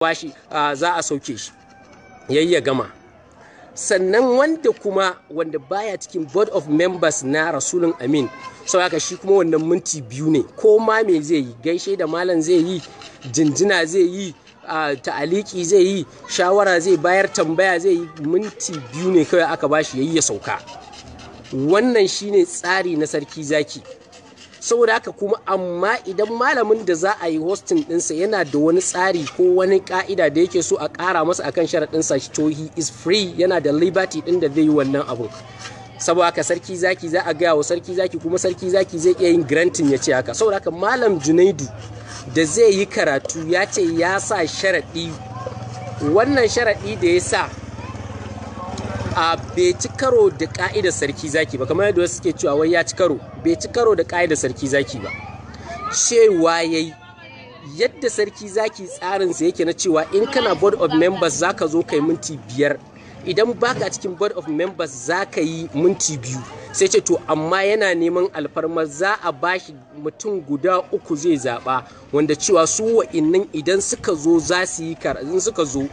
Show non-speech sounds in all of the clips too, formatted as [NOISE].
bashi za a sauke shi ya gama sannan wanda kuma wanda baya cikin board of members na rasulun amin sau haka shi kuma wannan minti biyu ne ko ma me zai yi gaishe da malam zai yi jinjina zai yi ta'aliki zai yi shawara zai bayar tambaya zai yi minti biyu ne kawai aka bashi yayi ya sauka wannan shine tsari na sarki zaki saboda haka kuma amma idan malamin da za a yi hosting ɗinsa yana da wani tsari ko wani ka'ida da yake so a kara masa akan sharaɗinsa to he is free yana da liberty din da zai yi wannan abu saboda haka sarki zaki za a gaya wa sarki zaki kuma sarki zaki zai iya yin granting ya ce haka saboda haka malam junaidu da zai yi karatu ya ce ya sa sharaɗi wannan sharaɗi da ya sa a bai ci karo da ƙa'idar sarki zaki ba kamar yadda wasu suke cewa wai ya ci karo bai ci karo da ƙa'idar sarki zaki ba cewa yayi yadda sarki zaki sa yake na cewa in kana board of members zaka zo kai minti biyar idan baka cikin board of members za ka yi minti biyu sai ce to amma yana neman alfarma za a bashi mutum guda uku zai zaba wanda cewa su wa'innan idan suka zo za su yi suka zo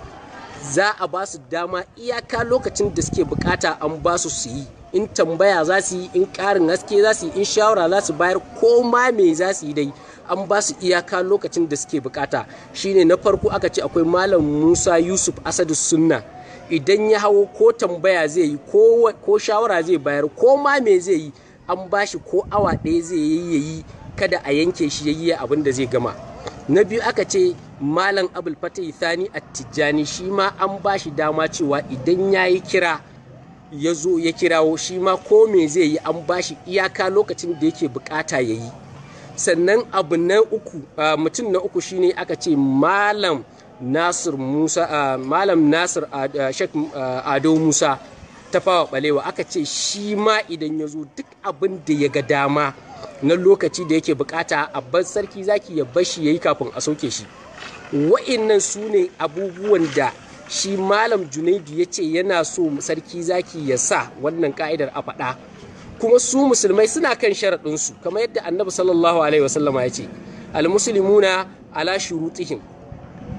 za a ba su dama iyaka lokacin da suke bukata an ba su su yi in tambaya za su yi in karin haske za su yi in shawara za su bayar ko ma me za su yi dai an ba su iyaka lokacin da suke bukata shine na farko aka ce akwai malam musa yusuf asadu sunna idan ya hawo ko tambaya zai yi ko shawara zai bayar ko ma me zai yi an ba shi ko awa ɗaya zai yi kada a yanke shi ya yi abin da zai gama na biyu aka ce malam abul fatai thani tijjani shi ma an ba shi dama cewa idan ya yi kira ya zo ya kirawo shi ma ko me zai yi an ba shi iyaka lokacin da yake bukata ya yi sannan abu na uku mutum na uku shine aka ce malam nasir musa malam ado musa ta fawa balewa aka ce shi ma idan ya zo duk abin da ya ga dama na lokaci da yake bukata a bar sarki zaki ya bashi ya yi kafin a sauke shi wa'innan su ne abubuwan da shi malam junaidu ya ce yana so sarki zaki ya sa wannan ka'idar a faɗa kuma su musulmai suna kan sharaɗinsu kamar yadda annabi sallallahu alaihi wasallama ya ce almusulmuna ala shurutihim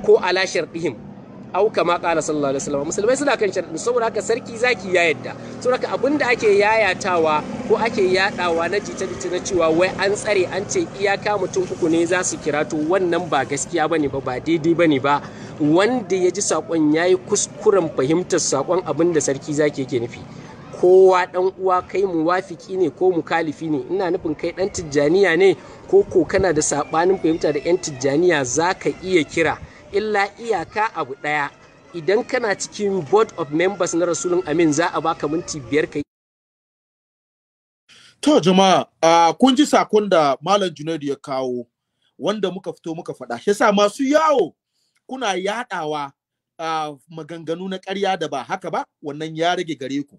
ko ala sharɗihim au kama kala sallallahu alaihi wasallam musulmai suna kan sharadin saboda haka sarki zaki ya yadda saboda haka abinda ake yayatawa ko ake yadawa na jita jita na cewa wai an tsare an ce iyaka mutum uku ne za su kira to wannan ba gaskiya bane ba ba daidai bane ba wanda ya ji sakon yayi kuskuren fahimtar sakon abinda sarki zaki yake nufi kowa dan uwa kai muwafiki ne ko mu kalifi ne ina nufin kai dan tijjaniya ne ko ko kana da sabanin fahimta da yan tijjaniya zaka iya kira illa iyaka abu ɗaya idan kana cikin board of members na rasulun amin za a baka minti biyar ka To jama'a uh, kun ji sakon da Malam Junaidu ya kawo wanda muka fito muka faɗa shi sa masu yawo kuna yaɗawa uh, maganganu na ƙarya da ba haka ba wannan ya rage gare ku.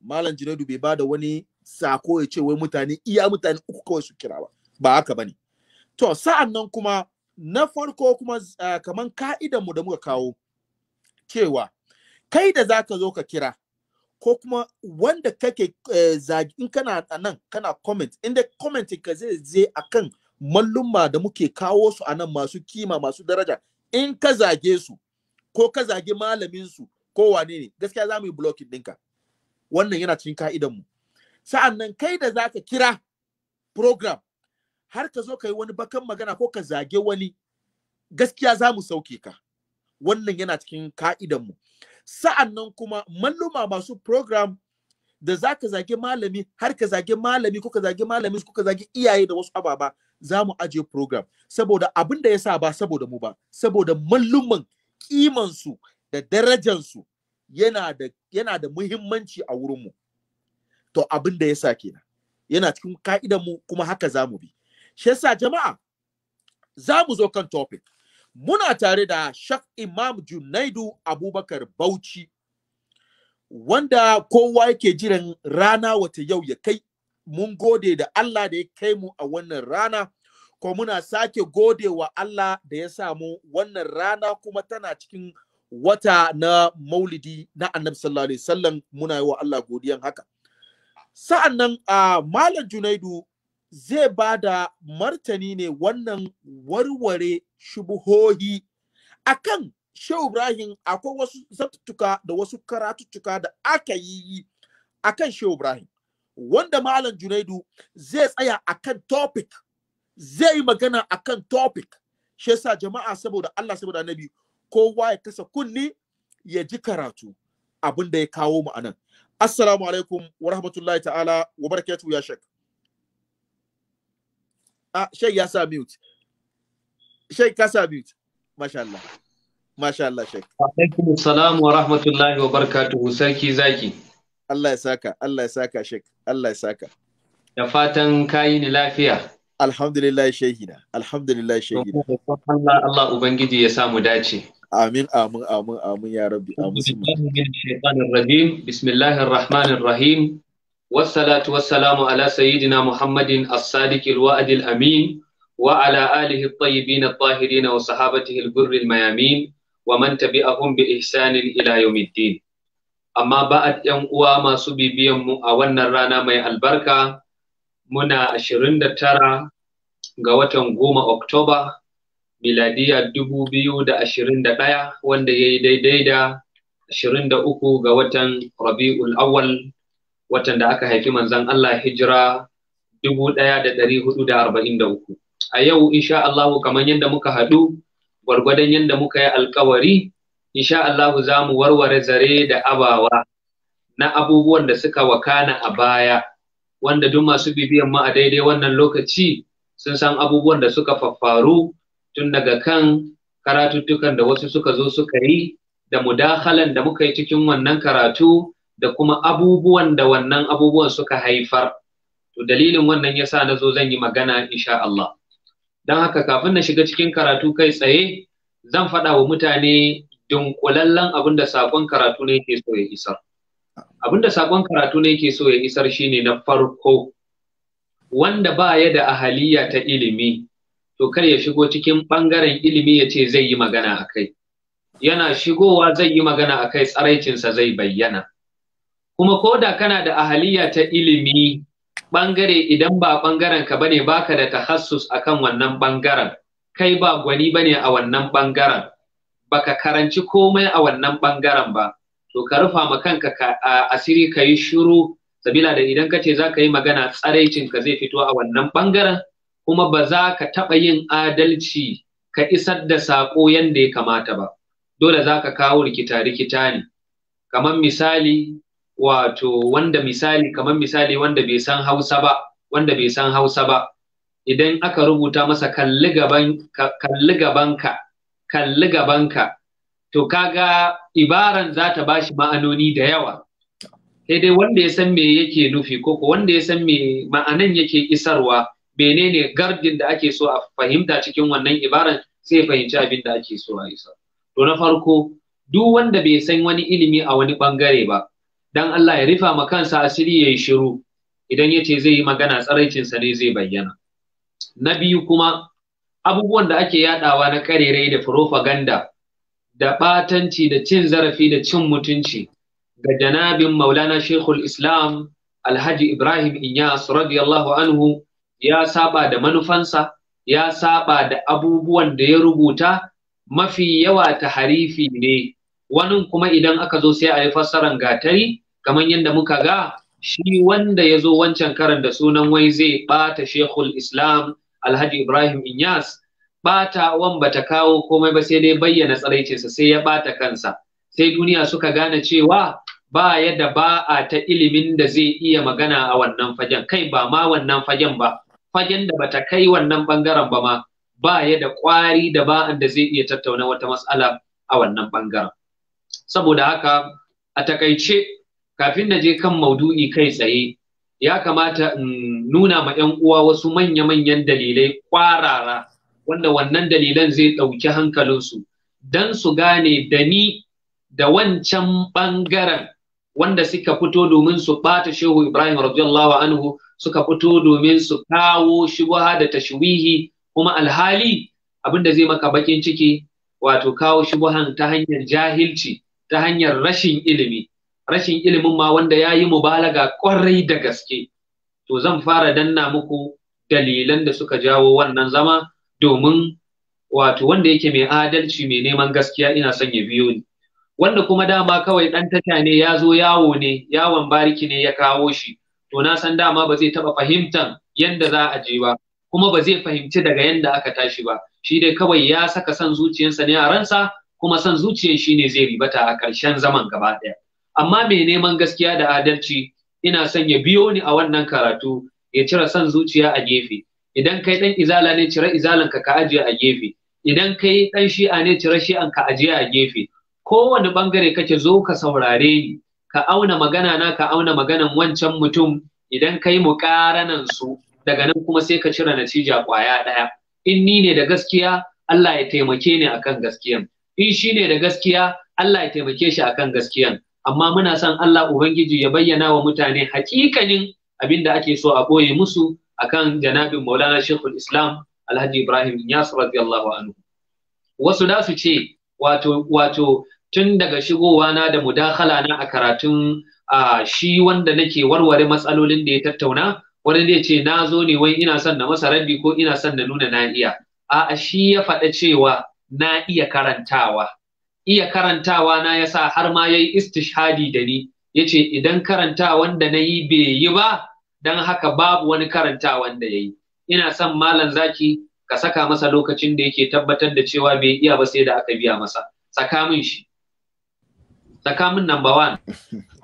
Malam Junaidu bai ba da wani sako ya ce wai mutane iya mutane uku kawai su kira ba ba haka bane. To sa'an kuma na farko kuma uh, kaman ka'idan mu da muka kawo cewa kai da zaka zo ka kira ko kuma wanda kake eh, zagi in kana a nan kana comment inda comment ka zai a akan mallumma da muke kawo su a nan masu kima masu daraja in ka zage su ko ka zage malaminsu, ko wane ne gaskiya za mu yi blocking ɗinka wannan yana cikin ka'idan mu sa'an nan kai da za ka kira program har ka zo ka yi wani bakan magana ko ka zage wani gaskiya za mu sauke ka wannan yana cikin ka'idan mu. Sa'annan kuma malluma masu program da za ka zage malami har ka zage malami ko ka zage malami ko ka zage iyaye da wasu ababa za mu ajiye program saboda abin da ya sa ba saboda mu ba saboda malluman kimansu da darajansu yana da yana da muhimmanci a wurin mu, to abin da ya sa kenan yana cikin ka'idan mu kuma haka za mu bi shi yasa jama'a za mu zo kan topic muna tare da shak imam junaidu abubakar bauchi wanda kowa yake jiran rana wata yau ya kai mun gode da allah da ya kai mu a wannan rana ko muna sake gode wa allah da ya sa mu wannan rana kuma tana cikin wata na maulidi na annabi sallallahu alaihi wasallam muna yi wa allah godiyan haka sa'annan nan uh, malam junaidu zai ba da martani ne wannan warware shubuhohi akan Shehu Ibrahim akwai wasu zattuka da wasu karatuttuka da aka yi akan Shehu Ibrahim wanda Malam Junaidu zai tsaya a kan topic zai yi magana a kan topic shi yasa jama'a saboda Allah saboda Annabi kowa ya kasa kunni ya ji karatu abin da ya kawo mu anan assalamu alaikum wa rahmatullahi ta'ala wa barakatuhu ya shek a ah, shai ya mute Sheikh ka mute masha Allah masha Allah wa rahmatullahi wa barakatuhu sarki zaki Allah ya saka Allah ya saka shek Allah ya saka da fatan kayi lafiya alhamdulillah shehina alhamdulillah shehina Allah Allah ubangiji ya samu dace amin amin amin amin ya rabbi amin shaytanir rajim rahim والصلاة والسلام على سيدنا محمد الصادق الوعد الأمين وعلى آله الطيبين الطاهرين وصحابته البر الميامين ومن تبعهم بإحسان إلى يوم الدين أما بعد يوم ما سبي بيوم أولنا رانا مي البركة منا أشرين ترى غواتن غوما أكتوبر miladiya dubu biyu da ashirin da ɗaya wanda ya yi daidai da ashirin da uku ga watan rabi'ul awal watan da aka haifi manzan Allah hijira dubu ɗaya da da da ɗari arba'in uku. a yau insha Allah kamar yadda muka haɗu gwargwadon yadda muka yi alkawari insha Allah za mu warware zare da abawa na abubuwan da suka wakana a baya wanda duk masu bibiyan mu a daidai wannan lokaci sun san abubuwan da suka faffaru tun daga kan karatuttukan da wasu suka zo suka yi da mudahalan da muka yi cikin wannan karatu da kuma abubuwan da wannan abubuwan suka haifar to dalilin wannan yasa na zo zan yi magana insha Allah don haka kafin na shiga cikin karatu kai tsaye zan faɗa wa mutane dunkulallen abin da sakon karatu ne ke so ya isar abin sakon karatu ne ke so ya isar shine na farko wanda ba ya da ahaliya ta ilimi to kar ya shigo cikin ɓangaren ilimi ya ce zai yi magana a kai yana shigowa zai yi magana a kai tsaraicinsa zai bayyana kuma ko da kana da ahaliya ta ilimi bangare idan ba bangaren ka bane baka da tahassus akan wannan bangaren kai ba gwani bane a wannan bangaren baka karanci komai a wannan ɓangaren ba to ka rufa ma kanka asiri ka yi shiru sabila da idan ka ce za ka yi magana tsaraicin ka zai fito a wannan ɓangaren, kuma ba za ka taɓa yin adalci ka isar da sako yadda ya kamata ba dole za ka kawo rikita rikita ne kamar misali wato wanda misali kamar misali wanda bai san Hausa ba wanda bai san Hausa ba idan aka rubuta masa kalli gaban kalli gabanka kalli gabanka to kaga ibaran za ta bashi ma'anoni da yawa sai dai wanda ya san me yake nufi ko wanda ya san me ma'anan yake isarwa menene gardin da ake so a fahimta cikin wannan ibaran sai fahimci abin da ake so a isar to na farko duk wanda bai san wani ilimi a wani bangare ba dan Allah ya rufa ma kansa asiri yayi shiru idan yace zai yi magana tsaraicin sa ne zai bayyana na biyu kuma abubuwan da ake yadawa na karerai da propaganda da batanci da cin zarafi da cin mutunci ga janabin Maulana Sheikhul Islam Alhaji Ibrahim Inyas radiyallahu anhu ya saba da manufansa ya saba da abubuwan da ya rubuta mafi yawa ta harifi ne wanin kuma idan aka zo sai a yi fassaran gatari kamar yadda muka ga shi wanda ya zo wancan karan da sunan wai zai bata shekul islam alhaji ibrahim inyas bata wan bata kawo komai ba sai dai bayyana tsaraicinsa sai ya bata kansa sai duniya suka gane cewa ba yadda ba a ta ilimin da zai iya magana a wannan fagen kai ba ma wannan fagen ba fagen da bata kai wannan bangaren ba ma ba yadda da kwari da ba'an da zai iya tattauna wata matsala a wannan bangaren saboda haka a takaice kafin na je kan maudu'i kai tsaye ya kamata in nuna ma 'yan uwa wasu manya-manyan dalilai kwarara wanda wannan dalilan zai ɗauki hankalinsu don su gane da ni da wancan ɓangaren wanda suka fito domin su ɓata shehu ibrahim radiyallahu anhu suka fito domin su kawo shubuha da tashwihi kuma alhali abin da zai maka bakin ciki wato kawo shubuhan ta hanyar jahilci ta hanyar rashin ilimi rashin ilimin ma wanda ya yi mubalaga ƙwarai da gaske to zan fara danna muku dalilan da suka jawo wannan zama domin wato wanda yake mai adalci mai neman gaskiya ina son ya biyo ni wanda kuma dama kawai ɗan tata ne ya zo yawo ne yawon bariki ne ya kawo shi to na san dama ba zai taɓa fahimtan yanda za a je ba kuma ba zai fahimci daga yanda aka tashi ba shi dai kawai ya saka son zuciyarsa ne a ransa kuma son zuciyar shi ne zai ribata a ƙarshen zaman gaba ɗaya amma mai neman gaskiya da adalci ina son ya biyo ni a wannan karatu ya cire son zuciya a gefe idan kai dan izala ne cire izalan ka ka ajiye a gefe idan kai dan shi'a ne cire shi'an ka ajiye a gefe kowane bangare kake zo ka saurare ni ka auna magana na ka auna maganan wancan mutum idan kai mu karanan su daga nan kuma sai ka cire natija kwaya daya in ni ne da gaskiya Allah ya taimake ni akan gaskiyan in shi ne da gaskiya Allah ya taimake shi akan gaskiyan amma muna son Allah ubangiji ya bayyana wa mutane hakikanin abin da ake so a ɓoye musu a kan janabin maulana shekul islam alhaji ibrahim yas radiyallahu anhu wasu da su ce wato tun daga shigowa na da mudakala na a karatun a shi wanda nake warware matsalolin da ya tattauna wani zai ce na zo ne wai ina son na masa rabbi ko ina son na nuna na iya a'a shi ya faɗa cewa na iya karantawa iya karantawa na yasa har ma ya yi istishhadi da ni yace idan karanta wanda na yi bai yi ba dan haka babu wani karanta wanda yayi ina son malam zaki ka saka masa lokacin da yake tabbatar da cewa bai iya ba sai da aka biya masa saka min shi saka min number one [LAUGHS]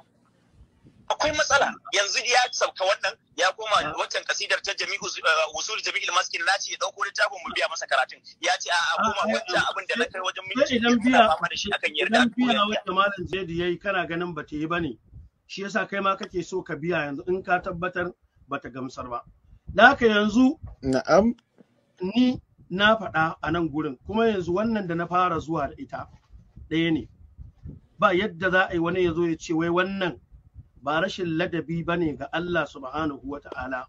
akwai matsala yanzu ya sauka wannan ya koma ah. wancan kasidar ta Jamiu eh, usul jami'il maskin na ce ya dauko littafin mu biya masa karatun ya ce a koma ah, wancan abin da na kai wajen minti idan biya fama da shi akan yarda idan biya wanda malam Zaidi yayi kana ganin bata yi bane shi yasa kai ma kake so ka biya yanzu in ka tabbatar bata gamsar ba da haka yanzu na'am ni na faɗa a nan gurin kuma yanzu wannan da na fara zuwa da ita ɗaya ne ba yadda za a yi wani ya zo ya ce wai wannan ba rashin ladabi ba ne ga Allah subhanahu wa ta'ala.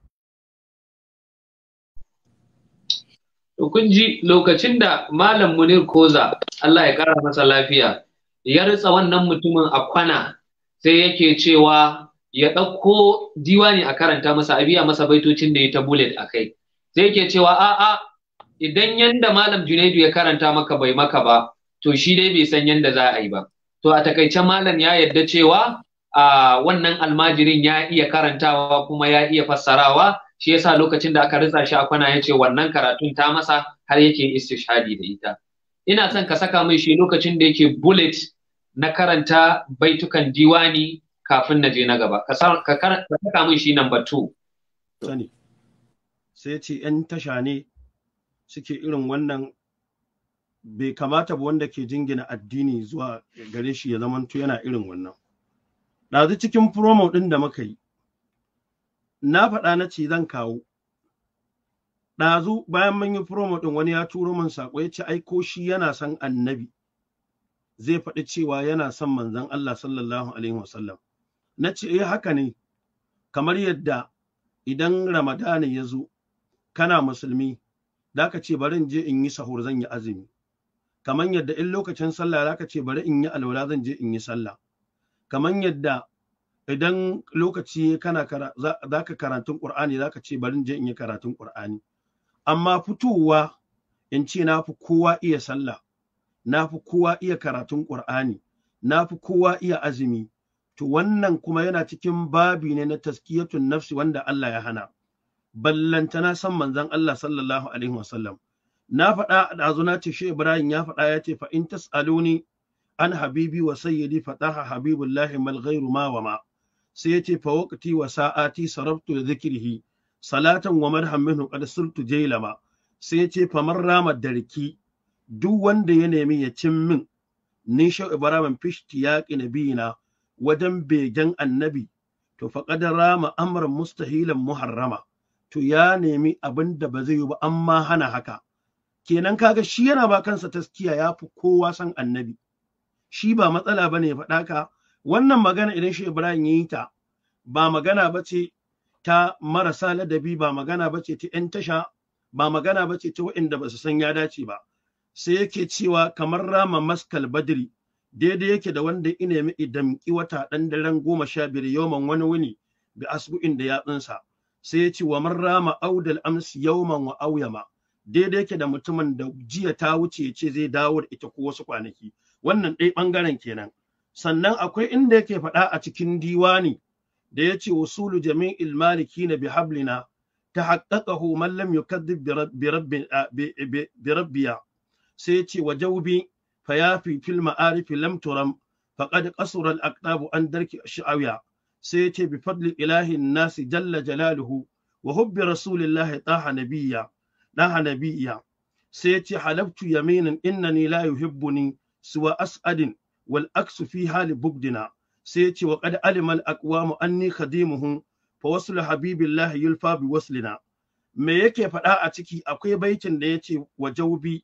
lokacin da Malam Munir Koza, Allah ya kara masa lafiya, ya ritsa wannan mutumin a kwana sai yake cewa ya ɗauko diwani a karanta masa a biya masa baitocin da ya ta bullet a kai. Sai yake cewa a'a idan yanda Malam Junaidu ya karanta maka bai maka ba, to shi dai bai san yanda za a yi ba. To a takaice Malam ya yarda cewa wannan almajirin ya iya karantawa kuma ya iya fassarawa shi yasa lokacin da aka ritsa shi a kwana ya ce wannan karatun ta masa har yake istishhadi da ita ina son ka saka min shi lokacin da yake bullet na karanta baitukan diwani kafin na je na gaba ka saka min shi number 2 sani sai ce yan tasha ne suke irin wannan bai kamata ba wanda ke jingina addini zuwa gare shi ya zamanto yana irin wannan ɗazu cikin promo ɗin da muka yi na faɗa na ce zan kawo ɗazu bayan mun yi promo ɗin wani ya turo min saƙo ya ce aiko shi yana son annabi zai faɗi cewa yana son manzon Allah sallallahu alaihi wasallam na ce eh haka ne kamar yadda idan ramadana ya zo kana musulmi da ka ce bari in je in yi sahur zan yi azumi kamar yadda in lokacin sallah da ka ce bari in yi alwala zan je in yi sallah kamar yadda idan lokaci kana za ka karatun ƙur'ani za ka ce barin je in yi karatun ƙur'ani amma fitowa in ce na fi kowa iya sallah na fi kowa iya karatun ƙur'ani na fi kowa iya azumi to wannan kuma yana cikin babi ne na taskiyatun nafsi wanda Allah ya hana Ballanta na san manzon Allah sallallahu alaihi wasallam na faɗa a ɗazu na ce shi Ibrahim ya faɗa ya ce fa in tas'aluni an habibi wa sayyidi fataha habibullahi mal ghairu ma wa ma sai yace fa waqti wa sa'ati sarabtu dhikrihi salatan wa marham minhu qad surtu jailama sai yace fa man rama darki duk wanda ya nemi ya cin min ni shau ibrahim fishti yaqi nabiyina wajen begen annabi to faqad rama amran mustahilan muharrama to ya nemi abin da ba zai yi ba amma hana haka kenan kaga shi yana ba kansa taskiya ya fi kowa san annabi shi ba matsala bane ya faɗa ka wannan magana idan shi Ibrahim yi ta ba magana ba ce ta marasa ladabi ba magana ba ce ta yan tasha ba magana ba ce ta waɗanda ba su san ya dace ba sai yake cewa kamar rama maskal badri daidai yake da wanda ina mi idamki wata ɗan daren goma sha biyar yawman wani wuni ga asbu'in da yatsunsa sai ya ce wa man rama audal amsi yawman wa auyama daidai yake da mutumin da jiya ta wuce ya ce zai dawo da ita ko wasu kwanaki wannan ɗai ɓangaren kenan sannan akwai inda yake faɗa a cikin diwani da ya ce wasulu jami'il maliki na bi hablina ta haƙaƙahu man lam yukaddib bi sai ya ce wa jawbi fa fi fil ma'arifi lam turam faqad qasura al aqtabu an darki sha'awiya sai ya ce bi fadli ilahin nasi jalla jalaluhu wa hubbi rasulillahi taha nabiyya ɗan hanabiya sai ya ce halabtu yaminin innani la yuhibbuni suwa as'adin wal aksu fi hali bugdina sai ya ce wa qad alimal aqwamu anni khadimuhum fa waslu habibillah yulfa bi waslina me yake faɗa a ciki akwai baitin da yace ce wa jaubi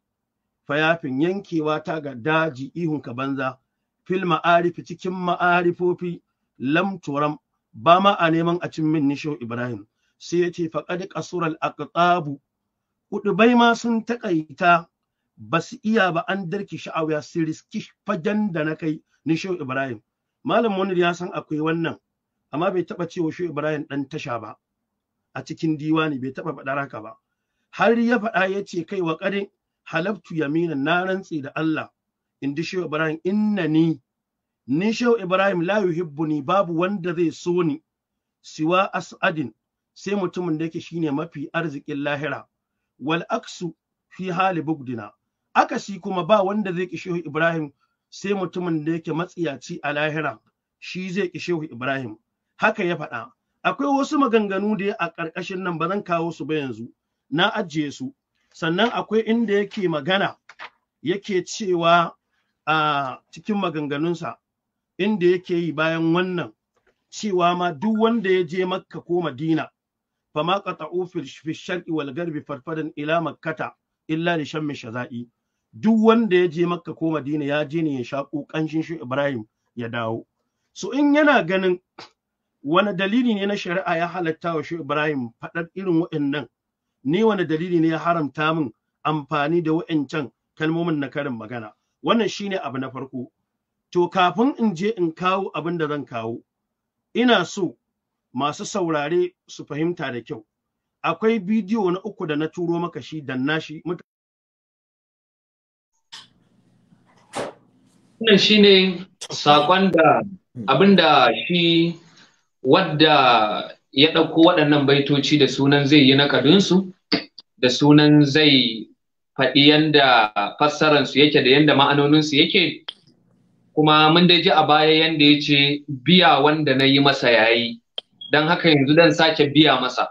fayafin yankewa ta ga daji ihun ka banza fil ma'arif cikin ma'arifofi lam turam ba ma a neman a cin min nisho ibrahim sai ya ce faqad qasura al aqtabu kudubai ma sun taƙaita. Basu iya ba an darki sha'awa su riski fagen da na kai ni shehu ibrahim malam munir ya san akwai wannan amma bai taba cewa shehu ibrahim dan tasha ba a cikin diwani bai taba faɗar haka ba har ya faɗa ya ce kai wa ƙarin halabtu yamina na rantsi da Allah in di shehu ibrahim inna ni ni shehu ibrahim la ni babu wanda zai so ni siwa as'adin sai mutumin da yake shine mafi arzikin lahira wal aksu fi hali bugdina akasi kuma ba wanda zai kishehu Ibrahim sai mutumin da yake matsiyaci a lahira shi zai kishehu Ibrahim haka ya faɗa akwai wasu maganganu da a ƙarƙashin nan ba zan kawo su ba yanzu na ajiye su sannan akwai inda yake magana yake cewa a cikin maganganunsa inda yake yi bayan wannan cewa ma duk wanda ya je makka ko madina fama qata'u fil sharqi wal garbi farfadan ila makkata illa li shammi shaza'i duk wanda ya je makka ko madina ya je ne ya shaƙo ƙanshin shi ibrahim ya dawo so in yana ganin wani dalili ne na shari'a ya halatta wa shi ibrahim faɗar irin waannan ni wani dalili ne ya haramta min amfani da wa'ancan kalmomin na karin magana wannan shine abu na farko to kafin in je in kawo abin da zan kawo ina so masu saurare su fahimta da kyau akwai bidiyo na uku da na turo maka shi dan nashi wannan shi ne sakon da hmm. abinda shi wadda ya ɗauko waɗannan baitoci da sunan zai yi na ƙadunsu, da sunan zai faɗi yadda fassararsu yake da yanda ma'anoninsu yake kuma mun dai ji a baya yadda ya ce biya wanda na yi masa yayi don haka yanzu dan sake biya masa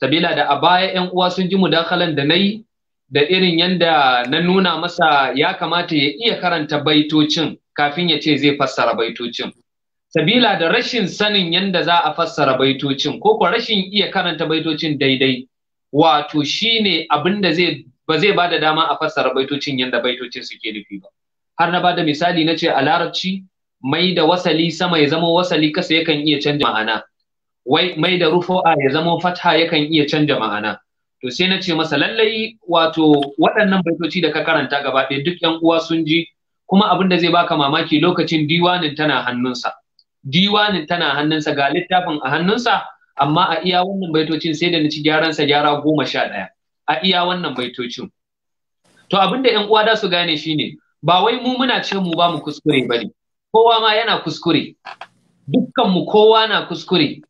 sabila da a baya 'yan uwa sun ji mudakalan da na yi da irin yanda na nuna masa ya kamata ya iya karanta baitocin kafin ya ce zai fassara baitocin. Sabila da rashin sanin yanda za a fassara baitocin ko kwa rashin iya karanta baitocin daidai wato shi ne abin da ba zai ba da dama a fassara baitocin yanda baitocin suke nufi ba. Har na ba da misali na ce a larabci mai da wasali sama ya zama wasali kasa yakan iya canja ma'ana. Wai mai da rufo'a ya zama fatha yakan iya canja ma'ana. to sai na ce masa lallai wato waɗannan baitoci da ka karanta gaba ɗaya duk yan uwa sun ji kuma abin da zai baka mamaki lokacin diwanin tana hannunsa diwanin tana hannunsa ga littafin a hannunsa amma a iya wannan baitocin sai da na ci gyaransa gyara goma sha ɗaya a iya wannan baitocin to abin da yan uwa da su gane shine ba wai mu muna ce mu ba mu kuskure bane kowa ma yana kuskure dukkan mu kowa na kuskure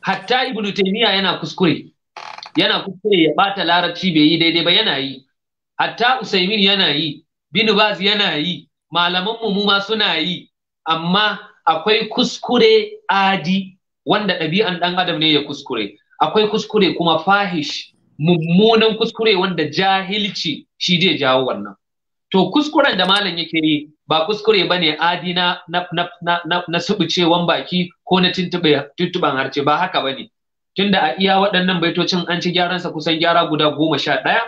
hatta ibnu taymiya yana kuskure yana kuskure ya bata larabci bai yi daidai ba yana yi hatta usaimin yana yi bin baz yana yi malaman mu ma suna yi amma akwai kuskure adi wanda ɗabi'an ɗan adam ne ya kuskure akwai kuskure kuma fahish mummunan kuskure wanda jahilci shi zai jawo wannan to kuskuren da malam yake yi ba kuskure ba ne adi na na, na, subucewan baki ko na tuntuɓan harce ba haka ba ne tunda a iya waɗannan baitocin an ci gyaran sa kusan gyara guda goma sha ɗaya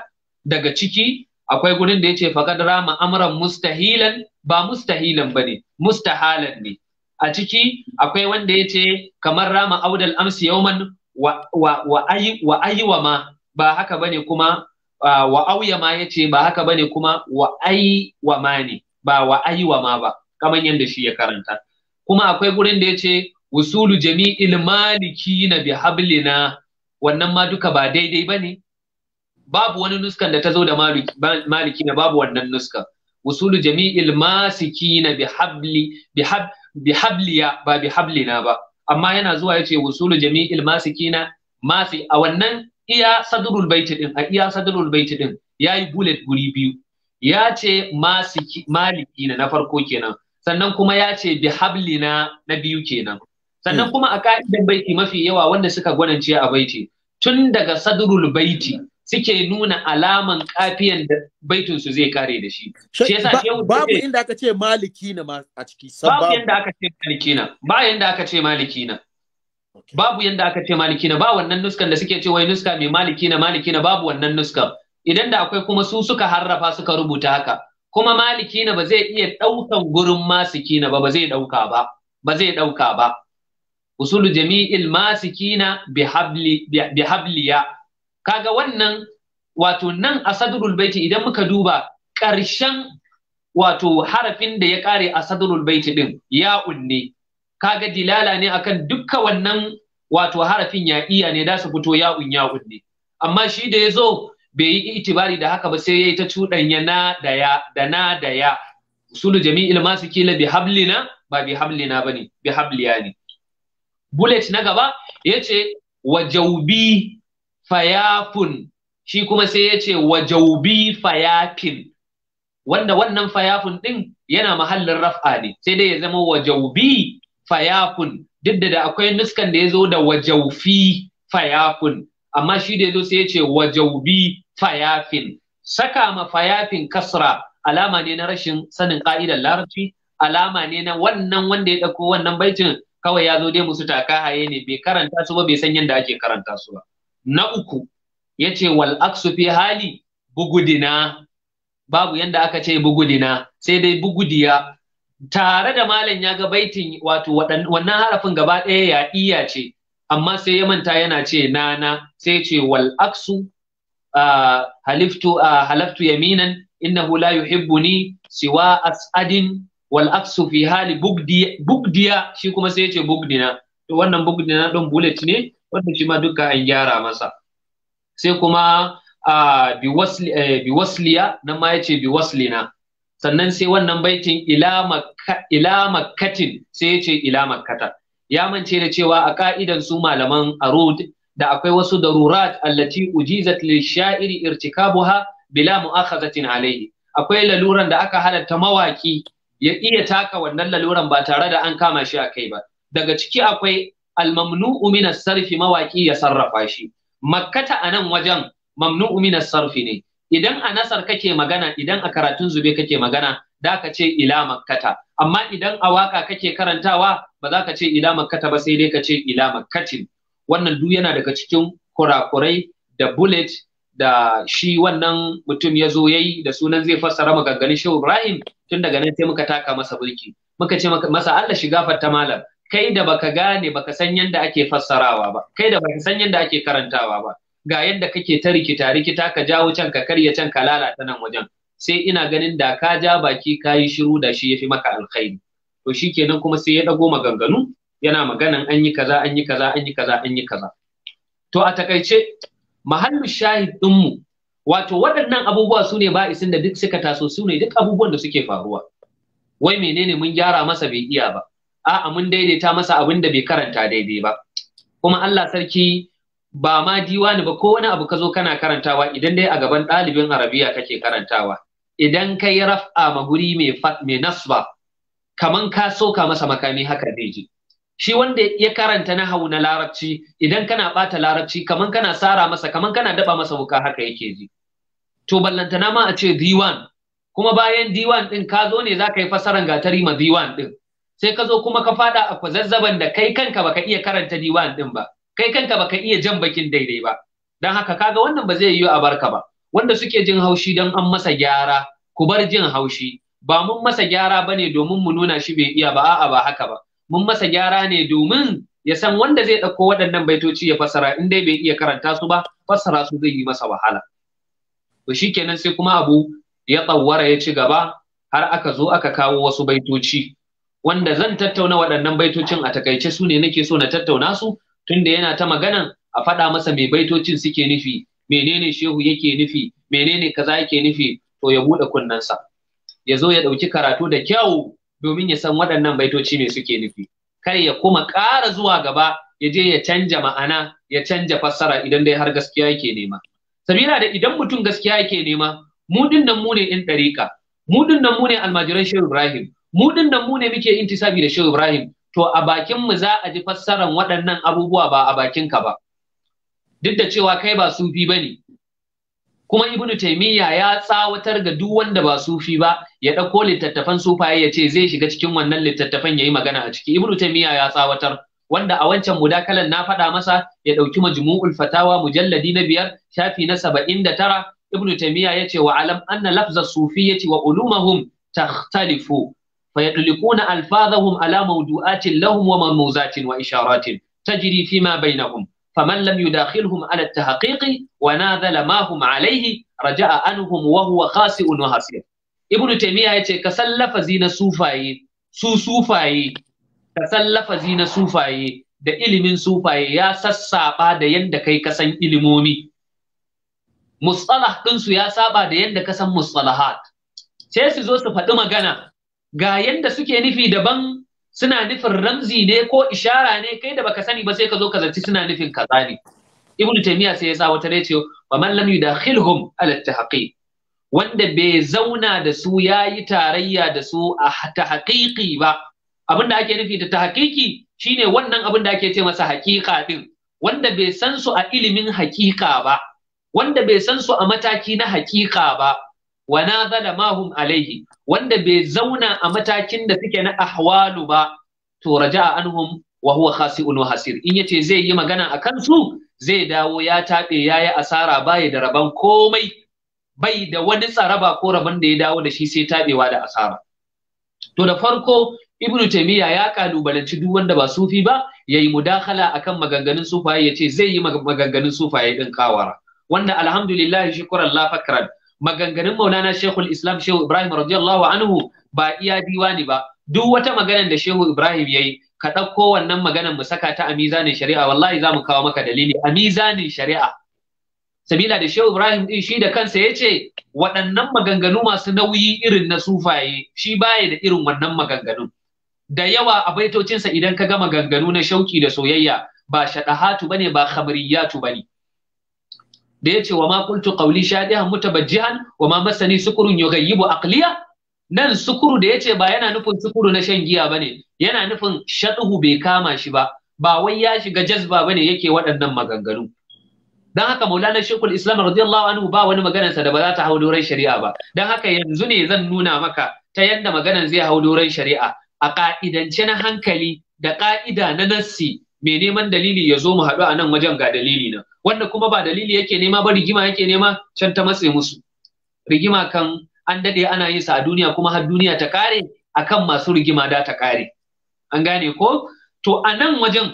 daga ciki akwai gurin da ya ce faƙad rama amran mustahilan ba mustahilan ba ne mustahalan ne a ciki akwai wanda ya ce kamar rama audal amsi yauman wa ayi wa ma ba haka bane kuma wa auya ma ya ce ba haka bane kuma wa ayi wa ma ne ba wa ayi wa ma ba kamar yadda shi ya karanta kuma akwai gurin da ya ce wusulu jami'il maliki na bi hablina wannan ma duka ba daidai ba ne babu wani nuskan da ta zo da maliki na babu wannan nuskan wusulu jami'il masiki na bi habli bi hab bi ba bi hablina ba amma yana zuwa yace wusulu jami'il masikina masi a wannan iya sadrul baiti din a iya sadrul baiti din yayi bullet guri biyu ya ce masiki malikina na farko kenan sannan kuma ya ce bi hablina na biyu kenan sannan eh. kuma a ka'idar baiti mafi yawa wanda suka gwanance a baiti tun daga sadrul baiti suke nuna alaman kafiyan da baitin su zai kare da shi shi yasa babu inda aka ce maliki na a ciki babu yanda aka ce maliki na ba yanda aka ce maliki na babu yanda aka ce maliki na ba wannan nuskan da suke ce wai nuska mai maliki na maliki na babu wannan nuskan idan da akwai kuma su suka harrafa suka rubuta haka kuma maliki na ba zai iya ɗaukan gurin masiki na ba ba zai ɗauka ba ba zai ɗauka ba usulu jami'il masikina bi habliya kaga wannan wato nan a baiti idan muka duba ƙarshen wato harafin da ya ƙare a sadrul baiti din ya unne kaga dilala ne akan dukkan wannan wato harafin ya iya ne da su fito ya un ya unne amma shi da ya zo bai yi itibari da haka ba sai ya yi ta cuɗanya na da ya da na da ya usulu jami'il masikila bihablina ba bihablina bane bihabliya ne bullet na gaba ya ce wa jaubi fayafun shi kuma sai ya ce wa fayafin wanda wannan fayafun ɗin yana mahallin raf'a ne sai dai ya zama wa jaubi fayafun duk da akwai nuskan da ya zo da wajaufi fayafun amma shi da ya zo sai ya ce wajaubi fayafin saka ma fayafin kasra alama ne na rashin sanin ka'idar larabci alama ne na wannan wanda ya ɗauko wannan baitin kawai ya zo dai musu taka haye ne bai karanta su ba bai san yadda ake karanta su ba na uku ya ce wal aksu fi hali bugudina babu yadda aka ce bugudina sai dai bugudiya tare da malam ya ga baitin wato wannan harafin gaba ɗaya ya iya ce amma sai ya manta yana ce nana sai ce wal aksu haliftu halaftu yaminan innahu la yuhibbuni siwa as'adin wal aksu fi hali bugdiya shi kuma sai yace bugdina to wannan bugdina don bullet ne wanda shi ma duka an gyara masa sai kuma eh, bi wasliya nan ma yace bi sannan sai wannan baitin ila makkatin sai yace ila makkata ya mance da cewa a ka'idan su malaman arud da akwai wasu darurat allati ujizat lil sha'iri irtikabuha bila mu'akhazatin alayhi akwai laluran da aka halatta mawaki ya iya taka wannan laluran ba tare da an kama shi a kai ba daga ciki akwai almamnu'u min sarfi mawaki ya sarrafa shi makkata a nan wajen mamnu'u min sarfi ne idan a nasar kake magana idan a karatun zube kake magana da ka ce ila makkata amma idan a waka kake karantawa ba za ka ce ila makkata ba sai dai ka ce ila makkatin wannan duk yana daga cikin kurakurai da bullet da shi wannan mutum ya zo ya yi da sunan zai fassara maganganun shi ibrahim tun daga nan sai muka taka masa burki muka ce masa allah shiga fatta malam kai da baka gane baka san yadda ake fassarawa ba kai da baka san yadda ake karantawa ba ga yadda kake ta rikita rikita ka jawo can ka karya can ka lalata nan wajen sai ina ganin da ka ja baki ka yi shiru da shi yafi maka alkhairi to shi kenan kuma sai ya dago maganganu yana maganan an yi kaza an yi kaza an yi kaza an yi kaza to a takaice mahallin shahid ɗinmu wato waɗannan abubuwa su ne ba'isin da duk suka taso su ne duk abubuwan da suke faruwa wai menene mun gyara masa bai iya ba a'a mun daidaita masa abin da bai karanta daidai ba kuma Allah sarki ba ma diwani ba ko wani abu ka zo kana karantawa idan dai a gaban ɗalibin arabiya kake karantawa idan ka yi raf'a ma guri mai nasba kaman ka soka masa makami haka zai je shi wanda ya karanta na hau na larabci idan kana bata larabci kaman kana sara masa kaman kana daba masa wuka haka yake ji to ballantana ma a ce diwan kuma bayan diwan din ka zo ne za ka yi fasaran gatari ma diwan din sai ka zo kuma ka fada a kwazazzaban da kai kanka baka iya karanta diwan din ba kai kanka baka iya jan bakin daidai ba dan haka kaga wannan ba zai yiwu a barka ba wanda suke jin haushi dan an masa gyara ku bar jin haushi ba mun masa gyara bane domin mu nuna shi bai iya ba a'a ba haka ba mun masa gyara ne domin ya san wanda zai ɗauko waɗannan baitoci ya fassara in dai bai iya karanta su ba fassara su zai yi masa wahala to shikenan sai kuma abu ya tsawwara ya ci gaba har aka zo aka kawo wasu baitoci wanda zan tattauna waɗannan baitocin a takaice su ne nake so na tattauna su tunda yana ta maganan a faɗa masa mai baitocin suke nufi menene shehu yake nufi menene kaza yake nufi to ya buɗe kunnensa ya zo ya ɗauki karatu da kyau domin ya san waɗannan baitoci me suke nufi kar ya kuma ƙara zuwa gaba ya je ya canja ma'ana ya canja fassara idan dai har gaskiya yake nema sabila da idan mutum gaskiya yake nema mu dinnan mu ne in ɗariƙa mu dinnan mu ne almajiran shehu ibrahim mu dinnan mu ne muke intisabi da shehu ibrahim to a bakin mu za a ji fassaran waɗannan abubuwa ba a bakin ka ba duk da cewa kai ba sufi bane kuma ibnu taymiya ya tsawatar ga duk wanda ba sufi ba ya ɗauko littattafan sufaye ya ce zai shiga cikin wannan littattafan ya yi magana a ciki Ibn taymiya ya tsawatar wanda a wancan mudakalan na faɗa masa ya ɗauki majmu'ul fatawa mujalladi na biyar shafi na saba'in da tara ibnu taymiya ya ce wa alam anna lafza ce wa ulumahum takhtalifu فيطلقون ألفاظهم wa موضوعات لهم ومرموزات وإشارات تجري فيما بينهم فمن لم يداخلهم على التحقيق وناذل ما هم عليه رجاء عنهم وهو خاسئ وهسير ibnu ya ce ka san lafazi na sufaye su sufaye ka san lafazi na sufaye da ilimin sufaye ya sassaba da yanda kai ka san ilimomi mustalah ɗinsu ya saba da yanda ka san mustalahat sai su zo su faɗi magana ga yanda suke nufi daban suna nufin ramzi ne ko ishara ne kai da baka sani ba sai ka zo ka zaci suna nufin kaza ne ibnu taimiyya sai ya sa wata ne ce wa man lam yudakhilhum ala tahqiq wanda bai zauna da su ya yi tarayya da su a ta haƙiƙi ba abin da ake nufi da ta haƙiƙi shine wannan abin da ake ce masa haƙiƙa din wanda bai san su a ilimin haƙiƙa ba wanda bai san su a mataki na haƙiƙa ba wa zala mahum alaihi wanda bai zauna a matakin da suke na ahwalu ba to raja anhum wa huwa khasi'un hasir in yace zai yi magana akan su zai dawo ya taɓe yayi asara baya da rabon komai bai da wani tsaraba ko rabon da ya dawo da shi sai tabewa da asara to da farko ibn taymiya ya kalubalanci duk wanda ba sufi ba yayi mudakala akan maganganun sufaye ya ce zai yi maganganun sufaye din kawara wanda alhamdulillah shukran la fakran maganganun maulana shekul islam shehu ibrahim radiyallahu anhu ba iya diwani ba duk wata maganar da shehu ibrahim yayi ka ɗauko wannan maganar mu saka ta a mizanin shari'a wallahi za mu kawo maka dalili a mizanin shari'a sabila da shehu ibrahim din shi da kansa ya ce waɗannan maganganu masu nauyi irin na sufaye shi baya da irin wannan maganganun da yawa a baitocinsa idan ka gama maganganu na shauki da soyayya ba shadahatu bane ba khamriyatu bane da yace wa ma qultu qawli shadihan mutabajjihan wa ma masani sukurun yughayyibu aqliya nan sukuru da yace ba yana nufin sukuru na shan giya bane yana nufin shaduhu bai kama shi ba ba wai ya shiga jazba bane yake waɗannan maganganu dan haka maulana shekul islam radiyallahu anhu ba wani maganarsa da ba za ta hau doron shari'a ba dan haka yanzu ne zan nuna maka ta yadda maganar zai hau doron shari'a a ka'idance na hankali da ka'ida na nassi mai neman dalili ya zo mu haɗu a nan wajen ga dalili na wanda kuma ba dalili yake nema ba rigima yake nema can ta matse musu rigima kan an daɗe ana yin sa a duniya kuma har duniya ta kare akan masu rigima da ta kare an gane ko to a nan wajen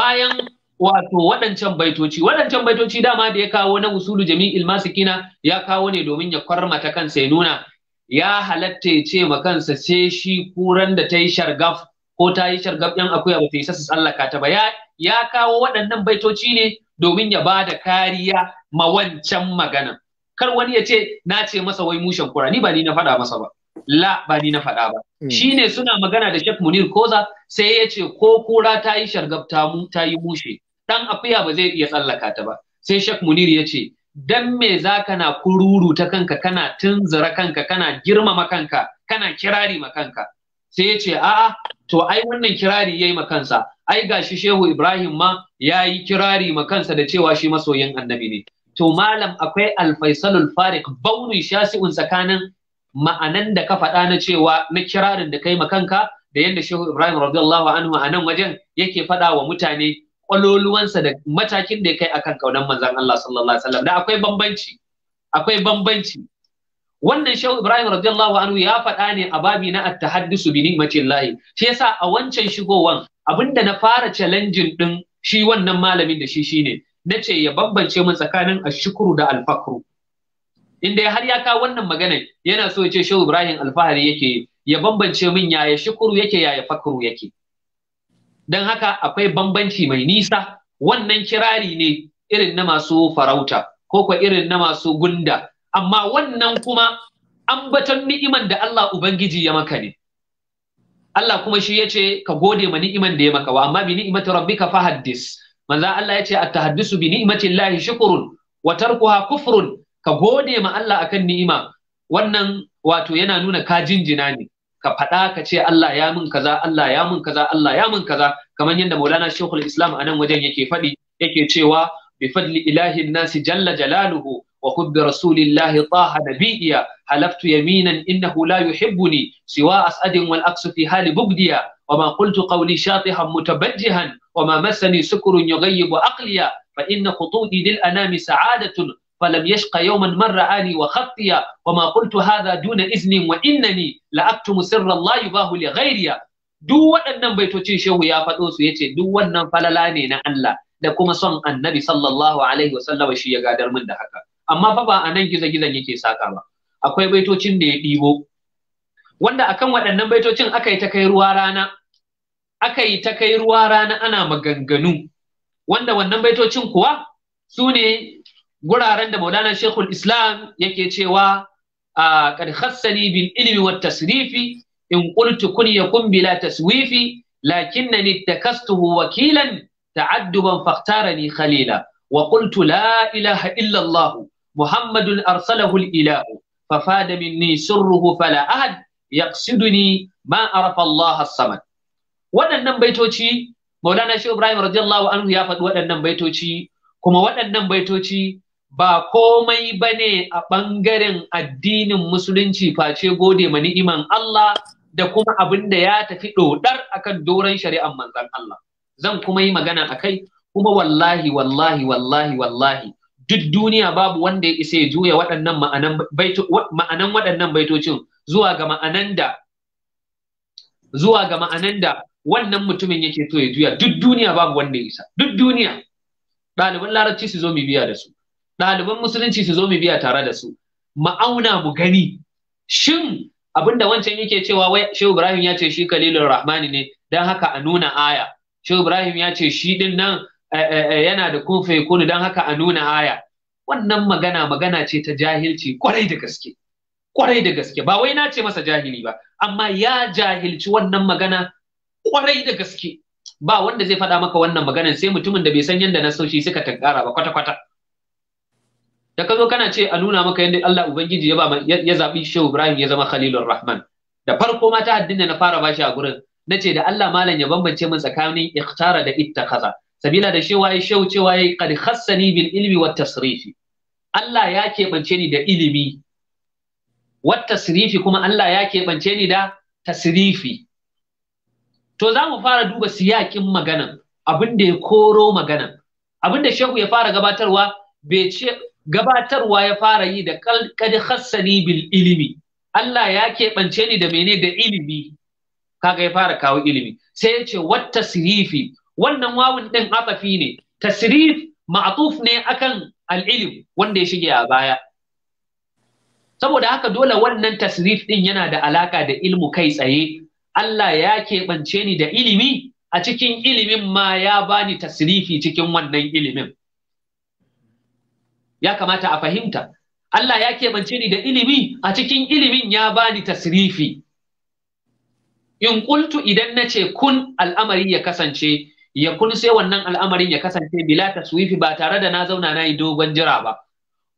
bayan wato waɗancan baitoci waɗancan baitoci dama da ya kawo na usulu jami'il masikina ya kawo ne domin ya kwarmata kansa ya nuna ya halatta ya ce ma kansa ce shi kuran da ta yi shargaf ko ta yi shargaf yan akuya ba ta isa su tsallaka ta ba ya kawo waɗannan baitoci ne domin ya ba da kariya ma wancan magana kar wani ya ce na ce masa wai mushen kura ni ba ni na faɗa masa ba la ba ni na faɗa ba hmm. shi ne suna magana da Sheikh Munir Koza sai ya ce ko kura ta yi shargaf ta yi mushe dan afiya ba zai iya tsallaka ta ba sai Sheikh Munir ya ce dan me za ka na kururu ta kanka kana tunzura kanka kana girmama kanka kana kirari ma kanka sai ya ce a'a to ai wannan kirari yayi ma kansa ai gashi Shehu Ibrahim ma yayi kirari ma kansa da cewa shi masoyin annabi ne to malam akwai al-faisalul farik bauni shasi'un tsakanin ma'anan da ka faɗa na cewa na kirarin da kai ma kanka da yadda Shehu Ibrahim radiyallahu anhu a nan wajen yake faɗa wa mutane kwaloluwansa da matakin da ya kai akan kaunan manzan Allah sallallahu alaihi wasallam da akwai bambanci akwai bambanci wannan shehu ibrahim radiyallahu anhu ya faɗa ne a babi na at-tahaddusu bi ni'matillahi shi yasa a wancan shigowan abinda na fara challenge din shi wannan malamin da shi shine nace ya bambance mun tsakanin ashkuru da alfakru inda har ya kawo wannan magana yana so ya ce shehu ibrahim alfahari yake ya bambance min yaya shukuru yake yaya fakru yake don haka akwai bambanci mai nisa wannan kirari ne irin na masu farauta ko irin na masu gunda amma wannan kuma ambaton ni'iman da Allah Ubangiji ya maka ne Allah kuma shi ya ce ka gode ma ni'iman da ya maka wa amma bi ni'imati rabbika fahaddis manza Allah ya ce at-tahaddisu bi ni'imati llahi shukrun wa tarkuha kufrun ka gode ma Allah akan ni'ima wannan wato yana nuna ka jinjina ne ka faɗa ka ce Allah ya mun kaza Allah ya mun kaza Allah ya mun kaza kamar yadda Maulana Sheikhul Islam a nan wajen yake faɗi yake cewa bi fadli ilahi nasi jalla jalaluhu wa hubbi rasulillahi taha nabiyya halaftu yaminan innahu la yuhibbuni siwa as'adin wal aksu fi hali bugdiya wa ma qultu qawli shatihan mutabajjihan wa ma massani sukurun yughayyibu aqliya fa inna khututi dil anami sa'adatun فلم يشق يوما من wa وخطي وما قلت هذا دون إذن وإنني لأكتم سر الله يباه لغيري duk waɗannan baitocin shehu ya faɗo su yace duk wannan falala ne na Allah da kuma son annabi sallallahu alaihi wasallama shi ya gadar min da haka amma fa ba a nan gizo-gizon yake saka ba akwai baitocin da ya ɗibo wanda akan waɗannan baitocin aka yi ta kai ruwa rana aka yi ta kai ruwa rana ana maganganu wanda wannan baitocin kuwa su ne guraren da Maulana Sheikhul Islam yake cewa a kad khassani bil ilmi wat tasrifi in qultu kun yakun bila taswifi lakinnani takastuhu wakilan ta'adduban fakhtarani khalila wa qultu la ilaha illa Allah Muhammadun arsalahu al-ilah fafada minni sirruhu fala ahad yaqsiduni ma arafa Allah as-samad waɗannan baitoci Maulana Shehu Ibrahim radiyallahu anhu ya faɗi waɗannan baitoci kuma waɗannan baitoci ba komai ba ne a ɓangaren addinin musulunci face gode ma ni'iman Allah da kuma abin da ya tafi ɗodar akan doron shari'ar manzan Allah. Zan kuma yi magana a kai, kuma wallahi, wallahi, wallahi, wallahi, duk duniya babu wanda ya isa ya juya waɗannan ma'anan waɗannan baitocin zuwa ga ma'anan da zuwa ga ma'anan da wannan mutumin yake so ya juya duk duniya babu wanda ya isa duk duniya ɗaliban larabci su zo mu biya da su ɗaliban musulunci su zo mu biya tare da su ma'auna mu gani shin abinda wancan yake cewa wai shehu ibrahim ya ce shi kalilun rahmani ne don haka a nuna aya shehu ibrahim ya ce shi din nan eh, eh, eh, yana da kun kunu don haka a nuna aya wannan magana magana ce ta jahilci kwarai da gaske kwarai da gaske ba wai na ce masa jahili ba amma ya jahilci wannan magana kwarai da gaske ba wanda zai faɗa maka wannan maganan sai mutumin da bai san yadda na sauci suka tankara ba kwata-kwata da ka zo kana ce a nuna maka yadda Allah ubangiji ya ba ya zabi Shehu Ibrahim ya zama Khalilur Rahman da farko ma ta haddin na fara bashi a gurin nace da Allah malam ya bambance min tsakanin ikhtara da kaza sabila da shewa ya shehu cewa ya qad khassani bil ilmi wat tasrifi Allah ya keɓance ni da ilimi wat tasrifi kuma Allah ya keɓance ni da tasrifi to za mu fara duba siyakin maganan abin da ya koro maganan abin da shehu ya fara gabatarwa bai ce gabatarwa ya fara yi da kad hassani bil ilimi Allah ya keɓance ni da mene da ilimi kaga ya fara kawo ilimi sai ya ce wat tasrifi wannan wawun din atafi ne tasrif ma'tuf ne akan al ilim wanda ya shige a baya saboda haka dole wannan tasrif din yana da alaka da ilmu kai tsaye Allah ya keɓance ni da ilimi a cikin ilimin ma ya bani tasrifi cikin wannan ilimin ya kamata a fahimta Allah ya keɓance ni da ilimi a cikin ilimin ya bani tasrifi in qultu idan nace kun al'amari ya kasance ya kun sai wannan al'amarin ya kasance bila taswifi ba tare da na zauna na yi dogon jira ba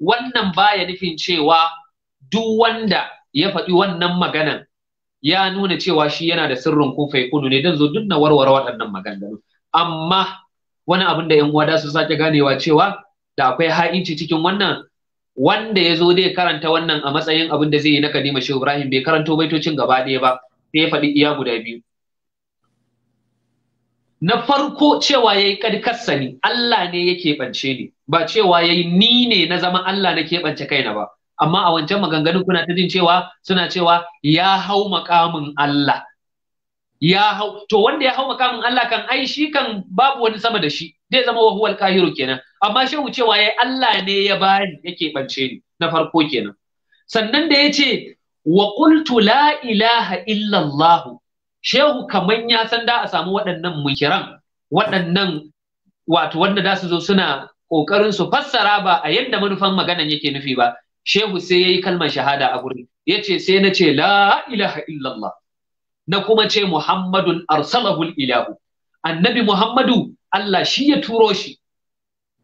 wannan baya nufin cewa duk wanda ya faɗi wannan maganan ya nuna cewa shi yana da sirrin ko faikunu ne don zo duk na warware waɗannan maganganu amma wani abin da 'yan uwa da su sake ganewa cewa da akwai ha'inci cikin wannan wanda ya zo dai karanta wannan a matsayin abin da zai yi na kadima shehu ibrahim bai karanto baitocin gaba ɗaya ba sai ya faɗi iya guda biyu na farko cewa yayi kadkassa ni Allah ne ya keɓance ni ba cewa yayi ni ne na zama Allah na keɓance kaina ba amma a wancan maganganun kuna ta jin cewa suna cewa ya hau makamin Allah ya hau to wanda ya hau makamin Allah kan ai shi kan babu wani sama da shi zai zama wahuwal kahiru kenan amma shehu cewa ya Allah ne ya bani yake bance ni na farko kenan sannan da yace wa qultu la ilaha illa Allah shehu kaman ya san da a samu waɗannan mukiran waɗannan wato wanda da su zo suna kokarin su fassara ba a yadda manufan maganan yake nufi ba shehu sai yayi kalmar shahada a gurin yace sai na ce la ilaha illallah na kuma ce Muhammadun arsalahul ilahu annabi Muhammadu Allah shi ya turo shi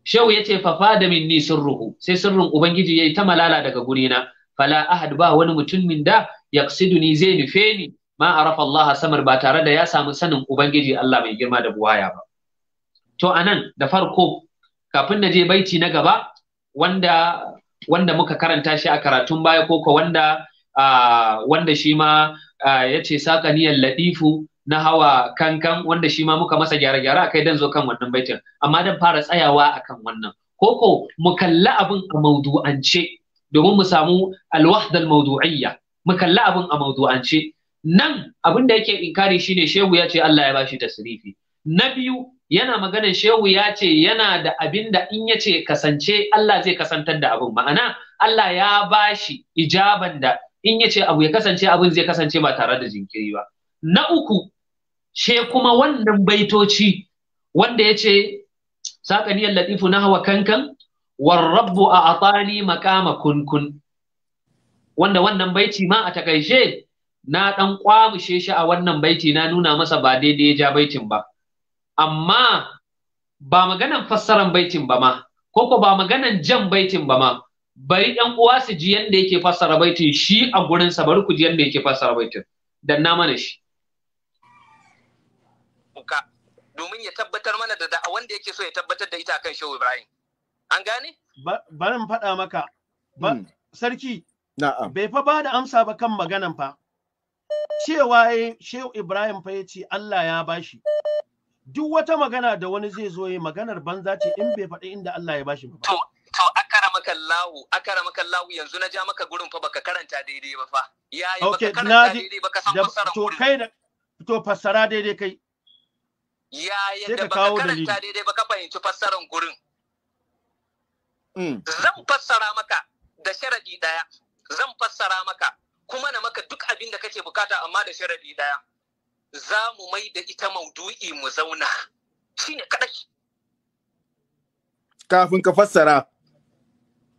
shehu ce fa min minni sirruhu sai sirrin ubangiji yayi ta malala daga gurina fala ahad ba wani mutum min da yaqsiduni zai nufe ni ma arafa Allah samar ba tare da ya samu sanin ubangiji Allah mai girma da buwaya ba to anan da farko kafin na je baiti na gaba wanda wanda muka karanta shi a karatun baya ko ko wanda uh, wanda shi ma Ah, ya ce niyan latifu na hawa kankan wanda shi ma muka masa gyare-gyare kai dan zo kan wannan baitin amma dan fara tsayawa a kan wannan koko mu kalli abin a maudu'ance domin mu samu alwahdal maudu'iyya mu kalla abin a maudu'ance nan abin da yake inkari shine shehu ya ce Allah ya bashi tasrifi na biyu yana maganar shehu ya ce yana da abin da in yace kasance Allah zai kasantar da abin ma'ana Allah ya bashi ijaban da in ya ce abu ya kasance abin zai kasance ba tare da jinkiri ba na uku she kuma wannan baitoci wanda ya ce saƙaniyar latifu na hawa kankan warrabbu a atani makama kunkun wanda wannan baiti ma a takaice na ɗan kwamushe shi a wannan baiti na nuna masa ba daidai ya ja baitin ba amma ba maganan fassaran baitin ba ma ko ba maganan jan baitin ba ma bari ɗan uwa su ji yadda yake fassara baitin shi a gurin sa bari ku ji yadda yake fassara baitin dan na mana shi domin ya tabbatar mana da da wanda yake so ya tabbatar da ita akan Shehu Ibrahim an gane barin faɗa maka hmm. sarki Na'am. bai fa bada amsa ba kan maganan fa cewa eh, Shehu Ibrahim fa ya ce Allah ya bashi duk wata magana da wani zai zo yi maganar banza ce in bai faɗi inda Allah ya bashi ba. to akara maka Lawu, akara maka Lawu yanzu na ja maka gurin fa baka karanta daidai ba fa yayi baka karanta daidai baka san fassara to kai da to fassara daidai kai yayin da baka karanta daidai baka fahimci fassaran gurin mm. zan fassara maka da sharadi daya zan fassara maka kuma na maka duk abin da kake bukata amma da sharadi daya za mu mai da ita maudu'i mu zauna shine kadai kafin ka fassara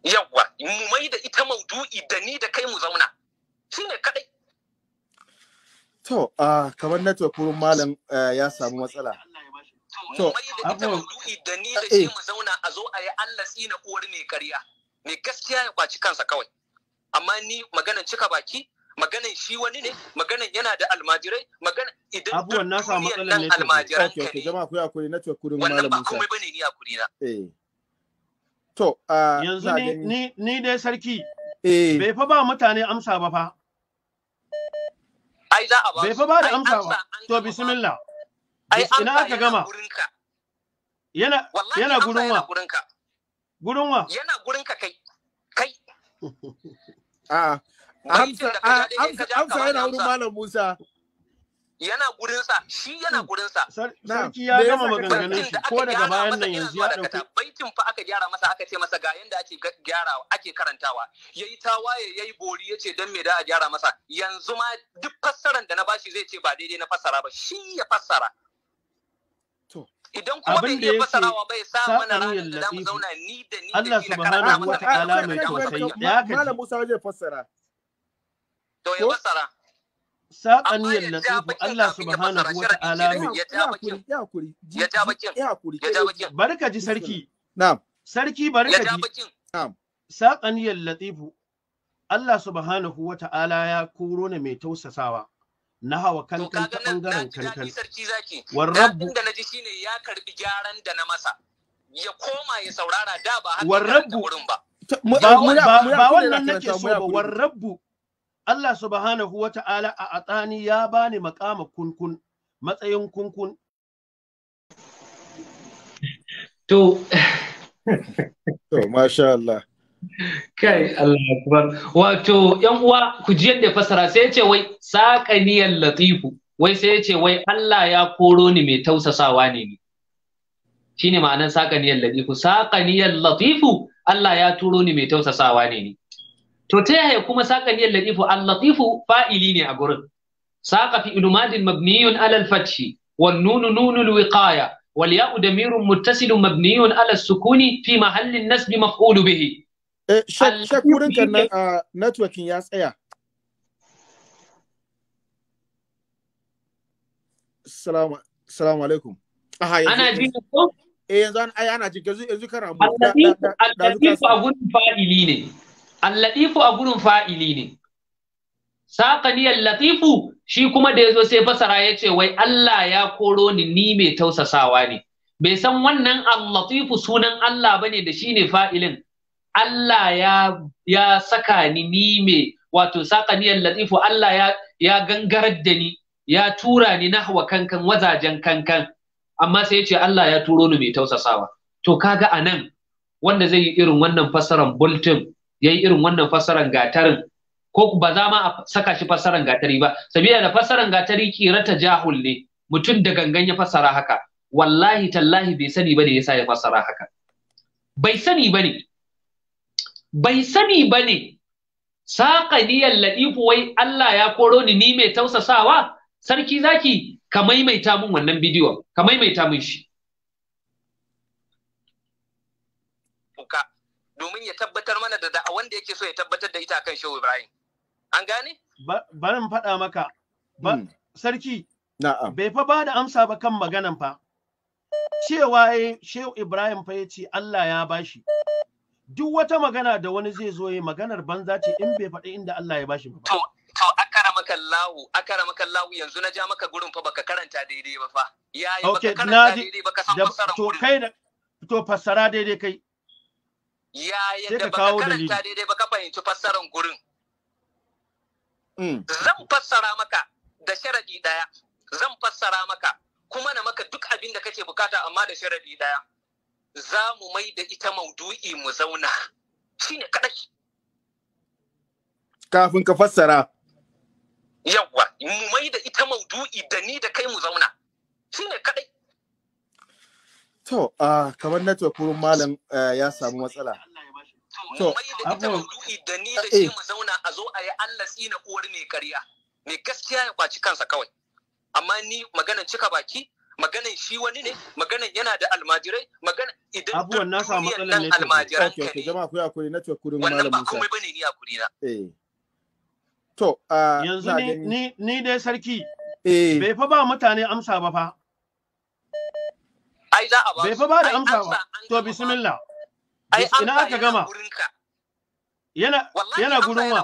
yawwa mu mai da ita maudu'i da ni da kai mu zauna shine kadai to a kamar network wurin malam eh, ya samu matsala to maudu'i da ni da kai eh. mu zauna a zo a yi Allah tsina uwar mai karya, mai gaskiya ya kwaci kansa kawai amma ni maganan cika baki maganan shi wani ne maganan yana da almajirai maganan idan abubuwan na samu matsalar ne almajirai okay jama'a ku ya kuri network kurin malam Musa wannan ba komai bane ni a kurina eh To, uh, yanzu ni, ni, ni dai sarki, eh. bai fa ba mutane amsa ba fa. Ai za a ba Bai fa ba da amsa ba. To, bismillah. Ai ina aka gama. Yana yana gurinwa. Gurinwa. Yana gurinka kai. Kai. [LAUGHS] A'a. Amsa, amsa, amsa yana wurin Malam Musa. yana gurinsa shi yana hmm. gurinsa sarki ya gama maganganun shi ko daga bayan nan yanzu ya dauki baitin fa aka gyara masa aka ce masa ga yanda ake gyara ake karantawa yayi tawaye yayi bori yace dan me da a gyara masa yanzu ma duk fassaran da na bashi zai ce ba daidai na fassara ba shi ya fassara idan kuma bai iya fassarawa bai sa mana ranar da zamu zauna ni da ni da Allah subhanahu wa ta'ala mai tausayi ya kace malam Musa zai fassara to ya fassara saƙan yallatu Allah subhanahu wa ta'ala ya ja bakin barka ji sarki na'am sarki barka ji na'am saƙan yallatifu Allah subhanahu wa ta'ala ya koro ne mai tausasawa na hawa kankan ta ɓangaren kankan war rabbu da shi ne ya karɓi gyaran da na masa ya koma ya saurara da ba haka wurin ba ba wannan nake so ba warrabu. Allah subhanahu wa ta'ala a atsani ya bani makama kunkun matsayin kunkun to [LAUGHS] to masha Allah kai Allah akbar wato yan uwa ku ji yadda fasara sai ce wai saƙaniyal latifu wai sai ce wai Allah ya koro ni mai tausasawa ne ni shine ma'anar saƙaniyal latifu saƙaniyal latifu Allah ya turo ni mai tausasawa ne ni to ta yaya kuma saka niyar latifu al-latifu fa'ili ne a gurin saka fi ilmadin mabniyun alal fathi wan nunu nunul wiqaya wal ya'u damirun muttasilun mabniyun ala sukuni fi mahallin nasbi maf'ulu bihi eh networking ya tsaya Salamu, salamu alaikum. Aha, ana ji ko? Eh yanzu ana ji yanzu kana mu. Al-latifu a gurin fa'ili ne. Allatifu a gurin fa'ili ne. Saƙaniyar latifu shi kuma da ya zo sai fasara ya ce wai Allah ya koro ni ni mai tausasawa ne. Bai san wannan allatifu sunan Allah ba ne da shi ne fa'ilin. Allah ya, saka ni ni mai wato saƙaniyar latifu Allah ya, gangarar da ni ya tura ni nahwa kankan wazajen kankan. Amma sai ya ce Allah ya turo ni mai tausasawa. To kaga a nan wanda zai yi irin wannan fasaran bultin Ya yi irin wannan fasaran gatarin ko ba za ma a saka shi fassaran gatari ba sabida da fassaran gatari kira jahul ne mutum da gangan ya fasara haka wallahi tallahi bai sani bane yasa ya fasara haka bai sani bane bai sani bane saƙaniyar ladifu wai Allah ya koro ni ni mai tausasawa sarki zaki ka maimaita mun wannan bidiyon ka maimaita mun shi domin ya tabbatar mana da da'a, wanda yake so ya tabbatar da ita kan Shehu Ibrahim. An gane? Barin faɗa maka, hmm. sarki, bai fa ba da amsa ba kan maganan fa. Cewa Shehu Ibrahim fa ya ce Allah ya bashi. Duk wata magana da wani zai zo yi maganar banza ce in bai faɗi inda Allah ya bashi ba. To, to maka lahu, maka lahu yanzu na ja maka gurin fa baka karanta daidai ba fa. Yaya baka karanta daidai baka san fassarar To kai da to fassara daidai kai. ya yadda baka karanta daidai ba ka fahimci fassarar gurin mm. zan fassara maka da sharadi ɗaya. zan fassara maka kuma na maka duk abin da kake bukata amma da sharadi ɗaya. za mu mai da ita maudu'i mu zauna Shi ne kaɗai. kafin ka fassara yawwa mu mai da ita maudu'i da ni da kai mu zauna Shi ne kadai To, kamar network wurin malam eh, ya samu matsala. To, abu da ni da eh. shi mu zauna a zo a yi Allah tsina uwar mai karya. Mai gaskiya ya kwaci kansa kawai. Amma ni maganan cika baki, maganan shi wani ne, maganan yana da almajirai, maganan idan abuwan nan almajiran matsalar ne. Almajiran ka ne. Jama'a kuya kuri network wurin malam Musa. Wannan ba komai bane ni a kuri na. Eh. To, yanzu ni dai sarki. Bai fa ba mutane amsa ba fa. ai za a bai fa ba da amsa ba to bismillah ai ina aka gama yana yana gurin wa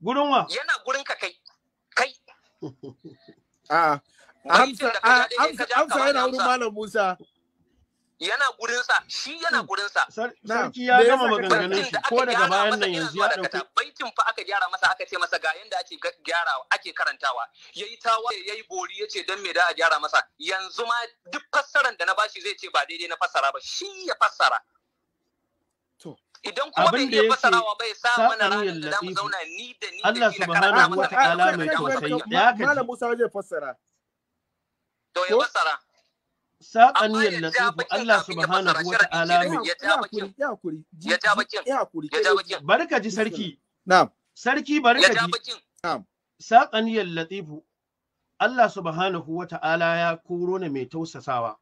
gurin wa yana gurinka ka kai kai [LAUGHS] ah, a amsa ah, amsa yana wurin malam Musa yana gurinsa shi yana gurinsa sarki ya gama maganganun shi ko daga bayan nan yanzu ya dauki baitin fa aka gyara masa aka ce masa ga yanda ake gyarawa ake karantawa yayi tawa yayi bori yace dan me da a gyara masa yanzu ma duk fassaran da na bashi zai ce ba daidai na fassara ba shi ya fassara idan kuma bai iya fassarawa bai sa mana ranar da zamu zauna ni da ni da shi na karanta masa Allah subhanahu wa ta'ala mai tausayi malam Musa zai fassara to ya fassara Saƙaniyar niyyar latifu Allah subhanahu wa ta'ala mai ya kuri ya ji sarki sarki barka ji na'am Allah subhanahu wa ta'ala ya koro mai tausasawa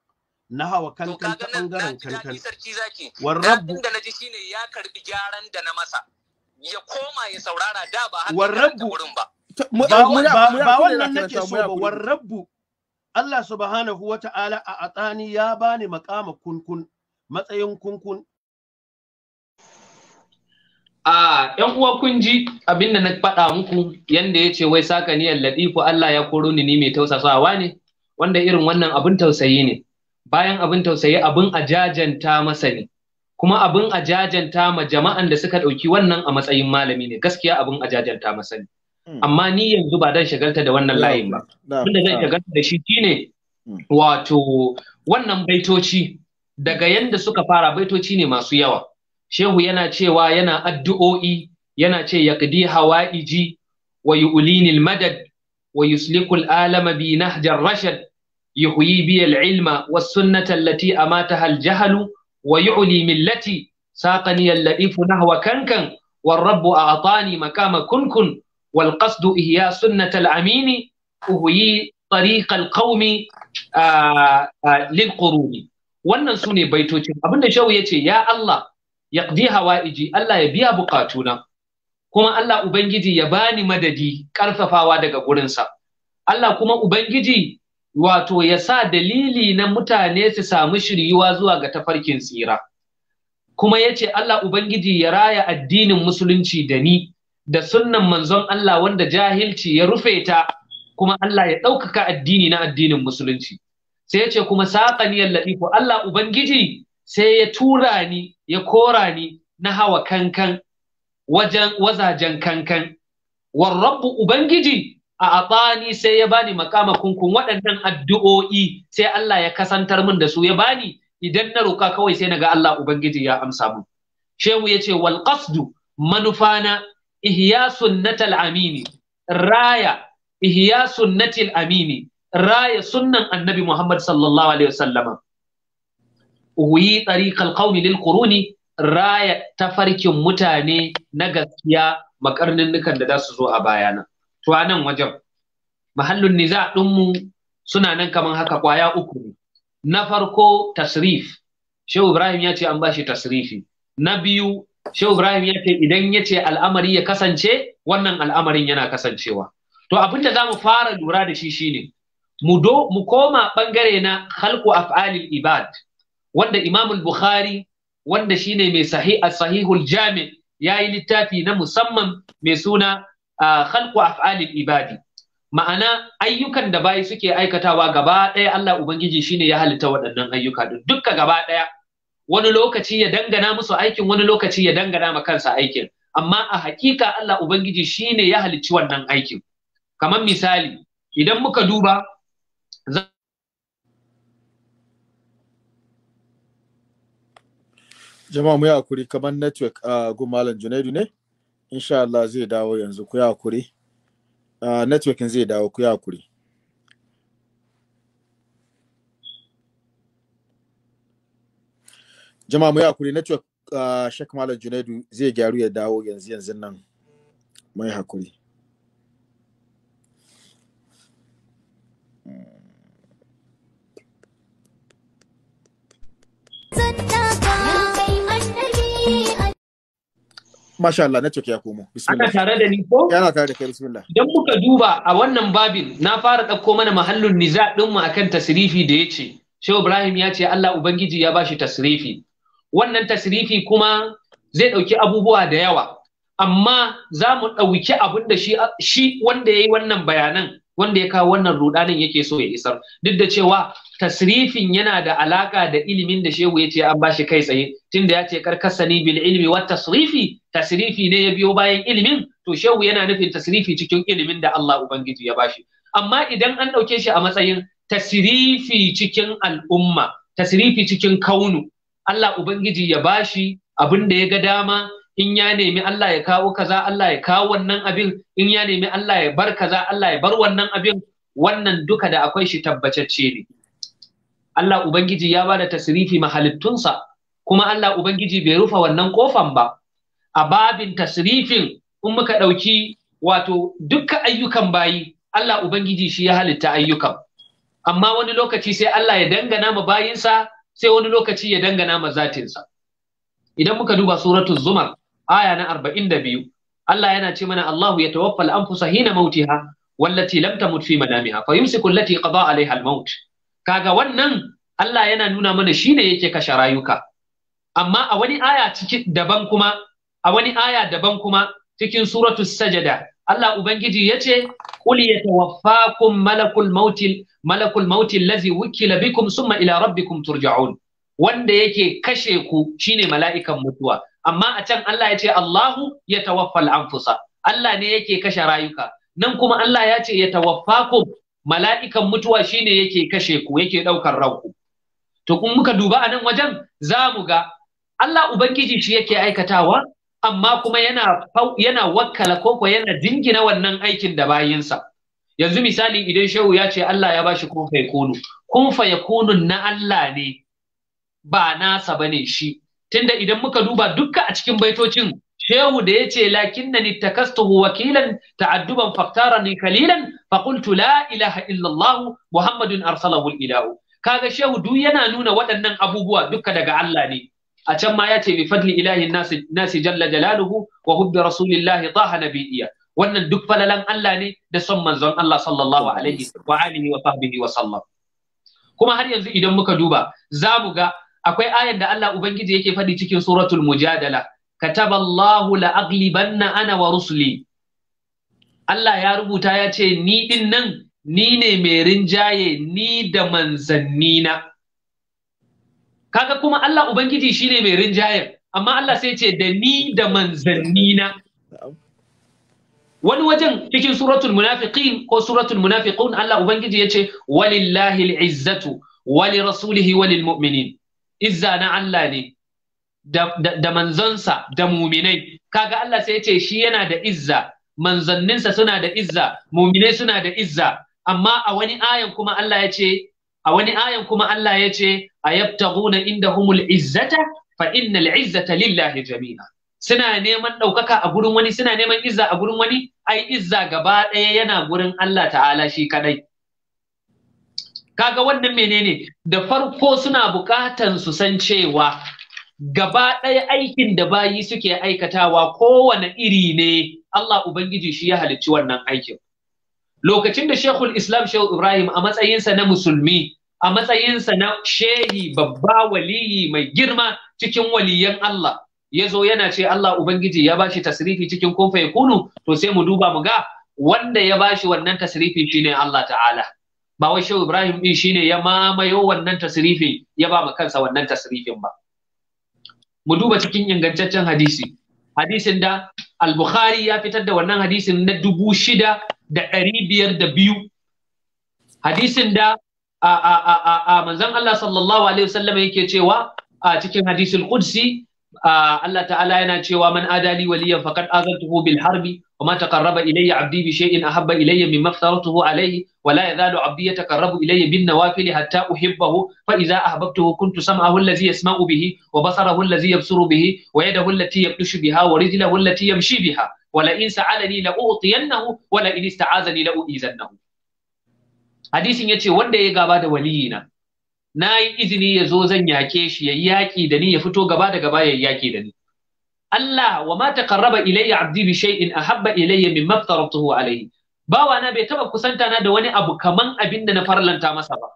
na hawa kankan ta ɓangaren kankan Warrabu. da ya ba wannan nake so ba Warrabu. Allah subhanahu wa ta'ala a atsani ya bani makama kunkun matsayin kunkun a yan uwa kun ji abin da na faɗa muku yanda ya ce wai saka niyan ladifu Allah ya koro ni ni mai tausasawa ne wanda irin wannan abin tausayi ne bayan abin tausayi abin a jajanta masa ne kuma abin a jajanta ma jama'an da suka ɗauki wannan a matsayin malami ne gaskiya abin a jajanta masa ne Hmm. amma ni yanzu ba dan shagalta da wannan layin ba tunda zan shagalta da shi shine hmm. wato wannan baitoci daga yanda suka fara baitoci ne masu yawa shehu yana cewa yana addu'o'i yana ce yaqdi hawa'iji wa yu'lini al-madad wa yusliku al-alama bi nahjar rashad yuhyi bi al-ilma was-sunnata allati amataha al wa yu'li millati saqani al-latifu nahwa kankan والرب أعطاني مكان كنكن wal qasdu ihya sunnatal amini uhyi tariqal qaumi lil quruni wannan sune baitocin abinda shehu yace ya Allah yaqdi hawaiji Allah ya biya buƙatuna kuma Allah ubangiji ya bani madadi karfafawa daga gurinsa Allah kuma ubangiji wato ya sa dalili na mutane su samu shiryuwa zuwa ga tafarkin tsira kuma yace Allah ubangiji ya raya addinin musulunci da ni da sunnan manzon Allah wanda jahilci ya rufe ta kuma Allah ya ɗaukaka addini na addinin musulunci sai ya ce kuma saƙaniyar yallaɗi Allah Ubangiji sai ya tura ni ya kora ni na hawa kankan wajen wazajen kankan warrabu Ubangiji a abani sai ya bani makama kunkun waɗannan addu'o'i sai Allah ya kasantar min da su ya bani idan na roƙa kawai sai naga Allah Ubangiji ya amsa min shehu ya ce wal qasdu manufana ihya sunnatal amini raya ihya sunnatil amini raya sunnan annabi Muhammad sallallahu alaihi wasallama wi tariqal qaumi lil quruni raya tafarkin mutane na gaskiya makarnin da za su zo a bayana to a nan wajen mahallun niza ɗinmu suna nan kamar haka kwaya uku ne na farko tasrif shehu ibrahim ya ce an bashi tasrifi na biyu Shehu Ibrahim ya ce idan ya ce al'amari ya kasance wannan al'amarin yana kasancewa. To abin da za mu fara lura da shi shine mu do mu koma ɓangare na halku af'alil ibad wanda Imamul Bukhari wanda shine mai sahih a sahihul jami yayi littafi na musamman mai suna halku af'alil ibadi ma'ana ayyukan da bayi suke aikatawa gaba ɗaya Allah Ubangiji shine ya halitta waɗannan ayyuka din dukka gaba ɗaya wani lokaci ya dangana musu aikin wani lokaci ya dangana ma kansa aikin amma a hakika Allah ubangiji shine ya halicci wannan aikin kamar misali idan muka duba jama'a mu ya hakuri kamar network a ah, gun malam junaidu ne insha Allah zai dawo yanzu ku ya hakuri ah, Network zai dawo ku ya kuri jama'a mu yi hakuri network uh, shek malam junaidu zai gyaru ya dawo yanzu yanzu nan mai hakuri Masha Allah, na ya komo. Ana tare da ni ko? Yana tare da kai, bismillah. Idan muka duba a wannan babin, na fara ɗauko mana mahallin niza ɗinmu akan tasrifi da ya ce, Shehu Ibrahim ya ce Allah Ubangiji ya bashi tasrifi. wannan tasrifi kuma zai ɗauki abubuwa da yawa amma za mu ɗauki abin da shi, wanda ya yi wannan bayanan wanda ya kawo wannan rudanin yake so ya isar duk da cewa tasrifin yana da alaka da ilimin da shehu ya ce an bashi kai tsaye tunda ya ce karkasani bil ilimi wa tasrifi tasrifi ne ya biyo bayan ilimin to shehu yana nufin tasrifi cikin ilimin da Allah ubangiji ya bashi amma idan an ɗauke shi a matsayin tasrifi cikin al'umma tasrifi cikin kaunu Allah Ubangiji ya bashi abin da ya ga dama in ya nemi Allah ya kawo kaza Allah ya kawo wannan abin in ya nemi Allah ya bar kaza Allah ya bar wannan abin wannan duka da akwai shi tabbacacce ne Allah Ubangiji ya bada tasrifi mahalittunsa kuma Allah Ubangiji bai rufe wannan kofan ba a babin tasrifin in muka ɗauki wato dukkan ayyukan bayi Allah Ubangiji shi ya halitta ayyukan amma wani lokaci sai Allah ya dangana ma bayinsa sai wani lokaci ya dangana ma zatinsa idan muka duba suratul zumar aya na 42 Allah yana ce mana Allahu ya tawaffa al-anfusa hina mautiha wallati lam tamut fi manamiha fa yumsiku allati qada alaiha al-maut kaga wannan Allah yana nuna mana shine yake kashe rayuka amma a wani aya cikin daban kuma a wani aya daban kuma cikin suratul sajada Allah Ubangiji ya ce, Kuli ya tawaffakum malakul mautil malakul mautil lazi wukila bikum summa ila rabbikum turja'un wanda yake kashe ku shine mala'ikan mutuwa amma a can Allah ya ce Allahu ya tawaffal anfusa Allah ne yake kashe rayuka nan kuma Allah ya ce ya kun mala'ikan mutuwa shine yake kashe ku yake ɗaukar rauku. to kun muka duba a nan wajen za mu ga Allah ubangiji shi yake aikatawa amma kuma yana yana wakkala ko ko yana dingina wannan aikin da bayinsa yanzu misali idan shehu ya ce Allah ya bashi kun fa yakunu kun fa na Allah ne ba nasa bane shi tunda idan muka duba dukka a cikin baitocin shehu da yace lakinnani takastuhu wakilan ta'adduban faktarani kalilan fa qultu la ilaha illa Allah muhammadun arsalahu ilahu kaga shehu duk yana nuna waɗannan abubuwa dukka daga Allah ne a can ma ya ce bi fadli ilahin nasi jalla jalaluhu wa hubbi rasulillahi taha nabiyya wannan duk falalan Allah ne da son manzon Allah sallallahu alaihi wa alihi wa sahbihi wa sallam kuma har yanzu idan muka duba za mu ga akwai ayar da Allah ubangiji yake faɗi cikin suratul mujadala kataballahu la aglibanna ana wa rusuli Allah ya rubuta ya ce ni din nan ni ne mai rinjaye ni da manzannina kaga kuma Allah ubangiji shine mai rinjayar, amma Allah sai ce da ni da manzanni na wani wajen cikin suratul munafiqin ko suratul munafiqun Allah ubangiji yace walillahi al'izzatu wali rasulihi walil mu'minin izza na Allah ne da manzonsa da muminai kaga Allah sai yace shi yana da izza manzanninsa suna da izza muminai suna da izza amma a wani ayan kuma Allah ya ce a wani ayan kuma Allah ya ce a yabtaguna humul izzata fa innal izzata lillahi jami'a suna neman ɗaukaka a gurin wani suna neman izza a gurin wani ai izza gaba ɗaya yana gurin Allah ta'ala shi kadai kaga wannan menene da farko suna buƙatan su san cewa gaba ɗaya aikin da bayi suke aikatawa kowane iri ne Allah Ubangiji shi ya halicci wannan aikin lokacin da shekul islam shehu ibrahim a matsayinsa na musulmi a matsayinsa na shehi babba waliyi mai girma cikin waliyan Allah ya zo yana ce Allah ubangiji ya bashi tasrifi cikin kunfa ya kunu, to sai mu duba mu ga wanda ya bashi wannan tasrifi shine Allah ta'ala ba wai shehu ibrahim din shine ya mamayo wannan tasrifi ya ba kansa wannan tasrifin ba mu duba cikin ingantaccen hadisi hadisin da al-bukhari ya fitar da wannan hadisin na dubu shida da ɗari biyar da biyu hadisin da a a a a manzon Allah sallallahu alaihi wasallam yake cewa a cikin hadisul qudsi Allah ta'ala yana cewa man adali waliyan faqad azantuhu bil harbi wa ma taqarraba ilayya 'abdi bi shay'in ahabba ilayya mimma aftaratuhu alayhi wa la yazalu 'abdi yataqarrabu ilayya bin nawafil hatta uhibbahu fa idza ahbabtuhu kuntu sam'ahu alladhi yasma'u bihi wa basarahu alladhi yabsuru bihi wa yadahu allati yabtashu biha wa rijlahu allati yamshi biha wala in sa'alani la utiyannahu wala in ista'azani la uizannahu hadisin yace wanda ya gaba da waliyina na yi izini ya zo zan yake shi ya yaki da ni ya fito gaba da gaba ya yaki da ni Allah wa ma taqarraba ilayya abdi bi shay'in ahabba ilayya mimma aftaratuhu alayhi bawa na bai taba kusanta na da wani abu kaman abin da na farlanta masa ba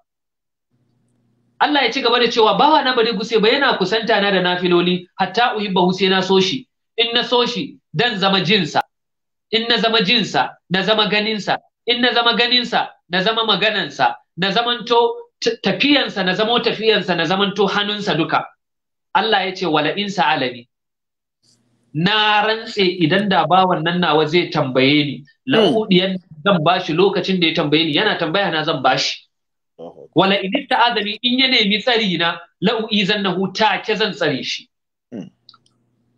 Allah ya ci gaba da cewa bawa na bari guse ba yana kusanta na da nafiloli hatta uhibba sai na soshi, in na soshi. dan zama jinsa in na zama jinsa na zama ganinsa in na zama ganinsa na zama maganansa na zamanto tafiyansa na zamo tafiyansa na zamanto hannunsa duka Allah ya ce wala in sa'alani na rantse idan da bawan nan nawa zai tambaye ni lahudiyan hmm. zan bashi lokacin da ya tambaye ni yana tambaya na zan bashi wala ta azami in ya nemi tsari na lau'i na ta ke zan tsare shi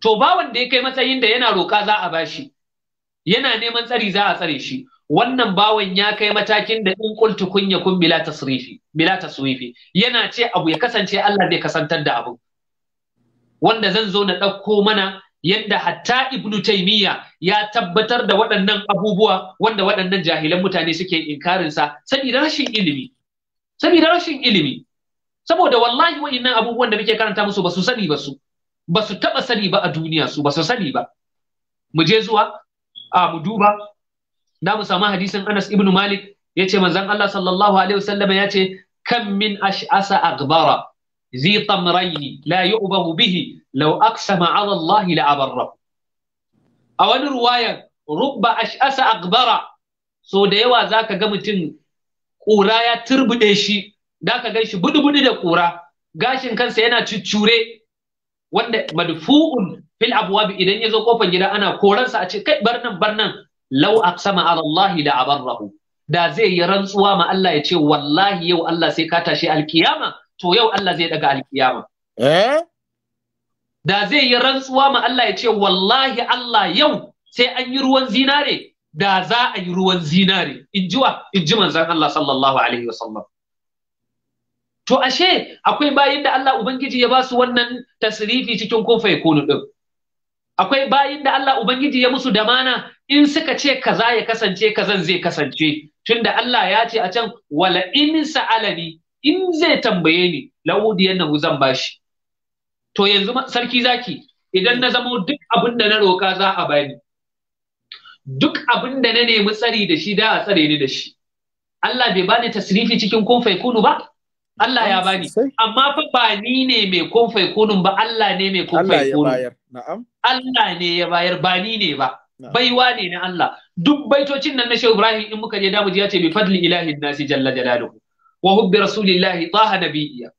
to bawan da ya kai matsayin da yana roƙa za a bashi yana neman tsari za a tsare shi wannan bawan ya kai matakin da in kunya kun bila tasrifi bila taswifi yana ce abu ya kasance Allah zai kasantar da abu wanda zan zo na ɗauko mana yadda hatta ibnu taymiya ya tabbatar da waɗannan abubuwa wanda waɗannan jahilan mutane suke sa saboda rashin ilimi saboda rashin ilimi saboda wallahi wa'annan abubuwan da muke karanta musu ba su sani ba su ba su taɓa sani ba a duniya su ba su sani ba mu je zuwa a mu duba da mu samu hadisin Anas ibn Malik ya ce manzon Allah sallallahu alaihi wasallam ya ce kam min ash'asa aghbara zi tamrayni la yu'bahu bihi law aqsama ala Allah la abarra a wani ruwayan rubba ash'asa aghbara so da yawa zaka ga mutum ƙura ya turbude shi da ka gan shi budubudu da ƙura gashin kansa yana cuccure wanda madfu'un fil abwab idan ya zo kofar gida ana koran sa a ce kai bar nan bar nan law aqsama ala Allah la abarrahu da zai yi rantsuwa ma Allah ya ce wallahi yau Allah sai ka tashi alkiyama to yau Allah zai daga alkiyama eh da zai yi rantsuwa ma Allah ya ce wallahi Allah yau sai an yi ruwan zinare da za a yi ruwan zinare in ji wa in ji manzon Allah sallallahu alaihi wasallam To ashe akwai bayin da Allah Ubangiji ya ba su wannan tasrifi cikin kofa ya kunu ɗin. Akwai bayin da Allah Ubangiji ya musu damana in suka ce kaza ya kasance kazan zai kasance. Tunda Allah ya ce a can wala in sa'alani in zai tambaye ni la'udiyan nahu zan bashi. To yanzu sarki zaki idan na zamo duk abin da na roƙa za a bani. Duk abin da na nemi tsari da shi da a tsare ni da shi. Allah bai bani tasrifi cikin ya kunu ba? Allah ya bani amma fa ba ni ne mai kun kunun ba Allah ne mai kun kunun Allah ne ya bayar ba ni ne ba baiwa ne na Allah duk baitocin nan na Shehu Ibrahim in muka je damu ya ce bi fadli ilahi nasi jalla jalaluhu wa hubbi rasulillahi taha nabiyya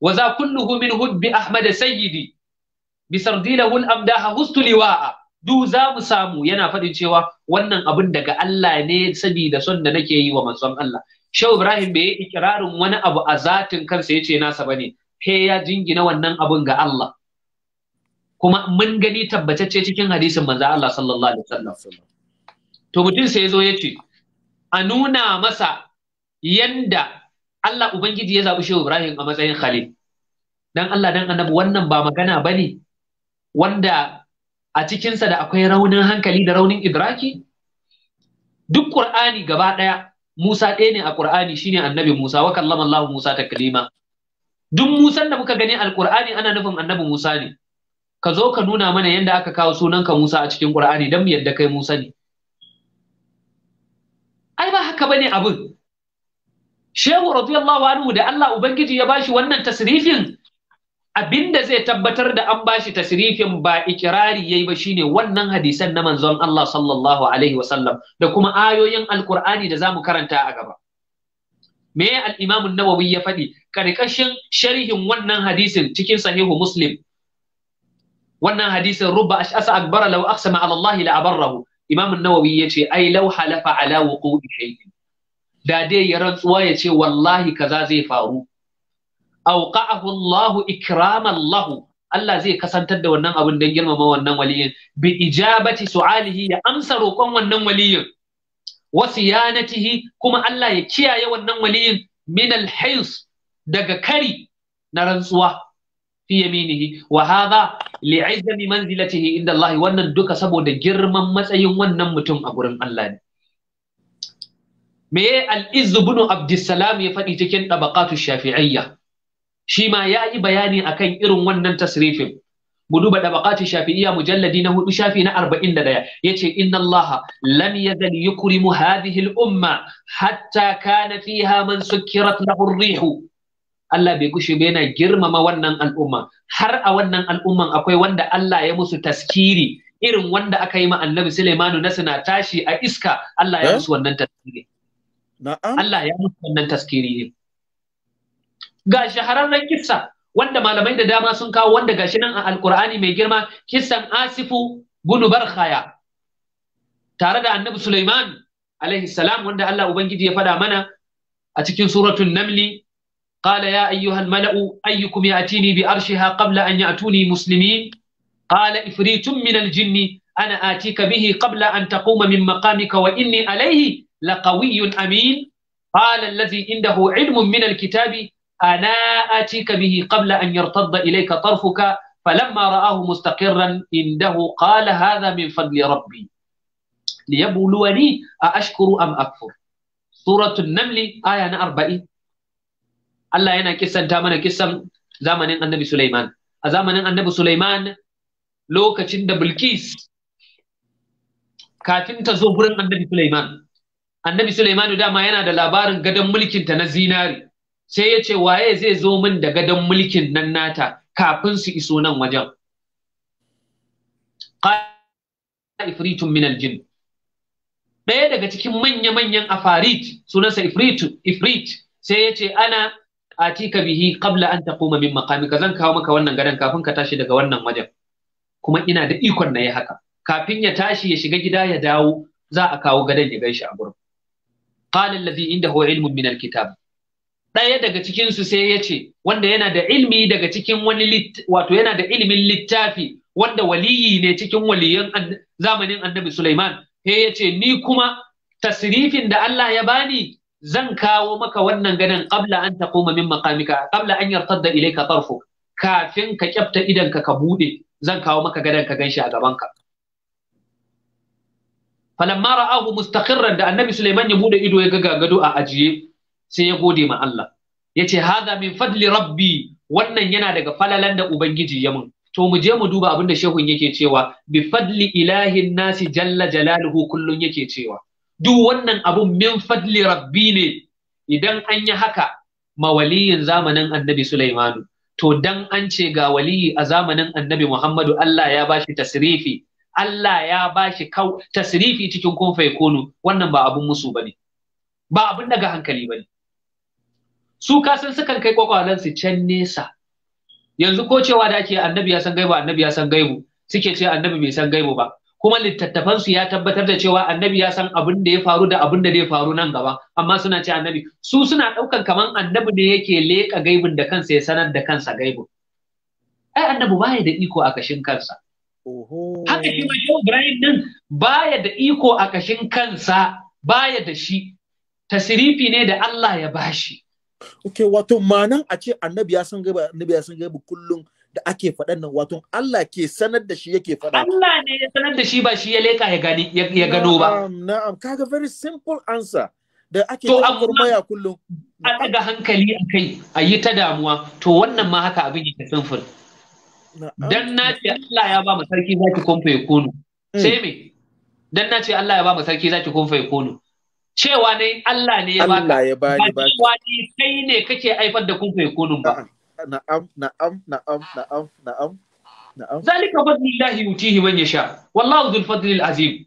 wa za kulluhu min hubbi ahmad sayyidi bi sardilahu al-amdaha hustu liwa'a du za mu samu yana faɗin cewa wannan abin daga Allah ne sabida son da nake yi wa manzon Allah Shehu Ibrahim bai yi ikirarin wani abu a zatin kansa yace nasa bane he ya jingina wannan abun ga Allah kuma mun gani tabbatacce cikin hadisin manzo Allah sallallahu alaihi wasallam to mutum sai yazo yace a nuna masa yanda Allah ubangiji ya zabi Shehu Ibrahim a matsayin khalil dan Allah dan annabi wannan ba magana bane wanda a cikinsa da akwai raunin hankali da raunin idraki duk Qur'ani gaba ɗaya Musa ɗaya ne a ƙur'ani shi ne annabi Musa wa kallama Allah Musa taklima duk Musan da muka gani alkur'ani ana nufin annabi Musa ne ka zo ka nuna mana yadda aka kawo sunanka Musa a cikin ƙur'ani dan mu yadda kai Musa ne ai ba haka bane abin Shehu radiyallahu anhu da Allah ubangiji ya bashi wannan tasrifin abinda zai tabbatar da an bashi tasrifin ba ikirari yayi ba shine wannan hadisan na manzon Allah sallallahu alaihi wasallam da kuma ayoyin alkur'ani da zamu karanta a gaba me al-Imam an-Nawawi ya faɗi karkashin sharhin wannan hadisin cikin sahihu Muslim wannan hadisin rubba ash'asa akbara law aqsama ala Allah la abarrahu Imam an-Nawawi yace ai law halafa ala wuqu'i shay'in da dai ya rantsuwa yace wallahi kaza zai faru auqa'ahu Allahu ikraman lahu Allah zai kasantar da wannan abin don girmama wannan waliyin bi ijabati su'alihi ya amsa roƙon wannan waliyin wa siyanatihi kuma Allah ya kiyaye wannan waliyin Minal al daga kari na rantsuwa fi yaminihi wa hadha li'izami manzilatihi inda Allah wannan duka saboda girman matsayin wannan mutum a gurin Allah ne me Al'izu izz ibn abdussalam ya faɗi cikin tabaqatu shafi'iyya shi ma ya yi bayani akan irin wannan tasrifin mu duba dabaqati shafi'iyya mujalladi na hudu shafi na 41 yace inna Allah lam yazal yukrimu hadhihi al-umma hatta kana fiha man sukkirat lahu ar-rihu Allah bai kushe ba yana girmama wannan al'umma har a wannan al'umman akwai wanda Allah ya musu taskiri irin wanda aka yi ma annabi Sulaimanu na suna tashi a iska Allah ya eh? musu wannan taskiri Allah ya musu wannan taskiri ga shahararren kissa wanda malamai da dama sun kawo wanda gashi nan a alkur'ani mai girma kissan asifu bunu barkhaya tare da annabi Suleiman alaihi salam wanda Allah ubangiji ya faɗa mana a cikin suratun namli qala ya ayyuhal mala'u ayyukum ya'tini bi arshiha qabla an ya'tuni muslimin qala ifritun min al-jinni ana ka bihi qabla an taquma min maqamika wa inni alayhi laqawiyyun amin qala in indahu ilmun min al-kitabi ana atika bihi qabla an yartadda ilayka tarfuka falamma ra'ahu mustaqirran indahu qala hadha min fadli rabbi liyabluwani a ashkuru am akfur suratul namli aya na arba'in Allah yana kissanta mana kisan zamanin annabi Sulaiman a zamanin annabi Sulaiman lokacin da Bilkis kafin ta zo wurin annabi Sulaiman annabi Sulaiman dama yana da labarin gadon mulkinta na zinari sai ya ce waye zai zo min da gadon mulkin nan nata kafin su iso nan wajen ifritun min aljin ɗaya daga cikin manya-manyan afarit sunansa ifritu ifrit sai ya ce ana atika bihi qabla an taquma min maqamika zan kawo maka wannan gadon kafin ka tashi daga wannan wajen kuma ina da ikon na yi haka kafin ya tashi ya shiga gida ya dawo za a kawo gadon ya gaishe a gurin qala allazi indahu ilmun min alkitab ɗaya daga cikinsu sai ya ce wanda yana da ilmi daga cikin wani wato yana da ilimin littafi wanda waliyi ne cikin waliyan zamanin annabi Sulaiman sai ya ce ni kuma tasrifin da Allah ya bani zan kawo maka wannan ganin qabla an taquma min maqamika qabla an yartadda ilayka tarfu kafin ka kyafta idonka ka buɗe, bude zan kawo maka gadan ka ganshi a gabanka ka falamma ra'ahu mustaqirran da annabi Sulaiman ya bude ido ya ga gado a ajiye sai ya gode ma Allah yace hada min fadli rabbi wannan yana daga falalan da ubangiji ya mun to mu je mu duba abin da shehun yake cewa bi fadli ilahin nasi jalla jalaluhu kullun yake cewa duk wannan abun min fadli rabbi ne idan an yi haka mawaliyin zamanin annabi Sulaimanu to dan an ce ga waliyi a zamanin annabi Muhammadu Allah ya bashi tasrifi Allah ya bashi tasrifi cikin kun kunu wannan ba abun musu bane ba abun daga hankali bane su kasan sukan kai kwakwalen su can nesa yanzu ko cewa da ake annabi ya san gaibu annabi ya san gaibu suke ce annabi bai san gaibu ba kuma littattafan su ya tabbatar da cewa annabi ya san abin da ya faru da abin da zai faru nan gaba amma suna ce annabi su suna ɗaukan kaman annabi ne yake leka gaibun da kansa ya sanar da kansa gaibu. ai annabi baya da iko a kashin kansa haka shi ma ibrahim din baya da iko a kashin kansa baya da shi tasirifi ne da Allah ya bashi Okay, wato manan a ce annabi ya san gaba annabi ya san gaba kullum da ake faɗan nan wato Allah ke sanar da shi yake faɗa. Allah ne ya sanar da shi ba shi ya leka ya gani ya gano ba. Na'am, kaga very simple answer da ake to amma kullum. A daga hankali a kai a yi ta damuwa to wannan ma haka abin yake simple. Dan na ce Allah ya ba mu sarki zaki kumfa ya kono. Mm. Sai me? Dan na ce Allah ya ba mu sarki zaki kumfa ya kono. cewa ne Allah ne ya baka ya bani ba cewa ne kai ne kake haifar da kun kunun ba na'am na'am na'am na'am na'am na'am zalika fadlillahi yutihi man yasha wallahu dhul fadlil azim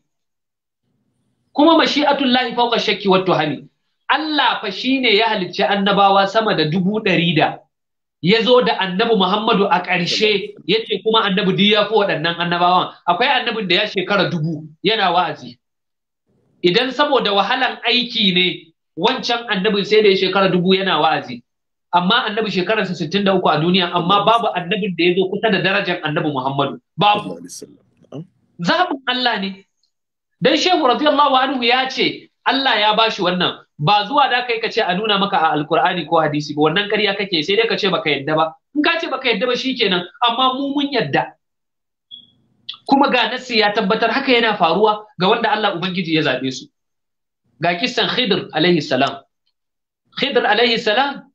kuma mashi'atullahi fawqa shakki wa tuhani Allah fa shine ya halicci annabawa sama da dubu ɗari da ya zo da annabi Muhammadu a ƙarshe ya ce kuma annabi duk ya fi waɗannan annabawan akwai annabin da ya shekara dubu yana wa'azi idan saboda wahalan aiki ne wancan annabin sai da shekara dubu yana wa'azi amma annabi shekararsa 63 a duniya amma babu annabin da ya zo kusa da darajar annabi Muhammadu babu zaɓin Allah ne dan shehu radiyallahu anhu ya ce Allah ya bashi wannan ba zuwa da kai ka ce a nuna maka a alkur'ani ko hadisi ba wannan ƙarya kake sai dai ka ce baka yadda ba in ka ce baka yadda ba shikenan amma mu mun yadda kuma ga nasi ya tabbatar haka yana faruwa ga wanda Allah ubangiji ya zaɓe su ga kisan Khidr alaihi salam Khidr alaihi salam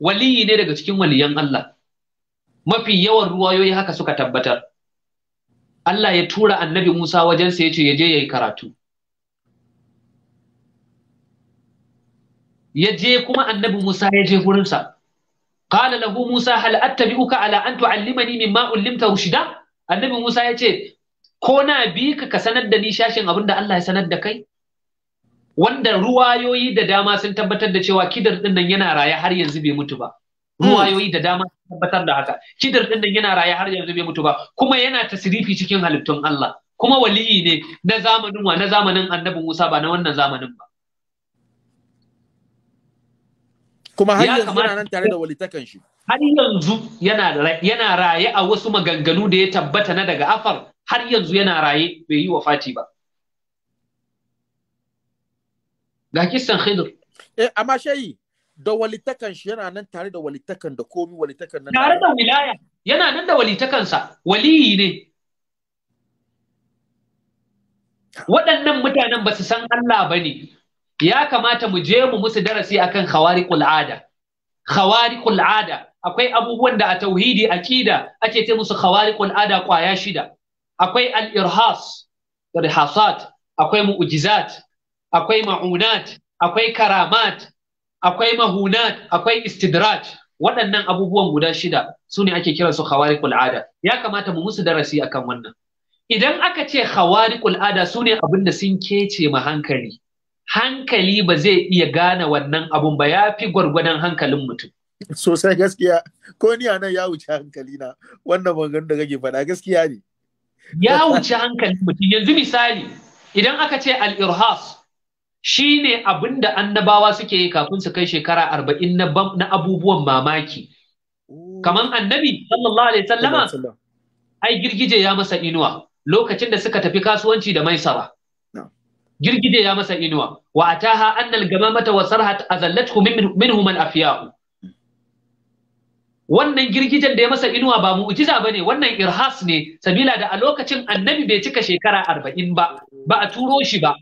waliyi ne daga cikin waliyan Allah mafi yawan ruwayoyi haka suka tabbatar Allah ya tura annabi Musa wajensa ya ce ya je ya yi karatu ya je kuma annabi Musa ya je wurinsa kala lahu Musa hal attabi'uka ala an tu'allimani mimma ullimta rushida? annabi Musa ya ce ko na bi ka ka sanar da ni shashin abin da Allah ya sanar da kai wanda ruwayoyi da dama sun tabbatar da cewa kidar din nan yana raye har yanzu bai mutu ba hmm. ruwayoyi da dama sun tabbatar da haka kidar din nan yana raye har yanzu bai mutu ba kuma yana tasrifi cikin halittun Allah kuma waliyi ne na zamanin wa na zamanin annabi Musa ba na wannan zamanin ba kuma har yanzu yana nan tare da walitakan shi har yanzu yana yana raye a wasu maganganu da ya tabbata na daga afar har yanzu yana raye bai yi wa Fati ba ga kisan khidr eh amma shayi da walitakan shi yana nan tare da walitakan da komi walitakan nan tare da wilaya yana nan da walitakansa waliyi ne waɗannan mutanen ba su san Allah ba ne ya kamata mu je mu musu darasi akan khawariqul ada khawariqul ada akwai abubuwan da a tauhidi aqida ake ce musu khawariqul ada kwaya shida akwai al-irhas irhasat akwai mu'jizat akwai ma'unat akwai karamat akwai mahunat akwai istidraj waɗannan abubuwan guda shida su ne ake kiran su khawariqul ada ya kamata mu musu darasi akan wannan idan aka ce khawariqul ada su ne abin da sun kece ma hankali hankali ba zai iya gane wannan abun ba ya fi gwargwadon hankalin mutum. Sosai gaskiya, ko ni a nan ya wuce hankali na wannan maganin da kake faɗa gaskiya ne. Ya wuce hankali mutum yanzu misali idan aka ce al-irhas shi ne abin da annabawa suke yi kafin su kai shekara arba'in na abubuwan mamaki. Oh. Kaman annabi sallallahu alaihi sallama ai girgije ya masa inuwa lokacin da suka tafi kasuwanci da maisara. girgije ya masa inuwa wa ataha annal gamamata wa sarhat azallathu minhu man afya'u wannan girgijen da ya masa inuwa ba mu'jiza bane wannan irhas ne sabila da a lokacin annabi bai cika shekara arba'in ba ba a turo shi ba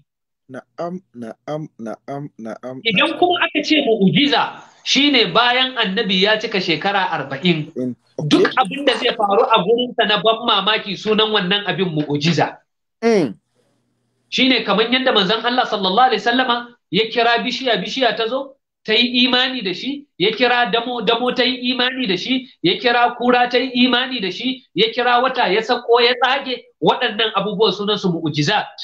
na'am na'am na'am na'am idan kuma aka ce mu'jiza shine bayan annabi ya cika shekara arba'in duk abin da zai faru a gurinsa na ban mamaki sunan wannan abin mu'jiza mm. shine kaman yadda manzon Allah sallallahu alaihi sallama ya kira bishiya bishiya ta zo ta yi imani da shi ya kira damo damo ta yi imani da shi ya kira kura ta yi imani da shi ya kira wata ya sako ya tsage waɗannan abubuwan sunan su mu'jizat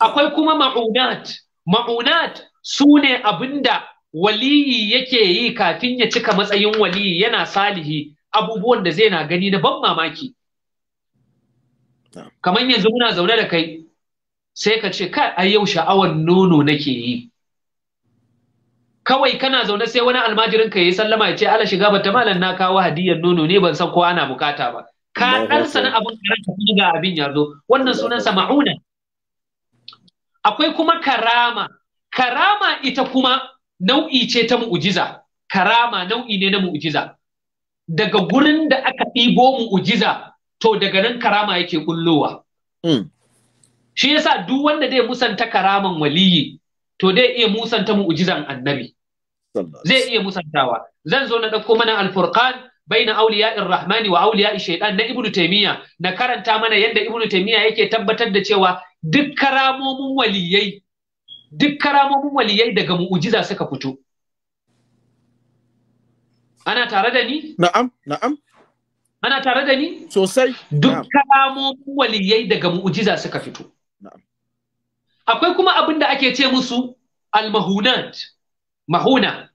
akwai kuma ma'unat ma'unat su ne abinda waliyi yake yi kafin ya cika matsayin waliyi yana salihi abubuwan da zai na gani na ban mamaki kamar yanzu muna zaune da kai sai ka ce kai a yau sha'awar nono nake yi kawai kana zaune sai wani almajirin ka yi sallama ya ce ala shiga bata malam na kawo hadiyar nono ne ban san ko ana bukata ba ka dan sana abin karanta kuma ga abin ya zo wannan sunansa ma'una akwai kuma karama karama ita kuma nau'i ce ta mu'ujiza karama nau'i ne na mu'ujiza daga gurin da aka ɗibo mu'ujiza to daga nan karama yake kullowa hmm. shi yasa duk wanda zai musanta karaman waliyi to zai iya musanta mu'jizan annabi zai iya musantawa zan zo na ɗauko mana alfurqan baina auliya rahmani wa auliya shaiɗan na ibnu taymiya na karanta mana yadda ibnu taymiya yake tabbatar da cewa duk karamomin waliyai duk karamomin waliyai daga mu'ujiza suka fito ana tare da ni na'am na'am ana tare da ni sosai duk kalamomin waliyai daga mu'jiza suka fito akwai kuma abin da ake ce musu almahunat mahuna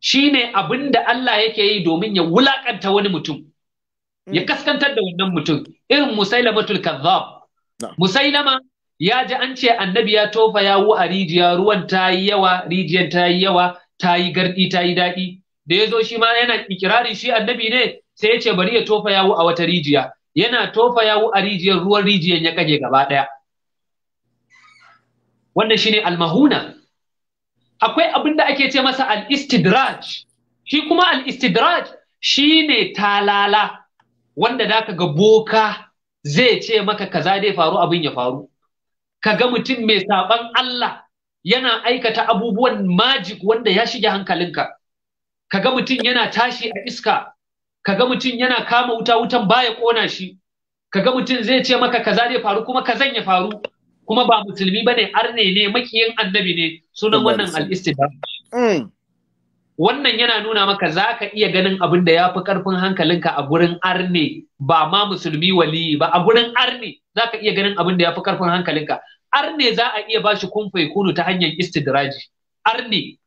shine abin da Allah yake yi domin ya wulakanta wani mutum ya mm. kaskantar da wannan mutum irin musailamatul kazzab musailama ya ji an ce annabi ya tofa yawo a rijiya ruwan ta yi yawa rijiyan ta yi yawa ta yi gardi ta yi daɗi da ya zo shi ma yana ikirarin shi annabi ne sai ya ce bari ya tofa yawu a wata rijiya yana tofa yawu a rijiyar ruwan rijiyar ya kaje gaba ɗaya wannan shine almahuna akwai abin da ake ce masa al-istidraj shi kuma al-istidraj shine talala wanda da ka ga boka zai ce maka kaza dai faru abin ya faru kaga mutum mai saban Allah yana aikata abubuwan magic wanda ya shige hankalinka ka ga mutum yana tashi a iska kaga mutum yana kama wuta wutan baya kona shi kaga mutum zai ce maka kaza zai faru kuma kazan ya faru kuma ba musulmi bane arne ne makiyin annabi ne sunan wannan al-istidam mm. wannan yana nuna maka za ka iya ganin abin da ya fi ƙarfin hankalinka a gurin arne ba ma musulmi wali ba a gurin arne za ka iya ganin abin da ya fi ƙarfin hankalinka arne za a iya bashi kumfai kunu ta hanyar istidraji arne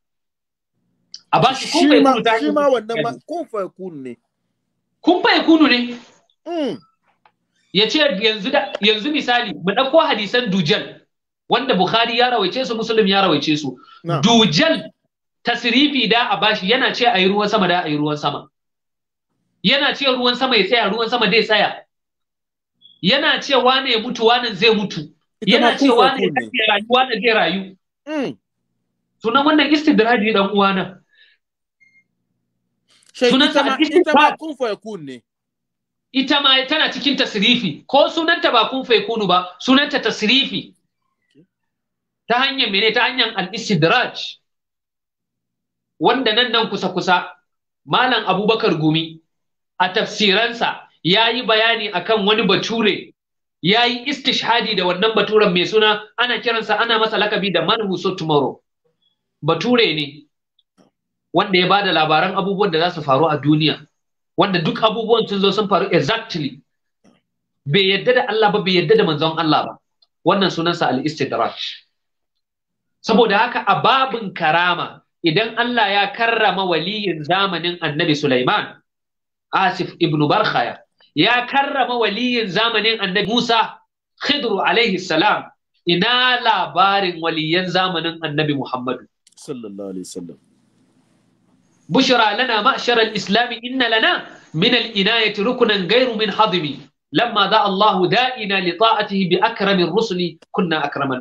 a bashi kumfai kunu ta hanyar shi kunu ne kun fa yakunu ne mm. ya ce yanzu misali mu ɗauko hadisan dujal wanda bukhari ya rawaice su muslim ya rawaice su dujal tasrifi da a bashi yana ce a yi ruwan sama da a yi ruwan sama yana ce ruwan sama ya tsaya ruwan sama dai tsaya yana ce wane ya mutu wane zai mutu yana ce wane ya rayu wane zai rayu mm. sunan wannan istidraji dan uwana sunanta a cikin ita ma kun ne ita ma tana cikin tasrifi ko sunanta ba kun fa ba sunanta tasirifi. ta hanyar mene ta hanyar al-istidraj wanda nan nan kusa kusa malam abubakar gumi a tafsiransa ya yi bayani akan wani bature ya yi istishhadi da wannan baturen mai suna ana kiransa ana masa lakabi da man who tomorrow bature ne wanda ya bada labaran abubuwan da za su faru a duniya wanda duk abubuwan sun zo sun faru exactly bai yadda da Allah ba bai yadda da manzon Allah ba wannan sunansa al-istidraj saboda haka a babin karama idan Allah ya karrama waliyin zamanin Annabi Sulaiman Asif ibn Barkhaya ya karrama waliyin zamanin Annabi Musa Khidru alaihi salam ina labarin waliyan zamanin Annabi Muhammadu sallallahu alaihi wasallam bushra lana ma'shar al-islam inna lana minal al-inayati rukunan ghayru min hadimi Allahu! da Allahu da'ina li ta'atihi bi akramin rusuni, kunna akramal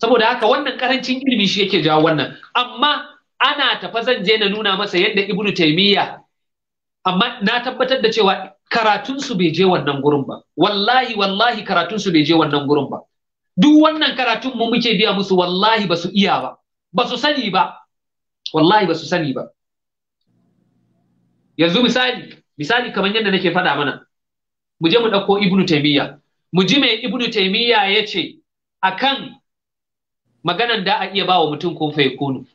saboda haka wannan karancin ilimi shi yake jawo wannan amma ana tafa zan je na nuna masa yadda ibnu taimiyya amma na tabbatar da cewa su bai je wannan gurin ba wallahi wallahi su bai je wannan gurin ba duk wannan karatun mu muke biya musu wallahi ba su iya ba ba su sani ba wallahi ba su sani ba yanzu misali misali kamar yadda nake faɗa mana mu je mu ɗauko ibnu taimiyya mu ji mai ibnu taimiyya ya ce akan maganan da a iya ba wa mutum ko fa kunu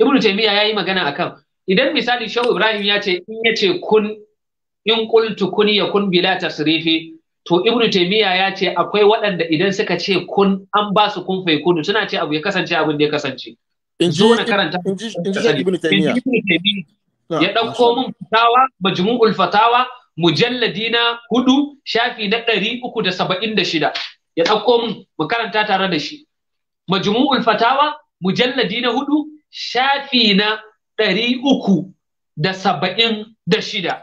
ibnu taimiyya ya yi magana akan idan misali shau ibrahim ya ce in ya ce kun in qultu kun yakun bila tasrifi to Ibn Taymiyyah ya ce akwai waɗanda idan suka ce kun an ba su kun fai kunu suna ce abu ya kasance abin da ya kasance in ji na karanta Ibn Taymiyyah. Ah, ya ɗauko min fatawa majmu'ul fatawa mujalladi na hudu shafi na ɗari uku da saba'in da shida ya ɗauko min mu karanta tare da shi majmu'ul fatawa mujalladi na hudu shafi na ɗari uku da saba'in da shida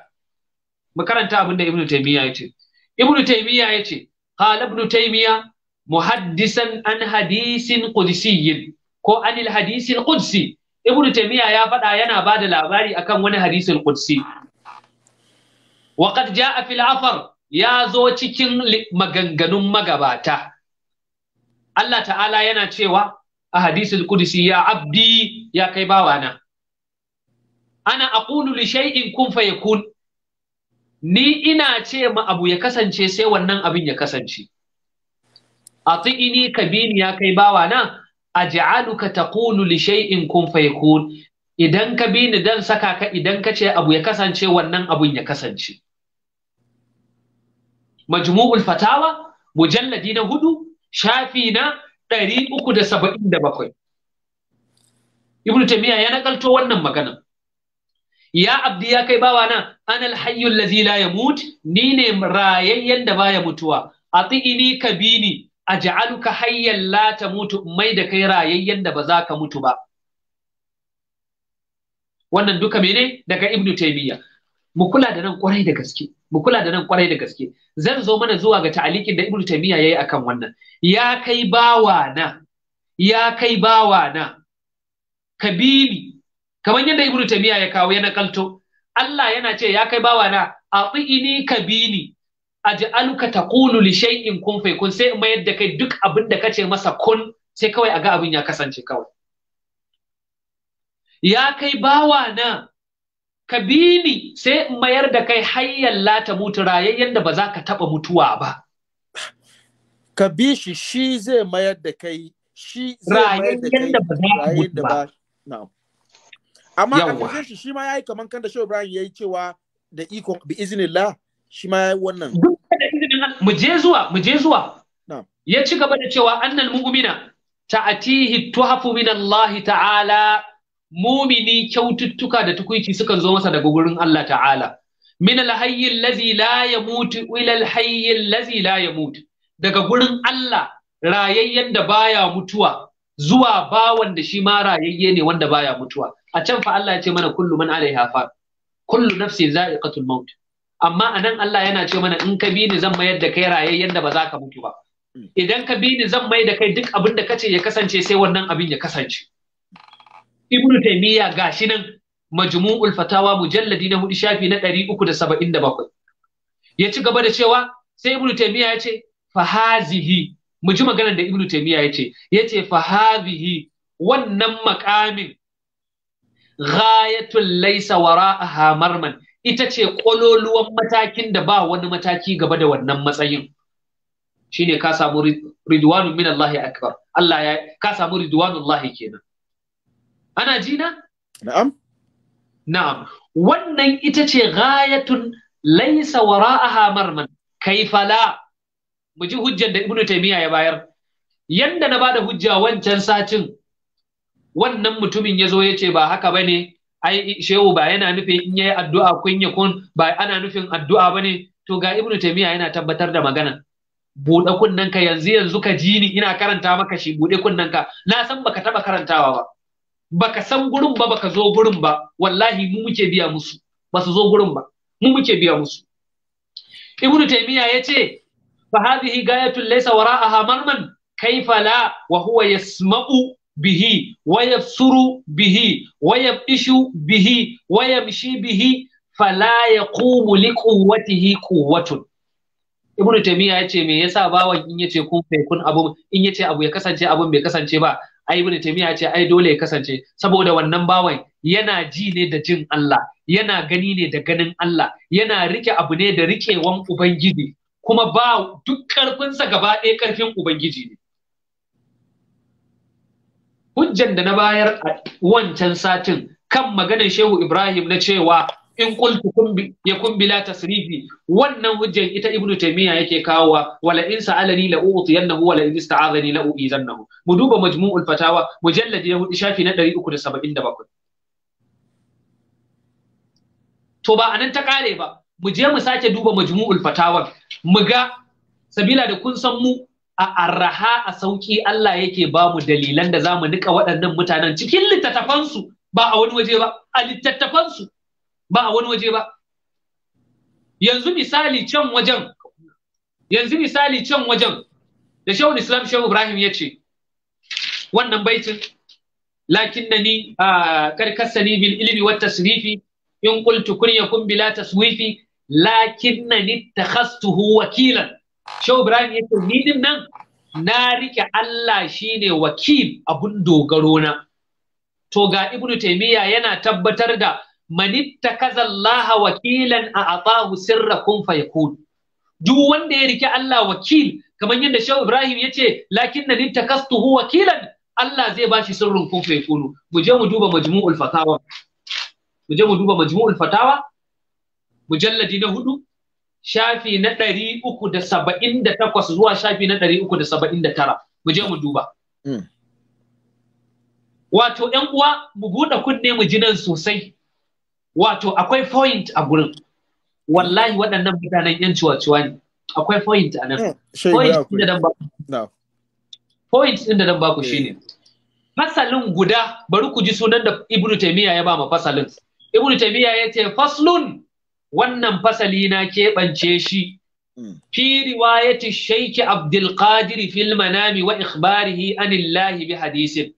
mu karanta abin da Ibn Taymiyyah ya ce ibn taymiya yace qala ibn taymiya muhaddisan an hadisin qudsiy ko anil hadisin qudsi ibn taymiya ya faɗa yana ba da labari akan wani hadisin qudsi wa qad jaa fil afar ya zo cikin maganganun magabata Allah ta'ala yana cewa a hadisin qudsi ya abdi ya kai bawana ana aqulu li shay'in kun fayakun ni ina ce ma abu ya kasance sai wannan abin ya kasance A ka kabini ya kai bawa na a ka taqulu lishai in kun faikun, idan ka bi ni dan saka ka idan ka ce abu ya kasance wannan abin ya kasance majmu'ul fatawa mujalladi na hudu shafi na ɗari uku da saba'in da bakwai ibnu taymiya ya nakalto wannan maganan ya abdi ya kai bawa na anal hayyul allazi la yamut ni ne rayayyen da baya mutuwa ati'ini kabini aj'aluka hayyan la tamutu mai da kai rayayyen da ba za ka mutu ba wannan duka mene daga ibnu taymiya mu kula da nan kwarai da gaske mu kula da nan kwarai da gaske zan zo mana zuwa ga ta'alikin da ibnu taymiya yayi akan wannan ya kai bawa na ya kai bawa na kabili kamar yadda ibnu tabiya ya kawo ya nakalto Allah yana ce ya kai bawa na ji aluka ta kulu li shay'in kun kun sai in mayar da kai duk abin da kace masa kun sai kawai a ga abin ya kasance kawai ya kai bawa na kabini sai in mayar da kai hayyan lata mutu rayayyen da ba za ka taba mutuwa ba ka bi shi shi zai mayar da kai shi zai mayar da kai da ba amma a shi shi ma yayi kamar kan da Shehu ya yayi cewa da ikon, bi iznillah shi ma yayi wannan mu je zuwa mu je zuwa ya ci gaba da cewa annal mu'mina ta'atihi tuhafu min Allah ta'ala mumini kyaututtuka da tukuici sukan zo masa daga gurin Allah ta'ala min alhayyi allazi la yamut ila alhayyi allazi la yamut daga gurin Allah rayayyen da baya mutuwa zuwa bawan da shi ma rayayye ne wanda baya mutuwa a can fa Allah ya ce mana kullu man alaiha fa kullu nafsin za'iqatul maut amma anan Allah yana ce mana in ka bi ni zan mayar da kai rayayyen da ba za ka mutu ba hmm. idan ka bi ni zan mayar da kai duk abin da kace ya kasance sai wannan abin ya kasance ibnu taymiya gashi nan majmu'ul fatawa mujalladi na hudu shafi na 377 ya ci gaba da cewa sai ibnu taymiya ya ce fahazihi mu ji maganar da ibnu taymiya yace yace fa hadhihi wannan makamin ghayatul laysa wara'aha marman ita ce kololuwan matakin da ba wani mataki gaba da wannan matsayin shine ka samu ridwanu min Allah akbar Allah ya ka samu ridwanullahi kenan ana jina na'am na'am wannan ita ce ghayatun laysa wara'aha marman kaifala mu ji hujjar da ibnu taymiya ya bayar yanda na bada hujja wancan satin wannan mutumin ya zo ya ce ba haka bane ai shehu ba yana nufin in yayi addu'a kun ya kun ba ana nufin addu'a bane to ga ibnu taymiya yana tabbatar da magana buɗe kunnen ka yanzu yanzu ka ji ni ina karanta maka shi buɗe kunnen ka na san baka taba karantawa ba baka san gurin ba baka zo gurin ba wallahi mu muke biya musu ba su zo gurin ba mu muke biya musu ibnu taymiya ya ce فهذه غاية ليس وراءها مرمى كيف لا وهو يسمع به ويبصر به ويبئش به ويمشي به فلا يقوم لقوته قوة ibnu taymiya yace me yasa bawan in yace kun fai kun abu in yace abu ya kasance abun bai kasance ba ai ibnu taymiya yace ai dole ya kasance saboda wannan bawan yana ji ne da jin Allah yana gani ne da ganin Allah yana rike abu ne da rikewan ubangiji kuma ba duk ƙarfinsa gaba ɗaya ƙarfin Ubangiji ne. Hujjan da na bayar a wancan satin kan maganar Shehu Ibrahim na cewa in kultu ya kumbila tasrifi wannan hujjan ita Ibn Taymiyyah yake kawowa wala in sa'alani la u'tiyannahu wala in ista'azani la zannahu mu duba majmu'ul fatawa mujallad ya hudu shafi na 377 to ba anan ta kare ba mu je mu sake duba majmu'ul fatawa mu ga sabila da kun san mu a arraha a sauki Allah yake ba mu dalilan da zamu nika waɗannan mutanen cikin littattafansu ba a wani waje ba a littattafansu ba a wani waje ba yanzu misali can wajen yanzu misali can wajen da shehun islam shehu ibrahim ya ce wannan baitin lakin na a karkasa ni bil ilmi wa tasrifi in qultu kun yakun bila taswifi lakinnani takhastuhu wakilan Shehu Ibrahim ya ce ni din nan na rike Allah shine wakil abun dogaro na to ga Ibn Taymiya yana tabbatar da manitta kazallaha wakilan a atahu sirra kun fayakun duk wanda ya rike Allah wakil kamar yadda Shehu Ibrahim ya ce lakin na wakilan Allah zai bashi sirrin kun fayakunu mu je mu duba majmu'ul fatawa mu je mu duba majmu'ul fatawa mujalladi na hudu shafi na ɗari uku da saba'in da takwas zuwa shafi na ɗari uku da saba'in da tara mu je mu duba hmm. wato ‘yan uwa mu buɗe kunne mu ji nan sosai wato akwai point a gurin wallahi waɗannan mutanen ‘yan ciwa-ciwa ne akwai point a nan hmm, point ɗin da dan point ku hmm. shi ne. shine fasalin guda bari ku ji sunan da ibnu taymiya ya ba ma fasalin ibnu tabiya ya ce faslun wannan fasali na keɓance shi hmm. fi riwayati shaiki abdul qadir fil manami wa ikhbarihi anillahi bi hadisin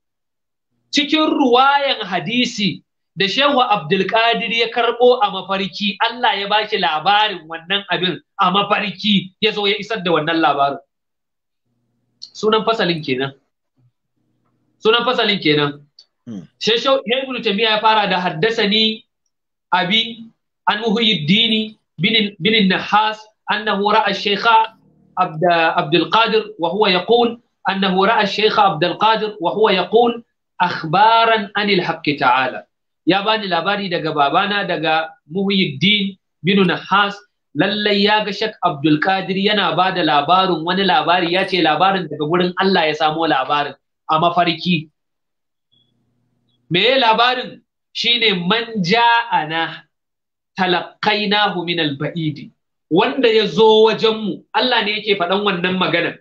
cikin ruwayan hadisi da shehu abdul qadir ya karɓo a mafarki Allah ya baki labarin wannan abin a mafarki ya zo ya isar da wannan labarin sunan fasalin kenan sunan fasalin kenan hmm. sai shehu ibnu tabiya ya fara da haddasa ni abi an muhyiddini bin bin النحاس أنه رأى الشيخ عبد عبد القادر وهو يقول أنه رأى الشيخ عبد القادر وهو يقول أخبارا عن الحق تعالى ya bani labari daga babana daga Muhyiddin bin Nahas lallai ya ga Shek Abdul yana ba da labarin wani labari ya ce labarin daga gurin Allah ya samo labarin a mafarki me ya labarin shine man ja'ana talaqainahu min al-ba'idi wanda ya zo wajenmu Allah ne yake faɗan wannan maganan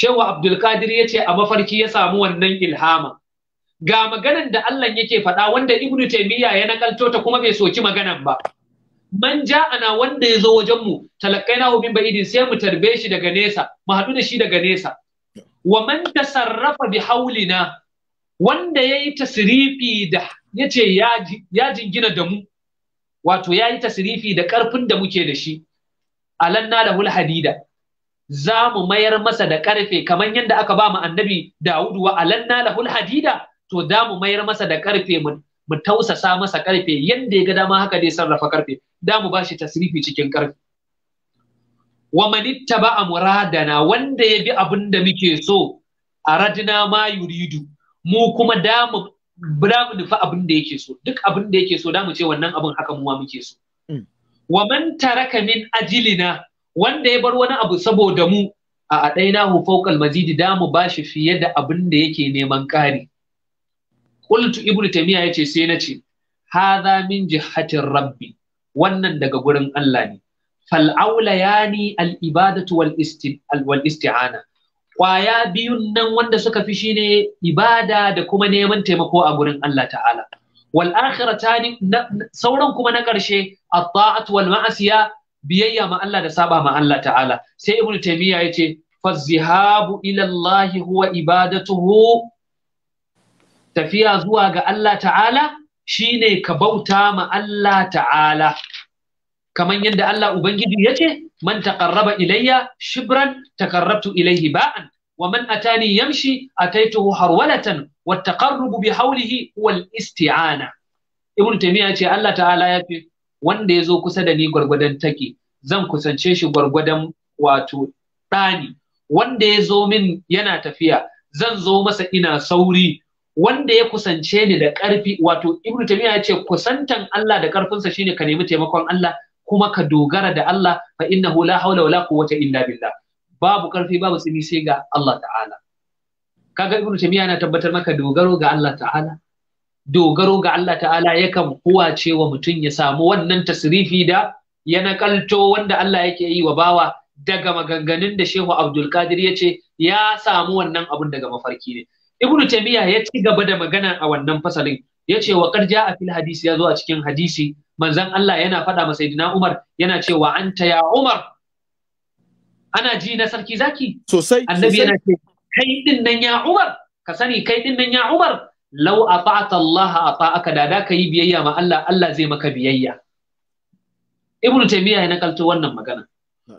Shehu Abdulkadir ya ce a mafarki ya samu wannan ilhama ga maganan da Allah yake faɗa wanda Ibn Taymiyyah ya nakalto ta kuma bai soki maganan ba man ja'ana wanda ya zo wajen mu talaqainahu min ba'idin sai mu tarbe shi daga nesa mu haɗu da shi daga nesa wa man tasarrafa bi haulina wanda yayi tasrifi da Yace ce ya jingina da mu wato ya yi tasirifi da ƙarfin da muke da shi alanna da hadida za mu mayar masa da ƙarfe kamar yadda aka ba mu annabi Dawudu wa alanna da hadida to da mu mayar masa da ƙarfe mu mu tausasa masa ƙarfe yadda ya ga dama haka dai sarrafa ƙarfe da mu ba shi tasirifi cikin ƙarfe wa a muradana wanda ya bi abin da muke so a radina ma yuridu mu kuma da na mu nufi abin da yake so duk abin da yake so da mu ce wannan abin haka muwa muke so mm. wa man taraka min ajilina wanda ya bar wani abu saboda mu a adaina hu fawqal mazidi da mu shi fiye da abin da yake neman kari qultu ibnu tamiya yace sai na ce hadha min jihatir rabbi wannan daga gurin Allah ne fal aulayani al ibadatu wal isti'ana ƙwaya biyun nan wanda suka fi shine ibada da kuma neman taimako a gurin Allah ta'ala wal akhiratani sauran kuma na ƙarshe at wal ma'asiya biyayya ma Allah da saba ma Allah ta'ala sai ibnu taymiya yace ce ila Allah huwa ibadatuhu tafiya zuwa ga Allah ta'ala shine ka bauta ma Allah ta'ala kaman yadda Allah ubangiji yace man taqarraba ilayya shibran taqarrabtu ilaihi ba'an wa man atani yamshi a ataituhu harwalatan wa taqarrubu bi haurihi wal isti'ana ibn taymiya ce Allah ta'ala ya ce wanda ya kusa da ni gwargwadon take zan kusance shi gwargwadon wato ɗani wanda ya zo min yana tafiya zan zo masa ina sauri wanda ya kusance ni da ƙarfi wato ibnu ya ce kusantan Allah da ƙarfinsa shine ka nemi taimakon Allah kuma ka dogara da Allah fa innahu la hawla wala quwwata illa billah babu karfi babu tsini sai ga Allah ta'ala kaga ibnu tamiya na tabbatar maka dogaro ga Allah ta'ala dogaro ga Allah ta'ala yakan kuwa cewa mutum ya samu wannan tasrifi da ya nakalto wanda Allah yake yi wa bawa daga maganganun da Shehu Abdul Qadir ya ce ya samu wannan abun daga mafarki ne Ibn tamiya ya ci gaba da magana a wannan fasalin ya ce wa qad a fil hadisi ya zo a cikin hadisi manzon Allah yana faɗa ma sayyidina Umar yana cewa anta ya Umar ana ji na sarki zaki sosai annabi yana ce kai din nan ya Umar ka sani kai din nan ya Umar law ata'ata Allah ata'aka da da kai biyayya ma Allah Allah zai maka biyayya Ibn Taymiyyah ya nakalto wannan magana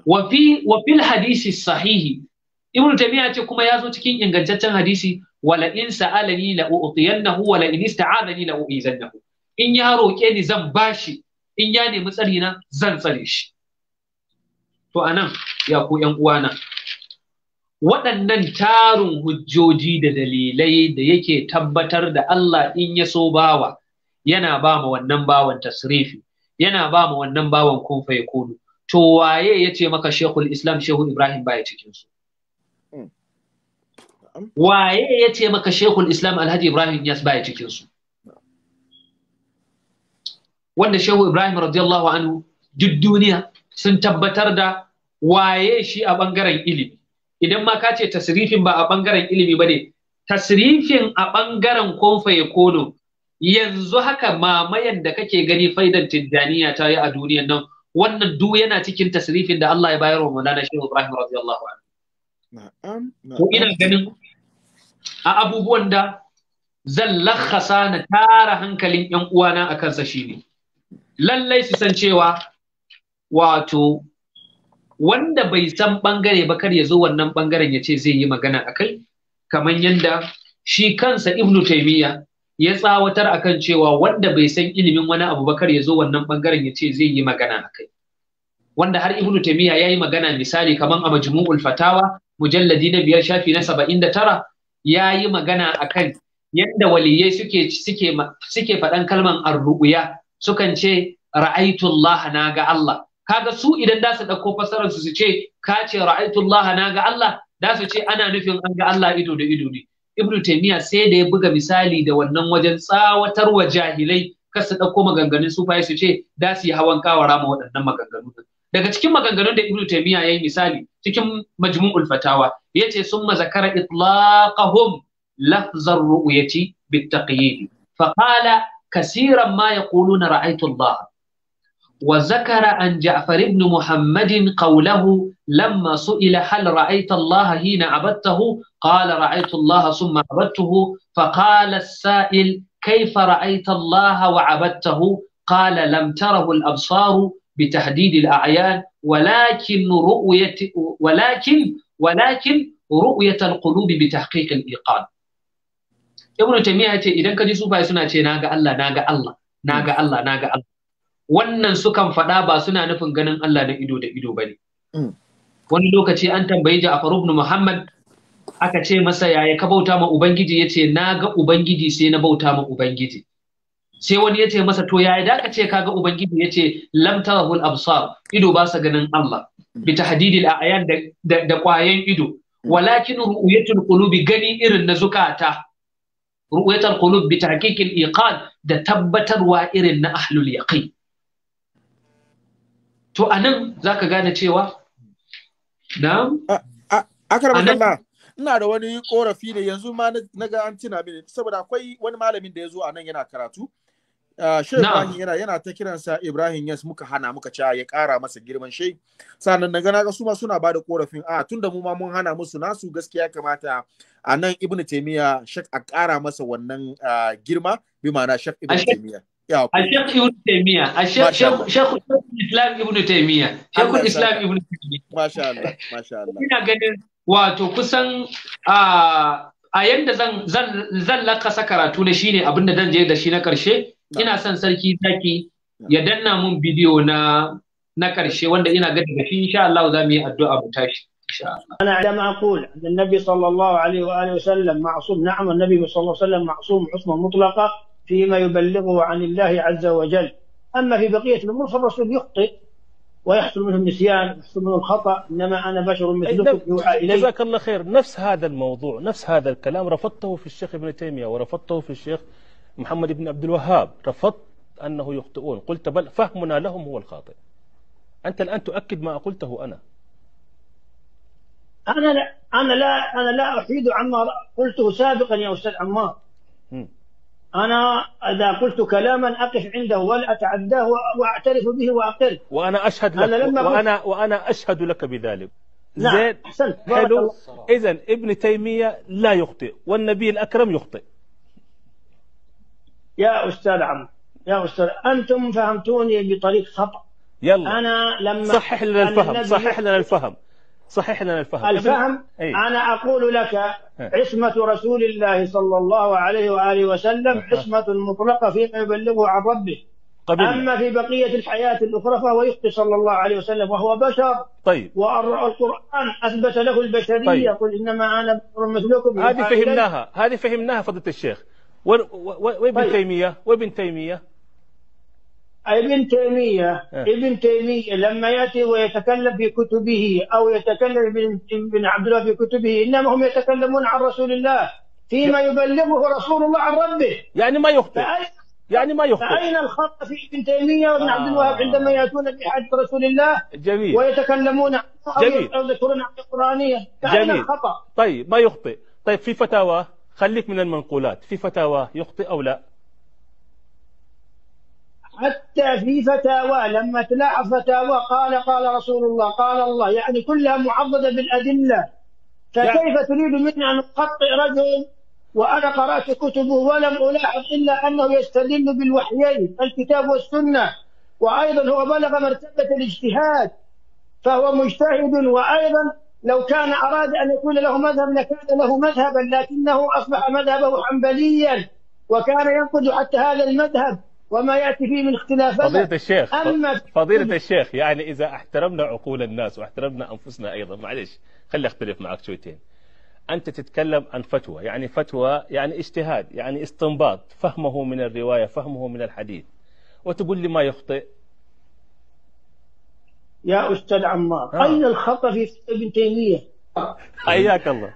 wa fi wa fil hadisi sahihi Ibn Taymiyyah ce kuma ya zo cikin ingantaccen hadisi wala in sa'alani la u'tiyannahu wala in ista'adani la u'izannahu in ya roƙe ni zan bashi in ya nemi tsari na zan tsare shi to anan ya ku ƴan uwana waɗannan tarin hujjoji da dalilai da yake tabbatar da Allah in ya so bawa yana ba mu wannan bawan tasrifi yana ba mu wannan bawan kun fa to waye ya ce maka shekul islam shehu ibrahim baya cikin su hmm. waye ya ce maka shekul islam alhaji ibrahim yas baya cikin su wanda shehu ibrahim radiyallahu anhu duk duniya sun tabbatar da waye shi a bangaren ilimi idan ma ka ce tasrifin ba a bangaren ilimi ba ne tasrifin a bangaren konfa kono yanzu haka mamayan da kake gani faidan tijjaniya ta yi a duniyan nan wannan du yana cikin tasrifin da Allah ya bayar wa Maulana Shehu Ibrahim radiyallahu anhu ko ina ganin a abubuwan da zan lakhasa na tara hankalin yan uwana akan sa shine lallai su san cewa wato wanda bai san bangare ba kar ya zo wannan bangaren ya ce zai yi magana a kai kamar yadda shi kansa ibnu taimiyya ya tsawatar a kan cewa wanda bai san ilimin wani abu ba kar ya zo wannan bangaren ya ce zai yi magana a kai wanda har ibnu taimiyya ya yi magana misali kamar a majmu'ul fatawa mujalladi na biyar shafi na saba'in da tara ya yi magana a kan yadda waliyyai suke suke suke faɗan kalman arru'uya sukan ce ra'aitullah na ga Allah kaga su idan da su ɗauko fasarar su su ce ka ce ra'aitullah na ga Allah da su ce ana nufin an ga Allah ido da ido ne ibnu taymiya sai da ya buga misali da wannan wajen tsawatar wa jahilai kar su ɗauko maganganun sufaye su ce da su yi hawan kawara ma waɗannan maganganu daga cikin maganganun da ibnu taymiya yayi misali cikin majmu'ul fatawa yace summa zakara itlaqahum lafzar ru'yati bitaqyid fa qala كثيرا ما يقولون رأيت الله وذكر عن جعفر بن محمد قوله لما سئل هل رأيت الله حين عبدته قال رأيت الله ثم عبدته فقال السائل كيف رأيت الله وعبدته قال لم تره الأبصار بتحديد الأعيان ولكن رؤية ولكن ولكن رؤية القلوب بتحقيق الإيقان ibnu taymiya ce idan ka ji sufaye suna ce naga Allah naga Allah naga hmm. Allah naga Allah wannan sukan faɗa ba suna nufin ganin Allah na ido da ido bane hmm. wani lokaci an tambayi Ja'far ibn Muhammad aka ce masa yaya ka bauta ma ubangiji yace naga ubangiji sai na bauta ma ubangiji sai wani yace masa to yaya da aka ce kaga ubangiji yace ce lam tarahul absar ido ba sa ganin Allah hmm. bi tahdidil a'yan da da kwayan ido walakin ru'yatul qulubi gani irin na zukata ruwayatul qulub bi tahqiqil iqad da tabbatarwa irin na ahlul yaqin to anan zaka gane cewa akram akramaka ina da wani korafi ne yanzu ma na ga an tuna mini saboda akwai wani malamin da ya zo a nan yana karatu Shehu Ibrahim yana yana ta kiransa Ibrahim Yas muka hana muka ca ya kara masa girman shai sannan na ga su ma suna bada korafin a tunda mu ma mun hana musu nasu gaskiya kamata a nan ibnu taimiya shek a ƙara masa wannan girma bi ma'ana shek ibnu taimiya الشيخ ابن تيمية الشيخ شيخ شيخ الإسلام ابن تيمية شيخ الإسلام ابن تيمية ما شاء Masha allah, شاء الله ina ganin wato kusan a yanda zan zan zan lakasa karatu na shine abin da zan je da shi na karshe ina son sarki zaki ya danna mun bidiyo na na karshe wanda ina ga daga shi insha Allah za mu yi addu'a mu tashi شاء الله انا عندما اقول ان النبي صلى الله عليه واله وسلم معصوم نعم النبي صلى الله عليه وسلم معصوم حسنى مطلقه فيما يبلغه عن الله عز وجل اما في بقيه الامور فالرسول يخطئ ويحصل منه النسيان ويحصل منه الخطا انما انا بشر مثلكم يوحى الي جزاك الله خير نفس هذا الموضوع نفس هذا الكلام رفضته في الشيخ ابن تيميه ورفضته في الشيخ محمد بن عبد الوهاب رفضت انه يخطئون قلت بل فهمنا لهم هو الخاطئ انت الان تؤكد ما قلته انا انا لا انا لا انا لا احيد عما قلته سابقا يا استاذ عمار انا اذا قلت كلاما اقف عنده ولا اتعداه واعترف به واقر وانا اشهد لك أنا لما وانا وانا اشهد لك بذلك نعم زين احسنت حلو اذا ابن تيميه لا يخطئ والنبي الاكرم يخطئ يا استاذ عمار يا استاذ انتم فهمتوني بطريق خطا يلا انا لما صحح لنا الفهم صحح لنا الفهم صحيح لنا الفهم الفهم أيه؟ أنا أقول لك إيه. عصمة رسول الله صلى الله عليه وآله وسلم إيه. عصمة مطلقة فيما يبلغه عن ربه قبل. أما في بقية الحياة الأخرى فهو يخطي صلى الله عليه وسلم وهو بشر طيب والقرآن أثبت له البشرية طيب. قل إنما أنا بشر مثلكم هذه فهمناها هذه فهمناها فضيلة الشيخ وابن طيب. تيمية وابن تيمية ابن تيمية آه. ابن تيمية لما يأتي ويتكلم في كتبه أو يتكلم ابن عبد الله في كتبه إنما هم يتكلمون عن رسول الله فيما يبلغه رسول الله عن ربه يعني ما يخطئ يعني ما يخطئ فأين الخطأ في ابن تيمية وابن آه. عبد الوهاب عندما يأتون بحديث رسول الله جميل ويتكلمون جميل أو يذكرون عن القرآنية فأين الخطأ طيب ما يخطئ طيب في فتاوى خليك من المنقولات في فتاوى يخطئ أو لا حتى في فتاوى لما تلاحظ فتاوى قال قال رسول الله قال الله يعني كلها معضدة بالأدلة يعني فكيف تريد مني أن أقطع رجل وأنا قرأت كتبه ولم ألاحظ إلا أنه يستدل بالوحيين الكتاب والسنة وأيضا هو بلغ مرتبة الاجتهاد فهو مجتهد وأيضا لو كان أراد أن يكون له مذهب لكان له مذهبا لكنه أصبح مذهبه حنبليا وكان ينقد حتى هذا المذهب وما يأتي فيه من اختلافات فضيلة الشيخ أما فضيلة الشيخ يعني إذا احترمنا عقول الناس واحترمنا أنفسنا أيضا معلش خلي أختلف معك شويتين أنت تتكلم عن فتوى يعني فتوى يعني اجتهاد يعني استنباط فهمه من الرواية فهمه من الحديث وتقول لي ما يخطئ يا أستاذ عمار آه. أين الخطأ في ابن تيمية حياك الله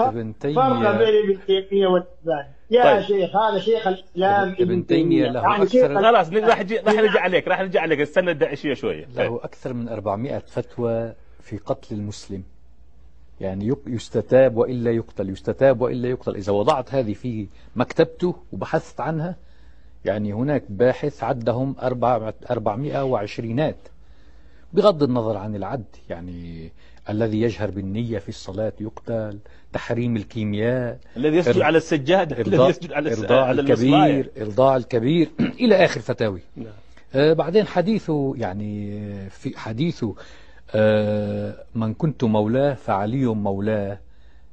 ابن تيمية فرق بين ابن تيمية والتباني يا طيب. شيخ هذا شيخ الاسلام ابن تيميه له يعني اكثر خلاص راح راح نرجع عليك راح نرجع عليك استنى الداعشيه شويه له اكثر من 400 فتوى في قتل المسلم يعني يستتاب والا يقتل يستتاب والا يقتل اذا وضعت هذه في مكتبته وبحثت عنها يعني هناك باحث عدهم 420 بغض النظر عن العد يعني الذي يجهر بالنية في الصلاة يقتل تحريم الكيمياء الذي يسجد على السجادة الذي يسجد على إرضاع على الكبير إرضاع الكبير [CLEARS THROAT] إلى آخر فتاوي نعم. آه بعدين حديثه يعني آه، في حديثه آه من كنت مولاه فعلي مولاه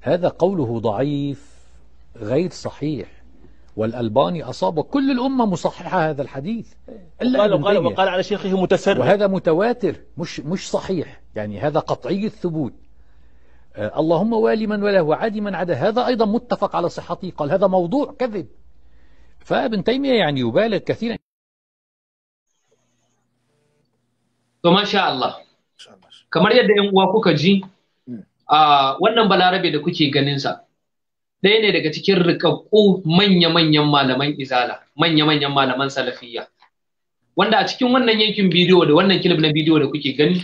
هذا قوله ضعيف غير صحيح والألباني أصاب كل الأمة مصححة هذا الحديث إلا وقال, وقال, وقال على شيخه متسرع وهذا متواتر مش, مش صحيح يعني هذا قطعي الثبوت آه اللهم والي من وله وعادي من عدا هذا أيضا متفق على صحته قال هذا موضوع كذب فابن تيمية يعني يبالغ كثيرا ما شاء الله ما شاء الله كما يدعي ji جي wannan balarabe da kuke ɗaya ne daga cikin rikakku manya-manyan malaman izala manya-manyan malaman salafiyya wanda a cikin wannan yankin bidiyo da wannan kilib na bidiyo da kuke gani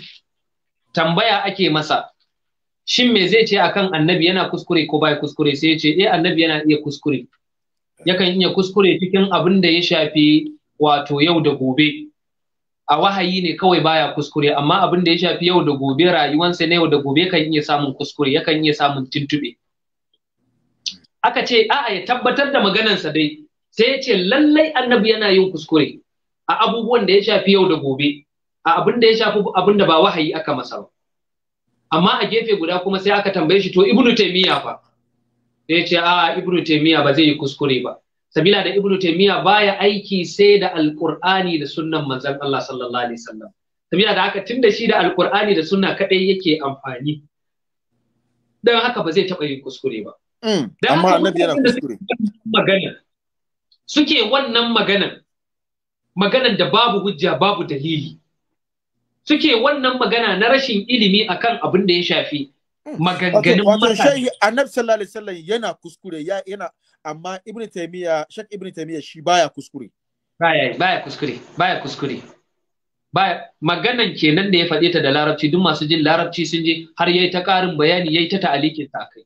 tambaya ake masa shin me zai ce akan annabi yana kuskure ko baya kuskure sai ya ce eh annabi yana iya kuskure yakan iya kuskure cikin abin da ya shafi wato yau da gobe a wahayi ne kawai baya kuskure amma abin da ya shafi yau da gobe rayuwansa na yau da gobe kan iya samun kuskure yakan iya samun tuntube aka ce a'a ya tabbatar da maganansa dai sai ya ce lallai annabi yana yin kuskure a abubuwan da ya shafi yau da gobe a abin da ya shafi abin da ba wahayi aka masa ba amma a gefe guda kuma sai aka tambaye shi to ibnu taymiya fa sai ya ce a ibnu taymiya ba zai yi kuskure ba sabila da ibnu taymiya baya aiki sai da alqur'ani da sunnan manzon Allah sallallahu alaihi wasallam sabila da haka tunda shi da alqur'ani da sunna kadai yake amfani dan haka ba zai taba yin kuskure ba Mm. amma annabi yana kuskure magana suke wannan magana maganan da babu hujja babu dalili suke wannan magana na rashin ilimi akan abin da ya shafi mm. maganganun mutane shehi annabi sallallahu alaihi wasallam yana kuskure ya yana amma ibnu taymiya shek ibnu taymiya shi baya kuskure baya baya kuskure baya kuskure ba maganan kenan da ya faɗe ta da larabci duk masu jin larabci sun je har yayi ta ƙarin bayani yayi ta ta'alikin ta akai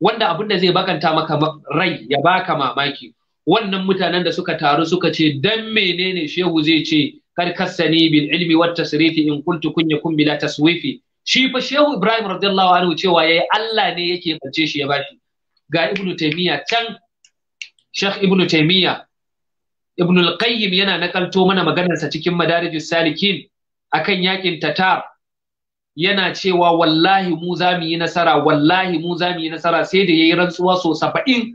wanda abin da zai bakanta maka rai ya baka mamaki wannan mutanen da suka taru suka ce dan menene shehu zai ce kar kassani bil ilmi wat tasrifi in kuntu kun bila taswifi shi fa shehu ibrahim radiyallahu anhu cewa yayi Allah ne yake kance shi ya bashi ga ibnu taymiya can shekh ibnu taymiya ibnu al-qayyim yana nakalto mana maganarsa cikin madarijus salikin akan yakin tatar yana cewa wallahi mu za mu yi nasara wallahi mu za mu yi nasara sai da yayi rantsuwa so saba'in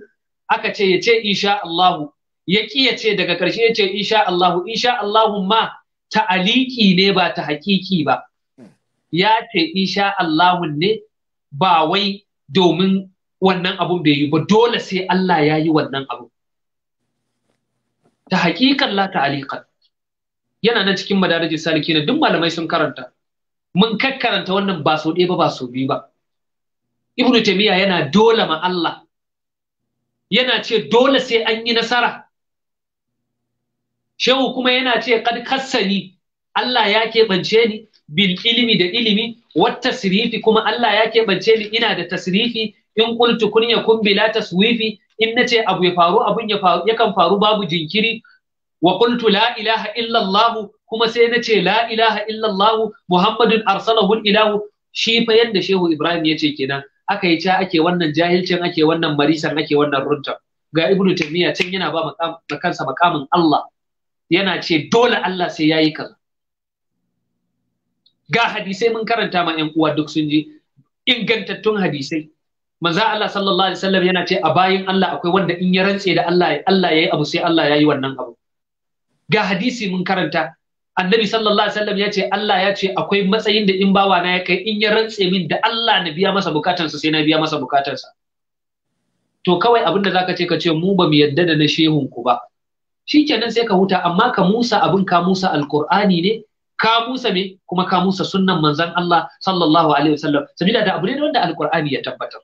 aka ce ya ce insha Allahu ya ce daga ƙarshe ya ce insha Allahu insha Allahu ma ta'aliki ne ba ta hakiki ba ya ce insha Allahu ne ba wai domin wannan abun bai yi ba dole sai Allah ya yi wannan abun ta hakikan la ta'alikan yana nan cikin madarajin saliki duk malamai sun karanta mun kakkaranta wannan ba sau ɗaya ba ba sau biyu ba ibnu taymiya yana dole ma Allah yana ce dole sai an yi nasara shehu kuma yana ce kad kassani Allah ya keɓance ni bil ilimi da ilimi wat tasrifi kuma Allah ya keɓance ni ina da tasrifi in qultu kun yakun bila taswifi in nace abu ya faru abun ya faru yakan faru babu jinkiri wa qultu la ilaha illa Allah kuma sai na ce la ilaha illallah muhammadun arsalahu ilahu shi fa yanda shehu ibrahim ya ce kenan aka yi ca ake wannan jahilcin ake wannan marisan ake wannan runtar. ga ibnu taymiya can yana ba kansa makamin Allah yana ce dole Allah sai yayi kaza ga hadisai mun karanta ma yan uwa duk sun ji ingantattun hadisai manzo Allah sallallahu alaihi wasallam yana ce a bayin Allah akwai wanda in ya rantse da Allah Allah yayi abu sai Allah yayi wannan abu ga hadisi mun karanta annabi sallallahu alaihi wasallam ya ce Allah ya ce akwai matsayin da in bawa na ya kai in ya rantse min da Allah na biya masa bukatansa sai na biya masa bukatansa to kawai abinda da zaka ce ka ce mu ba mu yadda da na shehun ku ba shikenan sai ka huta amma ka musa abin ka musa alqur'ani ne ka musa me kuma ka musa sunnan manzon Allah sallallahu alaihi wasallam sabida da abu ne wanda alqur'ani ya tabbatar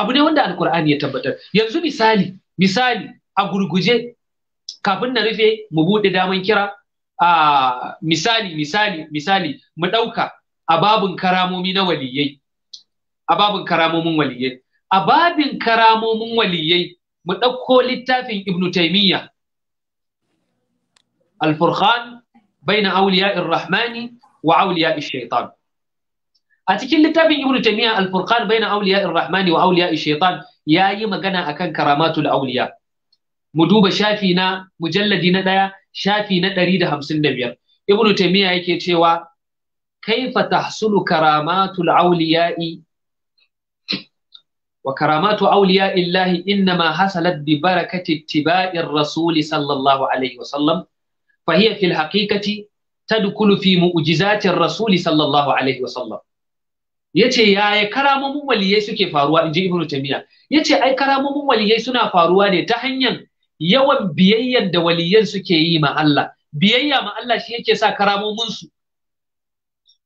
abu ne wanda alqur'ani ya tabbatar yanzu misali misali a gurguje kafin na rufe mu bude daman kira a misali misali misali mu ɗauka a babin karamomi na waliyai a babin karamomin waliyai a babin karamomin waliyai mu ɗauko littafin ibn taimiyya al-furqan baina awliya'ir rahmani wa awliya'ish shaitan a cikin littafin ibn taimiyya al-furqan baina awliya'ir rahmani wa awliya'ish shaitan yayi magana akan karamatul awliya mu duba shafi na mujalladi na ɗaya shafi na ɗari da hamsin da biyar ibnu taimiyya yake cewa kaifa tahsulu karamatul awliya'i wa karamatu awliya'i llahi innama hasalat bi barakati ittiba'ir rasuli sallallahu alaihi wasallam fa hiya fil haqiqati tadkhulu fi mu'jizatir rasuli sallallahu alaihi wasallam yace yaya karamomin waliyai suke faruwa inji ibnu tamiya yace ai karamomin waliyai suna faruwa ne ta hanyar yawan biyayyar da waliyan suke yi ma Allah biyayya ma Allah shi yake sa karamominsu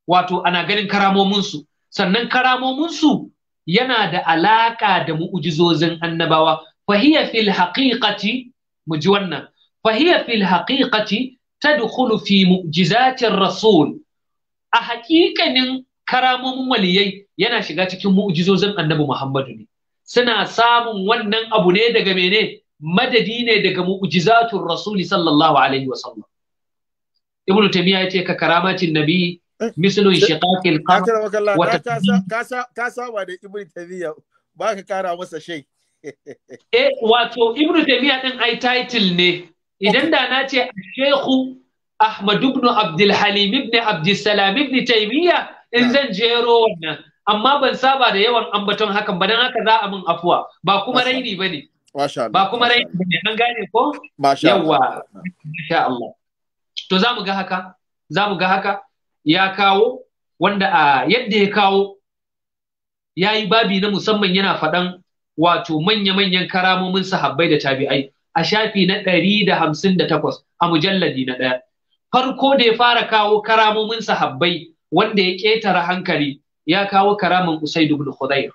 wato ana ganin karamominsu sannan karamominsu yana da alaka da mu'ujizozin annabawa fahiya fil haqiqati mu ji wannan fahiya fil haqiqati tadkhulu fi mu'jizatir rasul a haƙiƙanin karamomin waliyai yana shiga cikin mu'jizozin annabi Muhammadu ne suna samun wannan abu ne daga mene madadi ne daga mu'jizatun rasuli sallallahu alaihi wa sallam ibnu tamiya yace ka karamatin nabi mislun eh, shiqaqil qamar wa ka sa saba da ibnu tamiya ba ka kara masa shai [LAUGHS] eh wato ibnu tamiya din ai title ne idan da na ce shehu ahmad ibn abdul halim ibn abdul salam ibn taymiya in ah. zan jero wannan amma ban saba da yawan ambaton hakan ba dan haka za a min afuwa ba kuma ah. raini bane ba kuma rai ne an gane ko yawa masha Allah to za mu ga haka za mu ga haka ya kawo wanda a yadda ya kawo ya yi babi na musamman yana faɗan wato manya-manyan karamomin sahabbai da tabi'ai a shafi na ɗari da hamsin da takwas a mujalladi na ɗaya farko da ya fara kawo karamomin sahabbai wanda ya ƙetare hankali ya kawo karamin Usaid ibn Khudair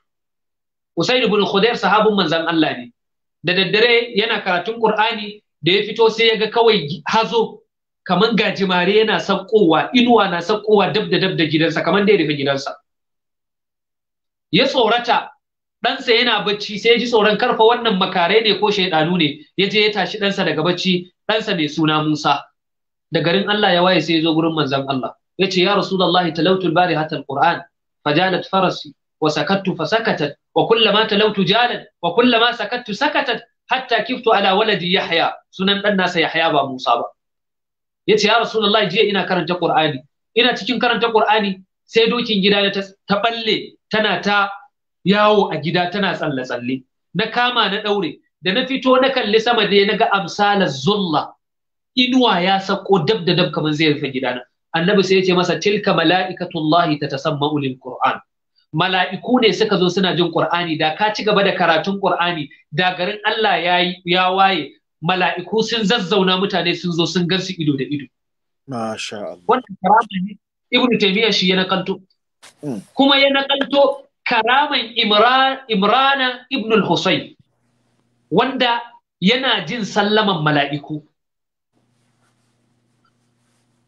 Usaid ibn Khudair sahabin manzan Allah ne da daddare yana karatun Qur'ani da ya fito sai ya ga kawai hazo kaman gajimare yana sakkowa inuwa na sakkowa dab da dab da gidansa kamar da ya rufe gidansa ya tsorata ɗansa yana bacci sai ya ji tsoron karfa wannan makare ne ko shaidanu ne ya je ya tashi ɗansa daga bacci ɗansa mai suna Musa da garin Allah ya waye sai ya zo gurin manzon Allah ya ce ya Rasulullahi talautul bari hatta alquran fajalat farasi wa sakattu fasakatat wa kullama talautu jalan wa kullama sakattu sakatat hatta kiftu ala waladi yahya sunan 'ɗan nasa yahya ba musa ba yace ya rasulullahi jiya ina karanta Kur'ani. ina cikin karanta qur'ani sai dokin gida ta balle tana ta yawo a gida tana tsalle tsalle na kama na daure da na fito na kalli sama da na ga amsalar zulla inuwa ya sako dab da dab kamar zai rufe gidana annabi sai ya ce masa tilka mala'ikatullahi tatasamma'u lil qur'an mala'iku ne suka zo suna jin Qur'ani da ka ci gaba da karatun Qur'ani da garin Allah ya ya waye mala'iku sun zazzauna mutane sun zo sun gansu ido da ido masha Allah wannan karama ne Ibn Taymiyyah shi ya nakalto hmm. kuma ya nakalto karaman Imran Imran Ibn al-Husayn wanda yana jin sallaman mala'iku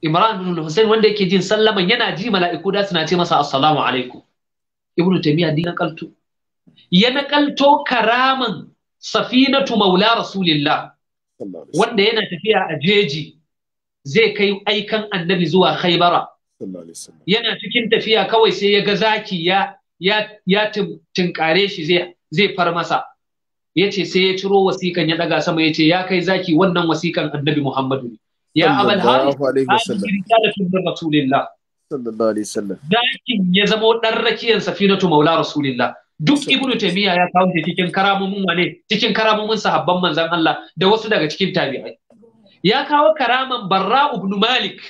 Imran ibn husayn wanda yake jin sallaman yana ji mala'iku da suna ce masa assalamu alaikum ibnu taymiya din ya nakalto karaman safinatu maula rasulillah wanda yana tafiya a jeji zai kai aikan annabi zuwa khaybara yana cikin tafiya kawai sai ya ga zaki ya ya ya tinkare shi zai zai far masa ya ce sai ya ciro wasikan ya daga sama ya ce ya kai zaki wannan wasikan annabi muhammadu ne ya abal haris haris risalatu rasulillah sallallahu alaihi wasallam dakin ya zamo dan rakiyar safinatu maula rasulillah duk ibnu taymiya ya kawo shi cikin karamomin wane cikin karamomin sahabban manzon Allah da wasu daga cikin tabi'ai ya kawo karaman barra ibn malik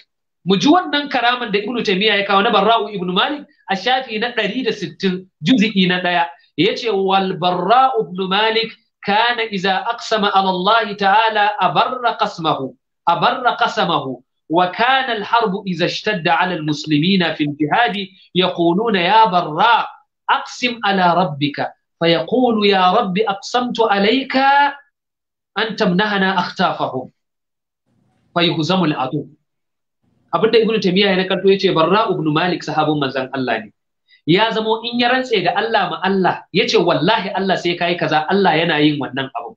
mu ji wannan karaman da ibnu taymiya ya kawo na barra ibn malik a shafi na 160 juz'i na daya yace wal barra ibn malik kana iza aqsama ala Allah ta'ala abarra qasmahu abarra qasamahu وكان الحرب إذا اشتد على المسلمين في الجهاد يقولون يا براء أقسم على ربك فيقول يا رب أقسمت عليك أن تمنحنا أختافهم فيهزم العدو abin da ibnu tamiya ya nakalto yace barra ibnu malik sahabun manzon Allah ne ya zamo in ya rantse da Allah ma Allah yace wallahi Allah sai kai kaza Allah yana yin wannan abu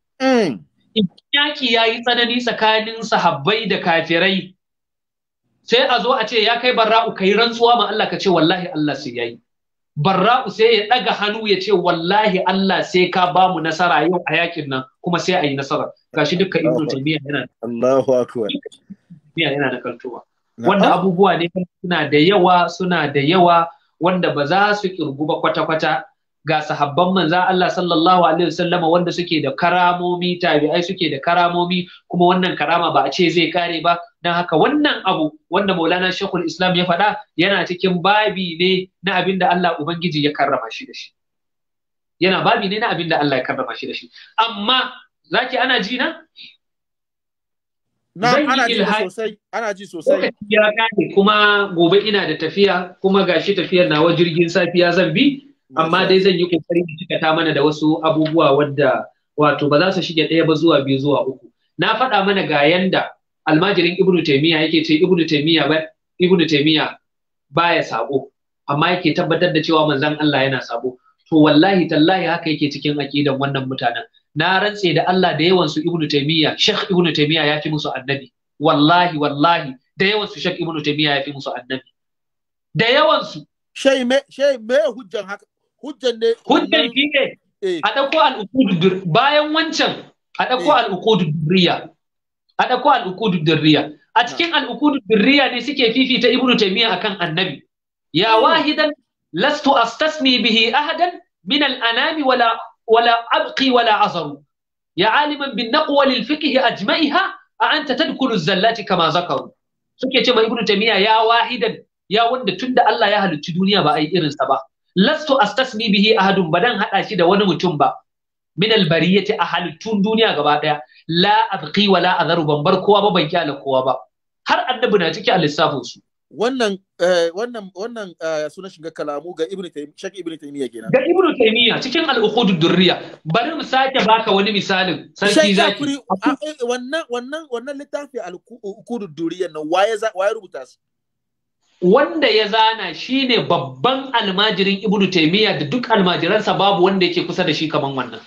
in yaki yayi tsanani tsakanin sahabbai da kafirai sai a zo a ce ya kai barra'u kai rantsuwa ma Allah ka ce wallahi Allah sai yayi barra'u sai ya daga hannu ya ce wallahi Allah sai ka ba mu nasara yau a yakin nan kuma sai a yi nasara gashi duka ibnu taymiya yana Allahu akbar yana da kaltuwa wanda abubuwa ne suna da yawa suna da yawa wanda ba za su kirgu ba kwata-kwata ga sahabban manza Allah sallallahu alaihi wasallama wanda suke da karamomi tabi'ai suke da karamomi kuma wannan karama ba a ce zai kare ba don haka wannan abu wanda maulana shekul islam ya faɗa yana cikin babi ne na abin da Allah ubangiji ya karrama shi da shi yana babi ne na abin da Allah ya karrama shi da shi amma zaki ana ji na na ana ji sosai ana ji sosai ya kare kuma gobe ina da tafiya kuma gashi tafiyar nawa jirgin safiya zan bi amma dai zan yi kokari in cika mana da wasu abubuwa wadda wato ba za su shige ɗaya ba zuwa biyu zuwa uku na faɗa mana ga yanda almajirin ibnu taymiya yake ce ibnu taymiya ba ibnu taymiya baya sabo amma yake tabbatar da cewa manzon Allah yana sabo to wallahi tallahi haka yake cikin aqidan wannan mutanen na rantse da Allah da yawan su ibnu taymiya sheikh ibnu taymiya ya fi musu annabi wallahi wallahi da yawan su sheikh ibnu taymiya ya fi musu annabi da yawan su shey me shey me hujjan haka hujjan ne hujjan shi ne eh. a dauko al bayan wancan a dauko eh. al-uqud durriya a ɗauko al'ukudu dirriya a cikin al'ukudu dirriya ne suke fifita ibnu taymiya akan annabi ya hmm. wahidan lastu astasni bihi ahadan min al'anami wala wala abqi wala azaru ya aliman bin naqwa lil fiqh ajma'iha a anta tadkhulu zallati kama zakaru suke ce ma ibnu taymiya ya wahidan ya wanda tunda Allah ya halicci duniya ba ai irinsa ba lastu astasmi bihi ahadun badan hada shi da wani mutum ba min yace a halittun duniya gaba daya la abqi wa la adharu ban bar kowa ba ban kyale kowa ba har annabi na ciki a su eh, wannan wannan wannan eh, sunan shiga kalamu ga ibnu taymiya shek ibnu taymiya kenan ga ibnu taymiya cikin al-uqud durriya bari mu sake baka wani misalin sarki zaki eh, wannan wannan wannan littafi al-uqud durriya na waye waye rubuta su wanda ya zana shine babban almajirin ibnu taymiya da duk almajiransa babu wanda yake kusa da shi kaman wannan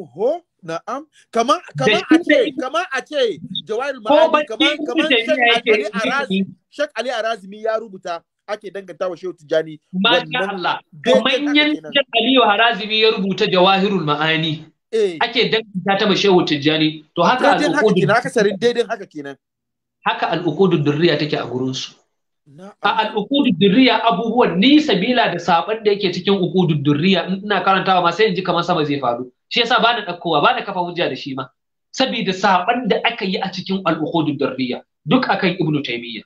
oho Na'am, kamar a ce, kamar a ce, Jawairul Ma'ani, kamar kamar Shek Ali Arazimi ya rubuta ake danganta wa Shehu tijani. Masha Allah, kamar yadda Shek Ali Arazimi ya rubuta Jawahirul Ma'ani. Eh. Ake danganta ta ma Shehu tijani? To haka al'ukudu. Haka sarin daidai haka kenan. Haka al'ukudu durriya take a gurinsu. A al'ukudu durriya abubuwan ni sabila da saban da yake cikin ukudu durriya ina karantawa ma sai in ji kamar sama zai faru. shi yasa ba na ɗaukowa ba kafa hujja da shi ma saboda saban da aka yi a cikin al'ukhudud darriya duk akan ibnu taymiya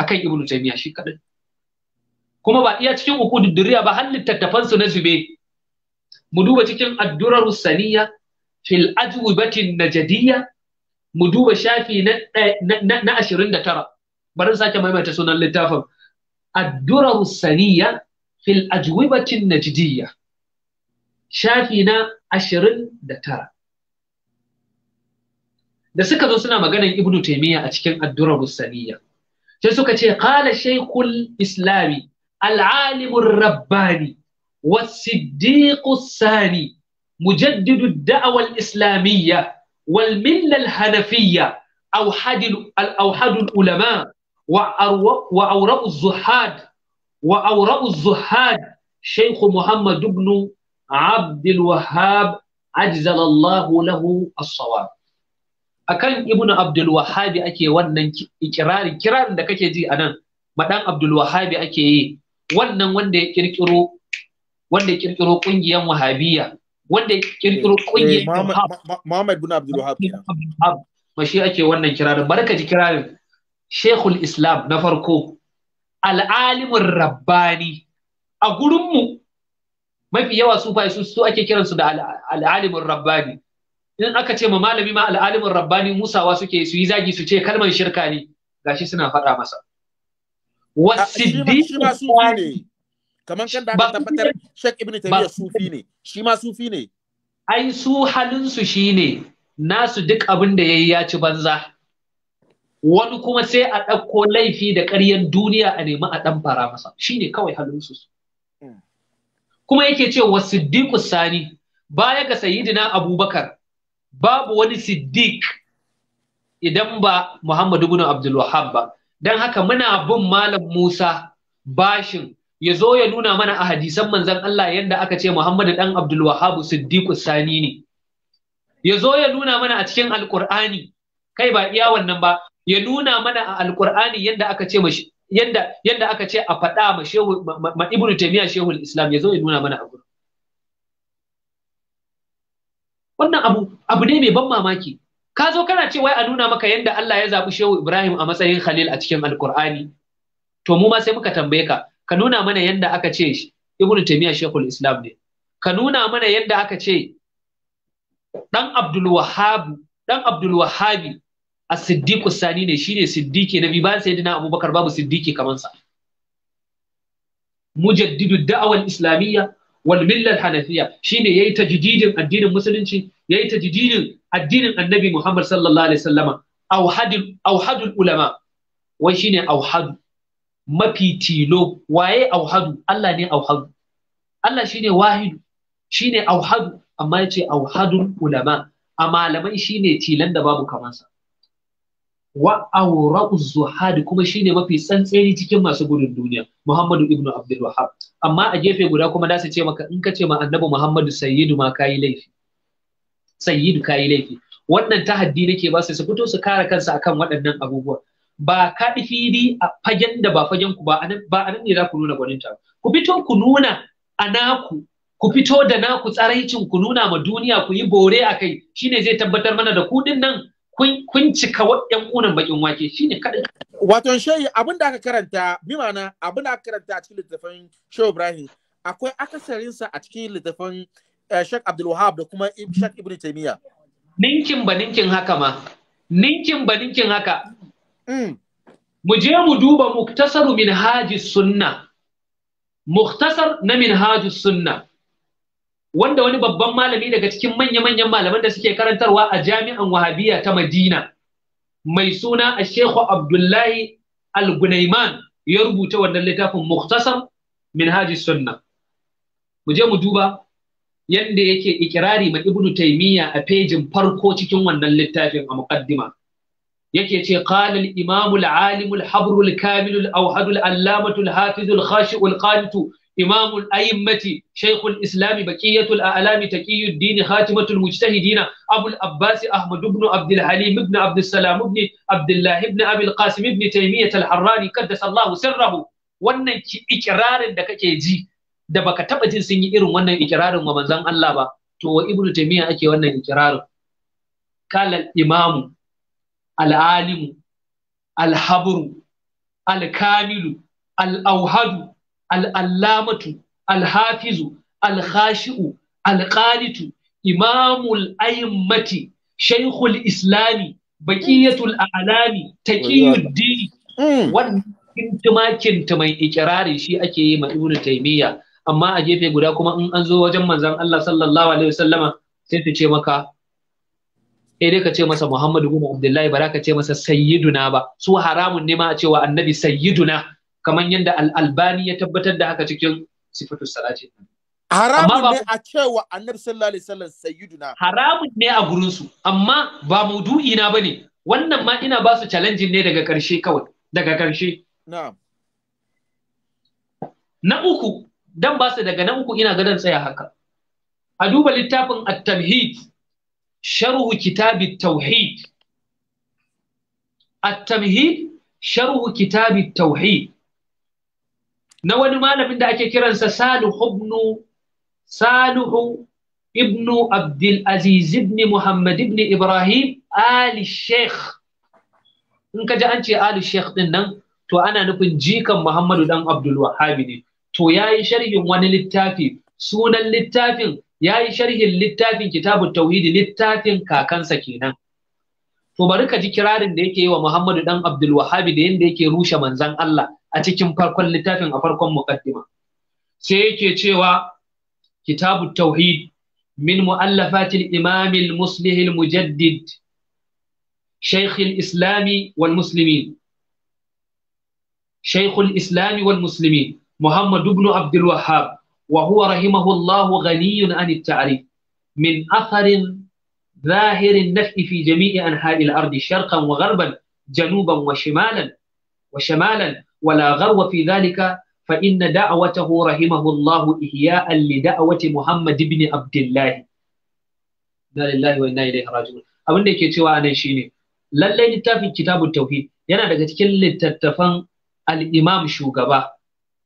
akan ibnu taymiya shi kadai kuma ba iya cikin ukhudud darriya ba har littattafan su na zube mu duba cikin addurar saniya fil ajwibatin najadiyya mu duba shafi na ashirin da tara bari sake maimaita sunan littafin addurar saniya fil ajwibatin najidiyya shafi na ashirin da tara. Da suka zo suna maganar Ibn Taymiyyah a cikin addurar Rusaniya, sai suka ce, Kala Sheikul Islami, al’alimun Rabbani, wasu sani mujaddidu da'awal Islamiyya, wal Hanafiyya, al’auhadun ulama, wa auraɓu Zuhad, wa auraɓu Zuhad, Sheikhu عبد الوهاب عجزل الله له الصواب akan ibn abdul wahabi ake wannan ikirari kirarin da kake ji anan madan abdul wahabi ake yi wannan wanda ya kirkiro wanda ya kirkiro kungiyan wahabiyya wanda ya kirkiro kungiyan eh, eh, Muhammad ibn Abdul Wahhab mashi ake wannan kirarin barka ji kirarin Sheikhul Islam na farko al'alimin rabbani a gurin mu mafi yawa fai su su ake kiransu da al'alimin rabbani in aka ce ma malami ma al'alimin rabbani musawa suke su yi zagi su ce kalman shirka ne gashi suna faɗa masa wasiddiq ne kamar kan da aka tabbatar Sheikh Ibn Taymiyyah sufi ne shi ma sufi ne ai su halin su shine nasu duk abin da yayi ya ci banza wani kuma sai a ɗauko laifi da ƙaryan duniya a nemi a ɗan fara masa shine kawai halin su kuma yake cewa siddiqu sani baya ga sayyidina abubakar babu wani siddiq idan ba muhammadu ibn abdul wahhab ba dan haka muna bin malam musa bashin ya zo ya nuna mana a hadisan manzon Allah yanda aka ce Muhammadu dan Abdul Wahhab Siddiqu Sani ne ya zo ya nuna mana a cikin Alƙur'ani kai ba iya wannan ba ya nuna mana a Alƙur'ani yadda aka ce mashi yanda yanda aka ce a faɗa ma shehu ma ibnu taymiya shehu islam ya zo ya nuna mana abu. wannan abu abu ne mai ban mamaki ka zo kana ce wai a nuna maka yanda Allah ya zabi shehu Ibrahim a matsayin Khalil a cikin Alƙur'ani to mu ma sai muka tambaye ka ka nuna mana yanda aka ce Ibn taymiya shehu Islam ne ka nuna mana yanda aka ce dan Abdul Wahhab dan Abdul Wahhabi as-siddiq sani ne shine siddiqi nabi bayan dina abubakar babu siddiqi kaman sa mujaddidu da'awal islamiyya wal millal hanafiyya shine yayi tajdidin addinin musulunci yayi tajdidin addinin annabi muhammad sallallahu alaihi wasallama auhadul auhadul ulama wai shine auhadu mafi tilo waye auhadu Allah ne auhadu Allah shine wahidu shine auhadu amma yace auhadul ulama a malamai shine tilan da babu kamansa wa awra'u zuhadi kuma shine mafi tsantseni cikin masu gudun duniya Muhammadu ibnu Abdul Wahhab amma a gefe guda kuma da su ce maka in ka ce ma Annabi Muhammadu sayyidu ma kai laifi sayyidu kai laifi wannan tahaddi nake ba su su fito su kare kansu akan waɗannan abubuwa ba kaɗi fili a fagen da ba fagen ku ba anan ba anan ne za ku nuna gwaninta ku fito ku nuna a naku ku fito da naku tsaraicin ku nuna ma duniya ku yi bore a kai shine zai tabbatar mana da kuɗin nan kun cika yan kunan bakin wake shine kadai wato shehi abin da aka karanta bi mana abin da aka karanta a cikin littafin Shehu Ibrahim akwai akasarinsa a cikin littafin eh, Sheikh Abdul Wahab da kuma Sheikh Ibn Taymiyyah ninkin ba ninkin haka ma ninkin ba ninkin haka mm. mu je mu duba muktasaru min hajji sunna muktasar na min hajji sunna wanda wani babban malami daga cikin manya-manyan malaman da suke karantarwa a jami'an wahabiya ta madina mai suna a shekhu abdullahi al-gunaiman ya rubuta wannan littafin muhtasar min haji sunna mu je mu duba yadda yake ikirari ma ibnu taimiyya a fejin farko cikin wannan littafin a muqaddima yake ce qala al-imam al-alim al-habr al-kamil al-awhad al-allamah al-hafiz al-khashi al imamul a'immati shaykhul islami baqiyatul a'lami taqiyuddin khatimatul mujtahidin abul abbas ahmad ibn abdul halim ibn abdul ibn abdullah ibn abul ibn taymiyyah al-harrani qaddasallahu sirrahu wannan ikirarin da kake ji da baka taba jin sun yi irin wannan ikirarin wa manzon Allah ba to wa ibnu taymiyyah ake wannan ikirarin kala imamu al-alimu al-habru al-kamilu al-auhadu al'allamatu alhafizu alhashi'u Alkalitu, imamul a'immati shaikhul islami baqiyatul a'lami taqiyuddin mm. wannan tumakinta mai ikirarin shi ake yi ma ibnu taymiya amma a gefe guda kuma in an zo wajen manzon Allah sallallahu alaihi wasallam sai ta ce maka eh dai ka ce masa Muhammadu ibn Abdullahi ba ka ce masa sayyiduna ba su haramun ne ma a cewa annabi sayyiduna kamar yadda al'albani albani ya tabbatar da haka cikin sifatu salati haramun ne a cewa annabi sallallahu alaihi wasallam sayyiduna haramun ne a gurin su amma ba mudu'i na bane wannan ma ina ba su challenge ne daga karshe kawai daga karshe na'am na uku dan ba su daga na uku ina gadan tsaya haka a duba littafin at-tamhid sharhu kitab at-tauhid at-tamhid sharhu kitab at-tauhid na wani malamin da ake kiransa Salihu ibn Salihu ibn Abdul Aziz ibn Muhammad ibn Ibrahim Ali Sheikh in ka ji an ce Ali Sheikh din nan to ana nufin jikan Muhammadu dan Abdul Wahhabi ne to yayi sharhin wani littafi sunan littafin yayi sharhin littafin Kitabut Tauhid littafin kakansa kenan to bari ka ji kirarin da yake yi wa Muhammadu dan Abdul Wahhabi da yanda yake rushe manzon Allah a cikin farkon littafin a farkon muqaddima sai yake cewa kitabu tauhid min mu'allafatil imam al-muslih al-mujaddid shaykh al-islam wal muslimin shaykh al-islam wal muslimin muhammad ibn abd al-wahhab wa huwa rahimahullahu ghaniyun an at-ta'rif min atharin ظاهر النفع في جميع أنحاء الأرض شرقا وغربا جنوبا وشمالا وشمالا ولا غرو في ذلك فإن دعوته رحمه الله إحياء لدعوة محمد بن عبد الله na lillahi wa inna da yake cewa anan shine lallai littafin kitabut tauhid yana daga cikin littattafan al-imam shugaba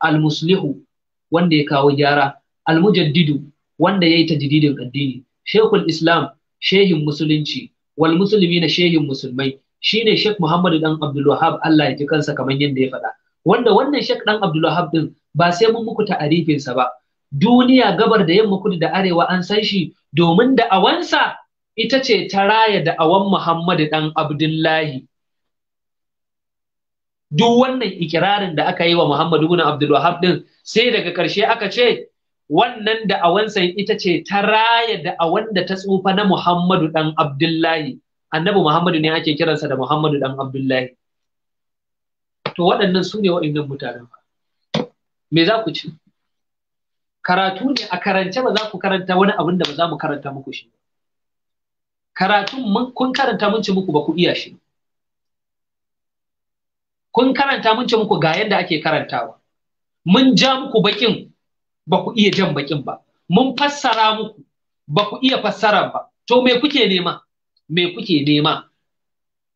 Almuslihu muslihu wanda ya kawo gyara al-mujaddidu wanda yayi tajdidin addini shekul islam shehin musulunci wal na shehin musulmai shine shek muhammad dan abdul Allah ya ji kansa kamar yadda ya faɗa wanda wannan shek dan Abdulwahab din ba sai mun muku ta'arifin sa ba duniya gabar da yamma kudu da arewa an san shi domin da'awansa ita ce ta raya da'awan Muhammadu dan Abdullahi duk wannan ikirarin da aka yi wa Muhammadu ibn Abdullahi Habdin sai daga karshe aka ce wannan da awansa ita ce ta raya awan da ta tsufa na Muhammadu dan Abdullahi annabi Muhammadu ne ake kiransa da Muhammadu dan Abdullahi to waɗannan su ne waɗannan mutanen ba, me za ku ci karatu ne a karance ba za ku karanta wani abin da ba za mu karanta muku shi karatun kun karanta mun ci muku ba ku iya shi kun karanta mun ci muku ga yadda ake karantawa mun ja muku bakin ba ku iya jan bakin ba mun fassara muku ba ku iya fassara ba to me kuke nema me kuke nema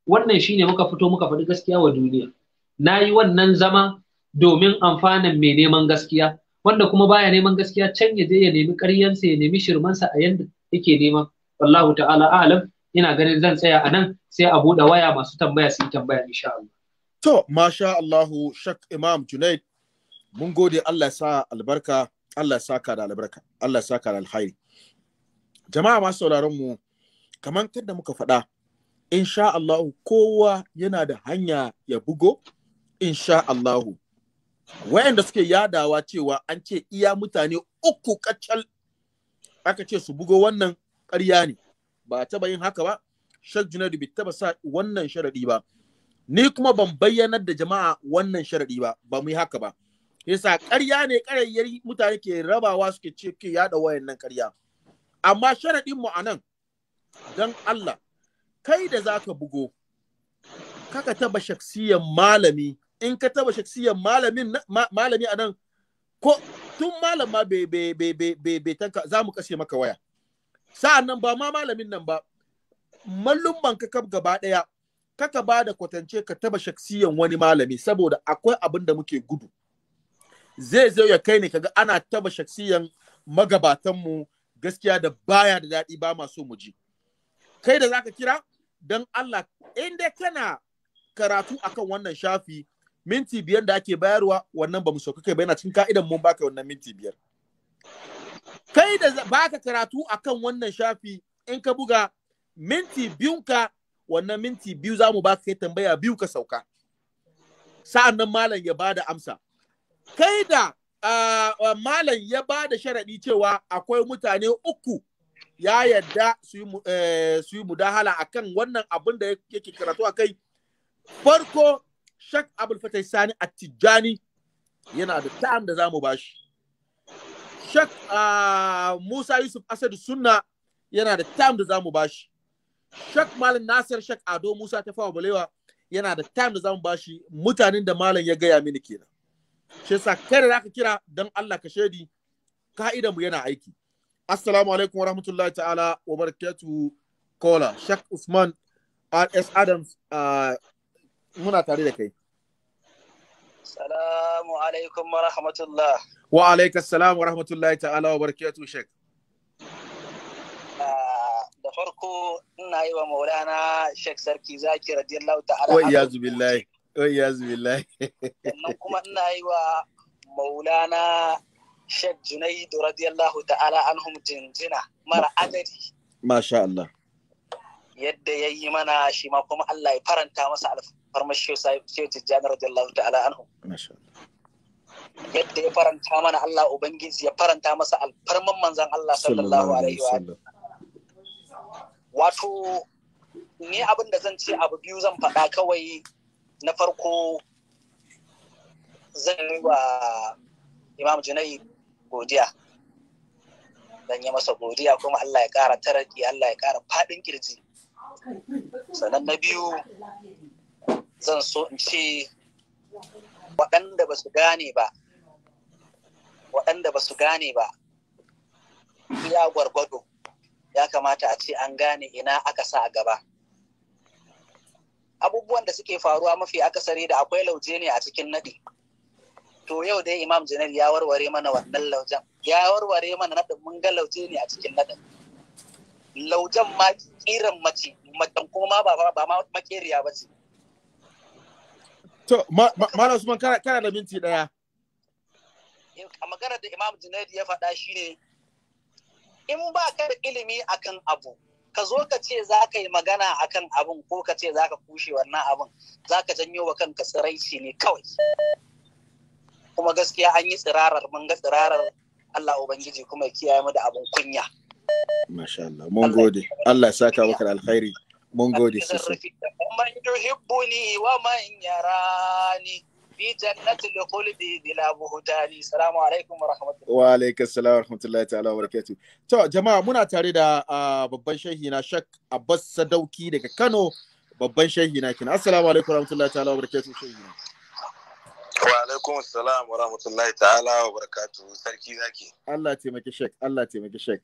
wannan shi ne muka fito muka faɗi gaskiya wa duniya na yi wannan zama domin amfanin mai neman gaskiya wanda kuma baya neman gaskiya can ya je ya nemi ƙaryansa ya nemi shirmansa a yanda yake nema wallahu ta'ala alam ina ganin zan tsaya a nan sai a buɗe waya masu tambaya su tambaya insha Allah to masha Allahu shak imam Junaid mun gode Allah ya sa albarka Allah ya saka da albarka Allah ya saka da alkhairi jama'a masu sauraron mu kamar kadda muka faɗa insha Allah kowa yana da hanya ya bugo insha Allahu wayanda suke yadawa cewa an ce iya mutane uku kacal aka ce su bugo wannan ƙarya ne ba taɓa yin haka ba Sheikh Junaidu bai taɓa sa wannan sharaɗi ba ni kuma ban bayyanar da jama'a wannan sharaɗi ba ba mu yi haka ba yasa ƙarya ne ƙarayyar mutane ke rabawa suke ce ke yada wayannan ƙarya amma sharaɗin mu anan dan Allah kai da zaka bugo kaka taba shaksiyan malami in ka taba shaksiyar malamin malami a ko tun malam ma bai be be be be tanka za mu kashe maka waya sa'an nan ba ma malamin nan ba mallumman ka kaf gaba daya kaka ba da kwatance ka taba shaksiyan wani malami saboda akwai abin da muke gudu zai zai ya kai ne kaga ana taba shaksiyan mu gaskiya da baya da daɗi ba ma so mu ji kai da zaka kira dan Allah in dai kana karatu akan wannan shafi minti biyar da ake bayarwa wannan ba mu sauka kai ba yana cikin ka'idan mun baka wannan minti biyar kai da baka karatu akan wannan shafi in ka buga minti biyun wannan minti biyu za mu baka kai tambaya biyu ka sauka sa'an nan malam ya bada amsa kai da uh, malam ya bada sharaɗi cewa akwai mutane uku ya yarda eh, su yi mudahala akan wannan abin da yake karatu a kai farko Shak Abul Fatai Sani Attijani yana da ta'am da zamu bashi. Shak ah, Musa Yusuf Asadu Sunna yana da ta'am da zamu bashi. Shak Malam Nasir Shak Ado Musa Tafawa Balewa yana da ta'am da zamu bashi mutanen da malam ya gaya mini kenan. Shi yasa kada zaka kira dan Allah ka shaidi ka'idan mu yana aiki. Assalamu alaikum wa rahmatullahi ta'ala wa barakatuhu kola. Shak Usman RS Adams uh, muna tare da kai Salamu alaikum wa rahmatullah. Wa alaikas. salam wa rahmatullahi ta'ala wa barakatuhu Sheikh. Ah, da farko ina yi wa Maulana shek Sarki Zaki radiyallahu ta'ala. Wai yazu billahi. Wai yazu billahi. Sannan kuma ina yi wa Maulana Sheikh Junaidu radiyallahu ta'ala anhum jinjina mara adadi. Masha Allah. Yadda ya yi mana shi ma kuma Allah ya faranta masa alfa. alfarmar shehu ta'ala anhu yadda ya faranta mana Allah ubangiji ya faranta masa alfarman manzan Allah sallallahu alaihi wa wato ni abin da zan ce abu biyu zan faɗa kawai na farko zan yi wa imam junai godiya zan yi masa godiya kuma Allah ya ƙara taraki Allah ya ƙara faɗin kirji sannan na biyu zan so in ce waɗanda ba su gane ba waɗanda ba su gane ba ya gwargwado ya kamata a ce an gane ina aka sa a gaba abubuwan da suke faruwa mafi akasari da akwai lauje ne a cikin naɗi to yau dai imam janar ya warware mana wannan laujen ya warware mana naɗin mun ga lauje ne a cikin naɗin laujen ma kiran mace macen kuma ba ma makeriya ba ce To, Malam Usman kana da minti ɗaya. Eh, a maganar da Imam Junaidi ya faɗa shi ne, in ba ka da ilimi akan abu, ka zo ka ce za ka yi magana akan abun ko ka ce za ka kushe wannan abun, za ka janyo wa kanka tsiraici ne kawai. Kuma gaskiya an yi tsirarar, mun ga tsirarar Allah Ubangiji kuma ya kiyaye mu da abun kunya. Masha Allah, mun gode. Allah ya saka maka da alkhairi. mun gode sosai wa wa rahmatullahi to jama'a muna tare da babban shehi na Shak Abbas Sadauki daga Kano babban shehi na kina assalamu alaikum wa rahmatullahi ta'ala wa shehi wa alaikum assalam wa rahmatullahi ta'ala wa barakatuh sarki zaki Allah taimaki shek, Allah taimaki shek.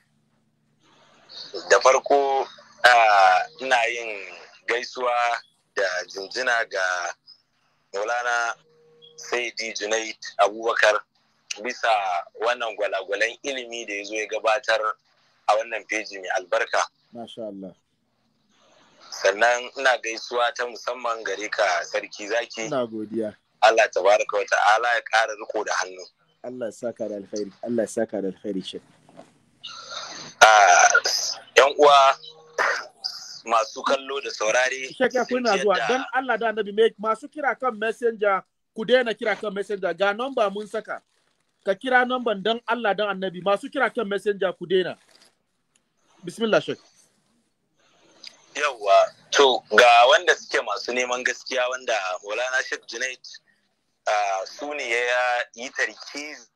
da farko Ah, ina yin gaisuwa da jinjina ga maulana saidi junaid abubakar bisa wannan gwalagwalan ilimi da ya zo ya gabatar a wannan feji mai albarka sannan ina gaisuwa ta musamman gare ka sarki zaki Allah tabaraka wa ta'ala ya ƙara riko da hannu Allah saka da alkhairi Allah saka da alkhairi shi ah, yan uwa masu kallo da saurari Shekya kuna zuwa don Allah da annabi masu kira kan messenger ku daina kira kan messenger ga number mun saka. Ka kira number don Allah don annabi masu kira kan messenger ku daina. Bismillah shek. Yawwa to ga wanda suke masu neman gaskiya wanda Maulana Sheikh Junaid uh, su ne ya yi tarki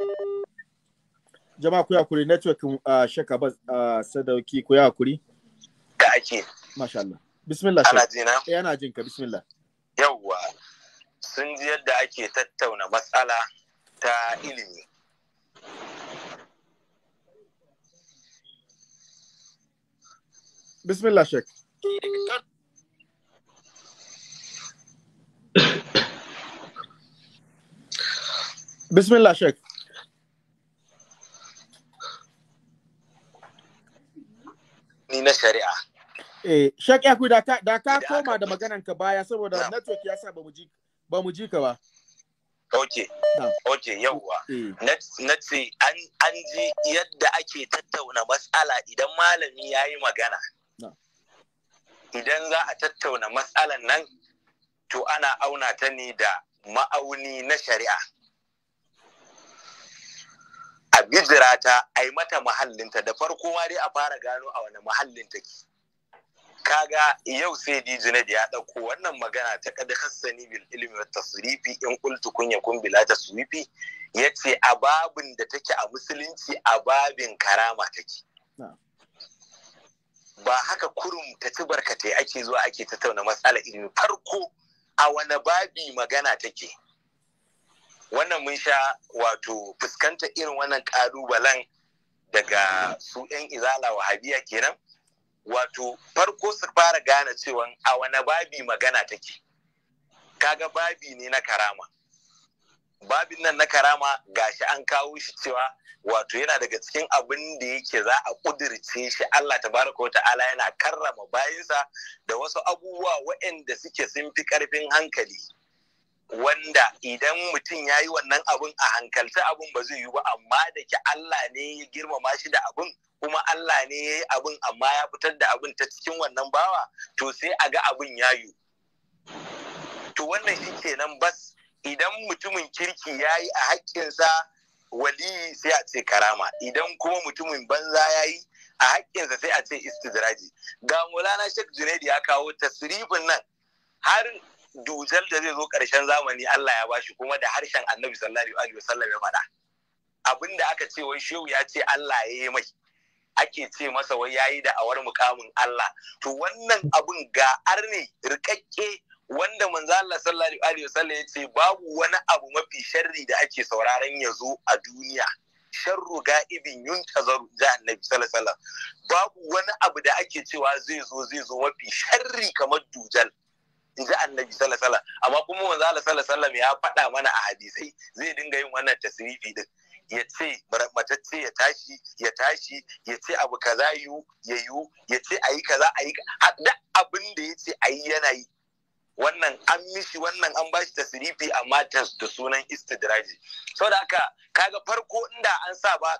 Thank you. jama'a kuyakuri network uh, ah, shaka ba uh, ah, sadauki kuyakuri. yakuri da ake masha Allah bismillah ana jina eh ana jin ka bismillah yawwa sun ji yadda ake tattauna matsala ta ilimi bismillah shek bismillah shek ni na shari'a eh shek da ka da ka koma da maganan ka baya saboda network ya sa bamu ji bamu ji ka ba Ok, ok, eh. Net net sai an ji yadda ake tattauna matsala idan malami ya yi magana. Idan za a tattauna matsalan nan, to ana auna ta ne da ma'auni na shari'a. a bijira ta a yi mata mahallinta da farko ma dai a fara gano a wani mahallin take kaga yau sai dijinad ya ɗauko wannan magana ta kada hassani bil ilmi wa tasrifi in qultu kun yakun bila tasrifi yace a babin da take a musulunci a babin karama take ba haka kurum ta ci barkatai ake zuwa ake tattauna matsala ilmi farko a wani babi magana take wannan mun sha wato fuskanta irin wannan ƙalubalen daga su 'yan izala wahabiya kenan wato farko su fara gane cewa a wani babi magana take kaga babi ne na karama babin nan na karama gashi an kawo shi cewa wato yana daga cikin abin da yake za a kudirce shi Allah baraka wa ta'ala yana karrama bayinsa da wasu abubuwa waɗanda suke sun fi ƙarfin hankali wanda idan mutum ya yi wannan abun a hankalta abin ba zai yi ba amma da ke Allah ne ya girmama shi da abun kuma Allah ne ya yi abun amma ya fitar da abun ta cikin wannan bawa to sai a ga abun ya yi to wannan shi kenan bas idan mutumin kirki ya yi a haƙƙinsa wali sai a ce karama idan kuma mutumin banza ya yi a haƙƙinsa sai a ce istidraji ga mulana shek junaidi ya kawo tasirifin nan har dujal da zai zo ƙarshen zamani Allah ya bashi kuma da harshen annabi sallallahu alaihi wasallam ya faɗa abin da aka ce wai shehu ya ce Allah ya yi mai ake ce masa wai yayi da awar mukamin Allah to wannan abun ga arne rikakke wanda manzo Allah sallallahu alaihi wasallam ya ce babu wani abu mafi sharri da ake sauraron ya zo a duniya sharru ga'ibin yun tazaru sallallahu babu wani abu da ake cewa zai zo zai zo mafi sharri kamar dujal in ji annabi sallallahu alaihi amma kuma manzo sallallahu alaihi ya faɗa mana a hadisai zai dinga yin wannan tasrifi din ya ce matacce ya tashi ya tashi ya ce abu kaza yu ya yu ya ce ayi kaza ayi duk abin da ya ce ayi yana yi wannan an mishi wannan an bashi a matas da sunan istidraji da haka kaga farko inda an sa ba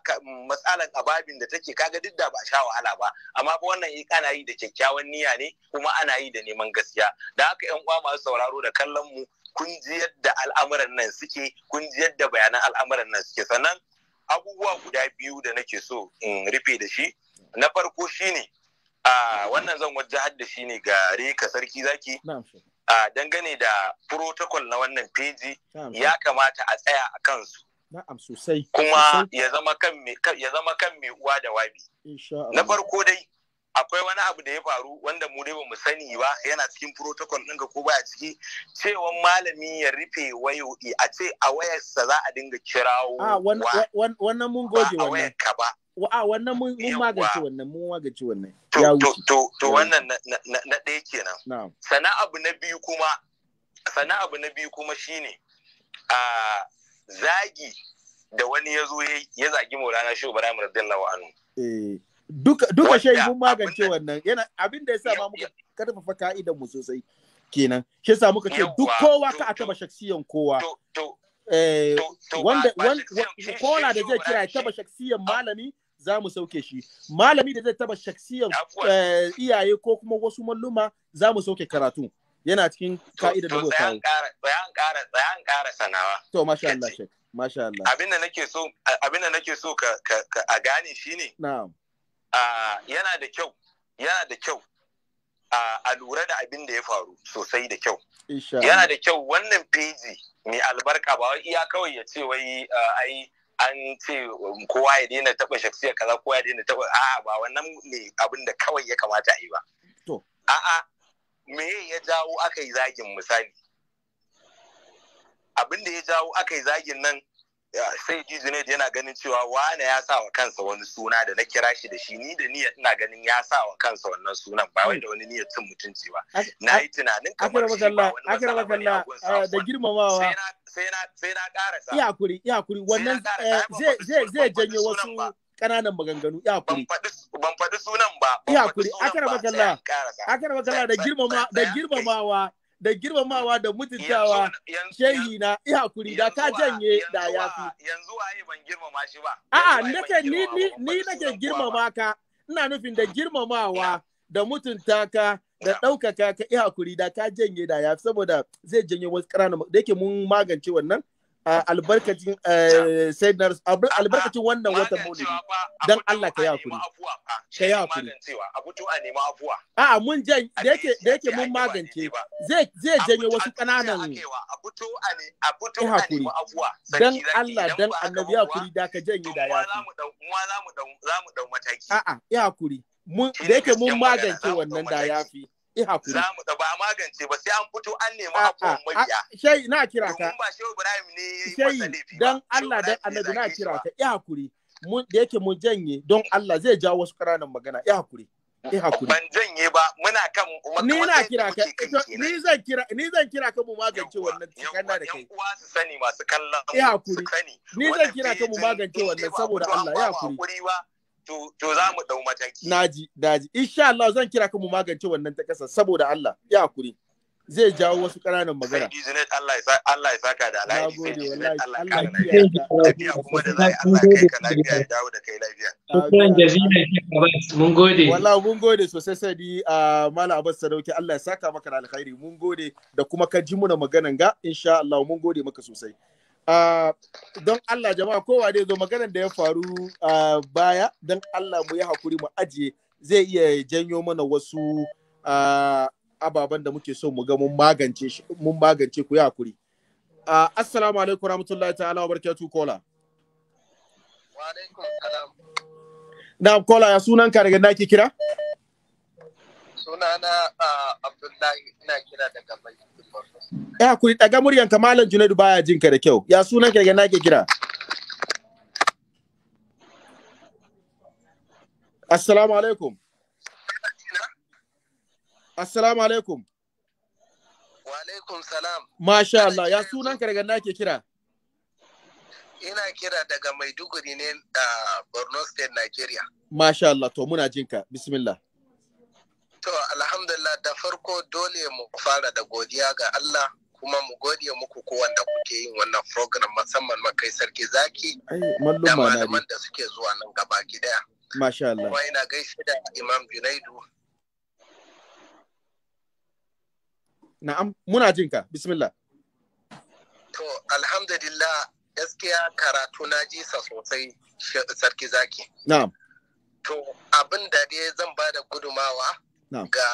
matsalan ababin da take kaga duk da ba sha wahala ba amma fa wannan eh, ana yi da kyakkyawan niyya ne kuma ana yi da neman gaskiya da haka yan uwa masu sauraro da kallon mu kun ji yadda al'amuran nan suke kun ji yadda bayanan al'amuran nan suke sannan abubuwa guda biyu da nake so in rufe da shi na farko shine a ah, wannan zan wajen da shi ne gare ka sarki zaki dangane da protocol na wannan feji ya kamata a tsaya a kansu. Kuma ya zama kan mai uwa da wabi. Na farko dai akwai wani abu da ya faru wanda mu dai mu sani ba yana cikin protocol ɗinka ko baya ciki cewan malami ya rufe wayoyi a ce a wayarsa za a dinga kirawo. Ah, wa Ba a wayarka ba. a wannan mun magance wannan mun magance wannan ya wuce to to wannan na ɗaya kenan sana abu na biyu kuma sana abu na biyu kuma shine a zagi da wani ya zo ya zagi Maulana Shehu Ibrahim radiyallahu anhu eh duka duka shehu mun magance wannan yana abin da yasa ma muka karfafa ka'idan mu sosai kenan shi yasa muka ce duk kowa ka a taba shaksiyan kowa eh, wanda kola da zai kira ya taba shaksiyan malami za mu sauke shi malami da zai taba shaksiyan eh, iyaye ko kuma wasu malluma za mu sauke karatu yana cikin ka'idar da zai bayan ƙara sanawa to masha Allah shek masha Allah abinda nake so abinda nake so ka a gane shine na'am yana da kyau yana da kyau a lura da abin da ya faru sosai da kyau yana da kyau wannan peji mai albarka ba wai iya kawai ya ce wai ai an ce um, kowa ya daina taɓa shaksiya kaza kowa ya daina taɓa a'a ba wannan ne abin da kawai ya kamata a yi ba a'a me ya jawo aka yi zagin misali abin da ya jawo aka yi zagin nan sai ji Junaid yana ganin cewa wane ya sa wa kansa wani suna da na kira shi da shi ni da niyyar ina ganin ya sa wa kansa wannan sunan ba wai hmm. da wani niyyar cin mutunci ba na yi tunanin kamar shi ba wani matsala eh, da girmamawa sai na karasa sa iyakuri iyakuri wannan eh, zai janyo wasu kananan maganganu iyakuri. ban faɗi sunan ba iyakuri akara magana akara da girmamawa da girmamawa da mutuntawa shehi na iya kuri da ka janye da yafi yanzu waye ban girmama shi ba a'a nake ni ni ni nake girmama ka ina nufin da girmamawa da mutunta ka da ɗaukaka ka iya kuri da ka janye da ya fi. saboda zai janye wasu ƙananan da yake mun magance wannan albarkacin eh, sayyidina albarkacin wannan watan maulidi dan Allah ka yakuri ka yakuri a mun jan da yake da yake mun magance zai janye janyo wasu kananan a hakuri dan Allah dan annabi kuri, da ka janye da yakuri a'a ya hakuri da yake mun magance wannan da yafi za mu da ba magance ba sai an fito an nemi afuwan mabiya shai na kira ka ba shi ibrahim ne yayi wasa dan Allah dan annabi na kira ka ya hakuri mun da yake mun janye don Allah zai jawo wasu ƙananan magana ya hakuri ya hakuri ban janye ba muna kan ni na kira ka ni zan kira ni zan kira ka mu magance wannan tsakanin da kai yan su sani masu kallon ya hakuri ni zan kira ka mu magance wannan saboda Allah ya hakuri to za mu dau mataki. Naji, naji. Insha Allah zan kira ka mu magance wannan ta kasa saboda Allah. Ya hakuri. Zai jawo wasu ƙananan magana. Sai dizinet Allah ya Allah ya saka da alhaji. Sai dizinet Allah ya kara lafiya. Tafiya kuma da zai Allah kai ka lafiya ya dawo da kai lafiya. Kusan jazilan Abbas mun gode. Wallahi mun gode sosai sadi a Malam Abbas Sadauki Allah ya saka maka da alkhairi. Mun gode da kuma ka ji muna maganan ga insha Allah mun gode maka sosai. Ah, don Allah jama'a kowa dai zo maganar da ya faru a ah, baya don Allah mu yi hakuri mu ajiye zai iya janyo mana wasu ah, ababen da muke so mu ga mun magance ku yi hakuri assalamu alaikum rahmatullahi ta'ala wa tu kola wa alaikum na kola ya sunan ka daga naki kira sunana abdullahi ina kira daga bayan. Ya kuri daga muryanka Malam Junaidu baya jin ka da kyau. Ya sunan ka daga nake kira. Assalamu alaikum. Assalamu alaikum. Wa alaikum salam. Masha Allah, ya sunan ka daga nake kira. Ina kira daga Maiduguri ne a ah, Borno State, Nigeria. Masha Allah, to muna jinka. Bismillah. To alhamdulillah da farko dole mu fara da godiya ga Allah kuma mu gode muku ko wanda kuke yin wannan program musamman makai sarki zaki da malaman da suke zuwa nan gaba gidaya. Masha Allah. Kuma ina gaishe da Imam Junaidu. Na'am muna jin ka bismillah. To alhamdulillah gaskiya karatu na jisa sosai sarki zaki. Na'am. To abin da dai zan ba da gudumawa ga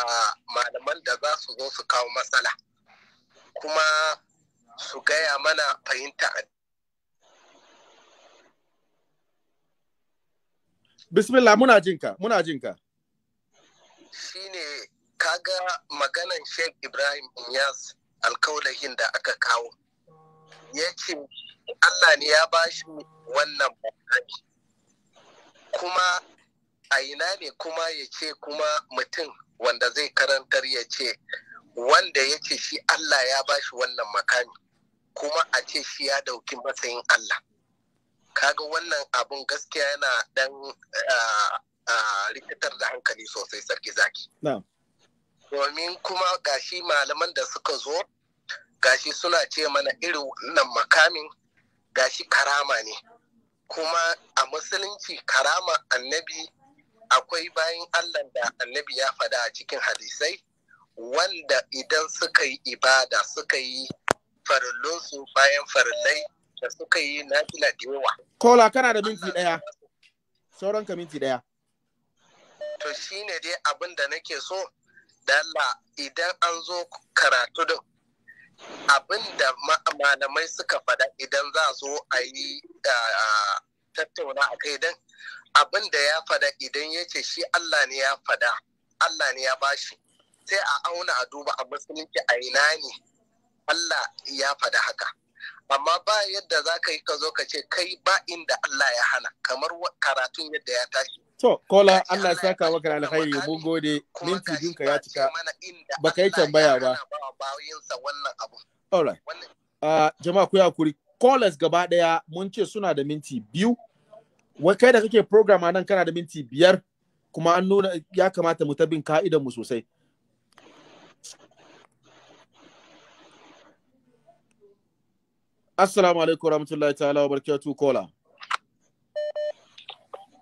malaman da za su zo su kawo matsala kuma su gaya mana fahimta bismillah muna jinka muna jinka shine kaga maganan sheikh ibrahim inyas alkaulahin da aka kawo ya ce allah ne ya ba shi wannan bayani kuma a ina ne kuma ya ce kuma mutum wanda zai karantar ya ce wanda ya ce shi Allah ya ba shi wannan makami kuma a ce shi ya dauki matsayin Allah kaga wannan abun gaskiya yana dan rikitar da hankali sosai sarki zaki domin kuma gashi malaman da suka zo gashi suna ce mana iri wannan makamin gashi karama ne kuma a musulunci karama annabi akwai bayan Allah da annabi ya fada a cikin hadisai wanda idan suka yi ibada suka yi farallonsu bayan farillai da suka yi na da yawa. Kola kana da minti ɗaya. Sauran ka minti ɗaya. To shi ne dai abin da nake so da Allah idan an zo karatu din abin da malamai suka fada idan za a zo a yi tattauna a kai don abin da ya fada idan ya ce shi Allah ne ya fada Allah ne ya bashi sai a auna a duba a musulunci a ina ne Allah ya fada haka amma ba yadda za ka yi ka zo ka ce kai ba inda Allah ya hana kamar karatun yadda ya tashi To, Kola, Allah ya saka maka da alkhairi, mun gode, minti dinka ya cika, ba ka tambaya ba. Alright. Uh, jama'a ku ya kuri, callers gaba ɗaya mun ce suna da minti biyu, wai kai da kake program a nan kana da minti biyar kuma an nuna ya kamata mu ta bin ka'idan mu sosai Assalamu alaikum rahmatullahi ta'ala wa barakatuh kola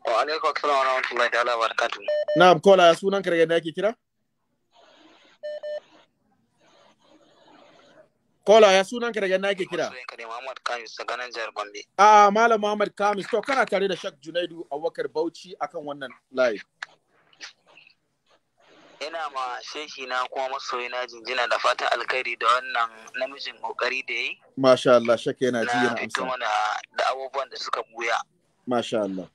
Wa alaikum assalamu alaikum rahmatullahi ta'ala wa barakatuh Na'am kola ya sunan ka daga yake kira Kola ya sunan ka da na ke kira. ka Ah Malam Muhammad Kamis to kana tare da shak Junaidu Abubakar Bauchi akan wannan live. Ina ma shehi na kuma masoyi na jinjina da fata alkhairi da wannan namijin kokari da yi. Masha Allah Sheikh yana ji yana amsa. da abubuwan da suka buya. Masha Allah.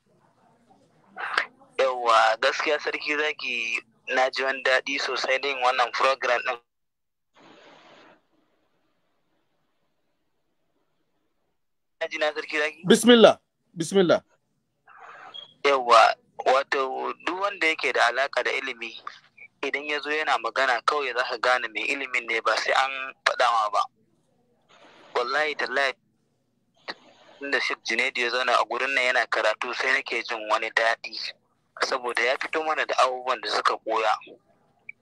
yawa gaskiya sarki zaki na ji wani daɗi sosai din wannan program ɗin. jina sarki bismillah bismillah yawa wato duk wanda yake da alaka da ilimi idan ya zo yana magana kawai za ka gane mai ilimin ne ba sai an faɗa ma ba wallahi tallahi da shi Junaidu ya zauna a gurin nan yana karatu sai nake jin wani daɗi saboda ya fito mana da abubuwan da suka koya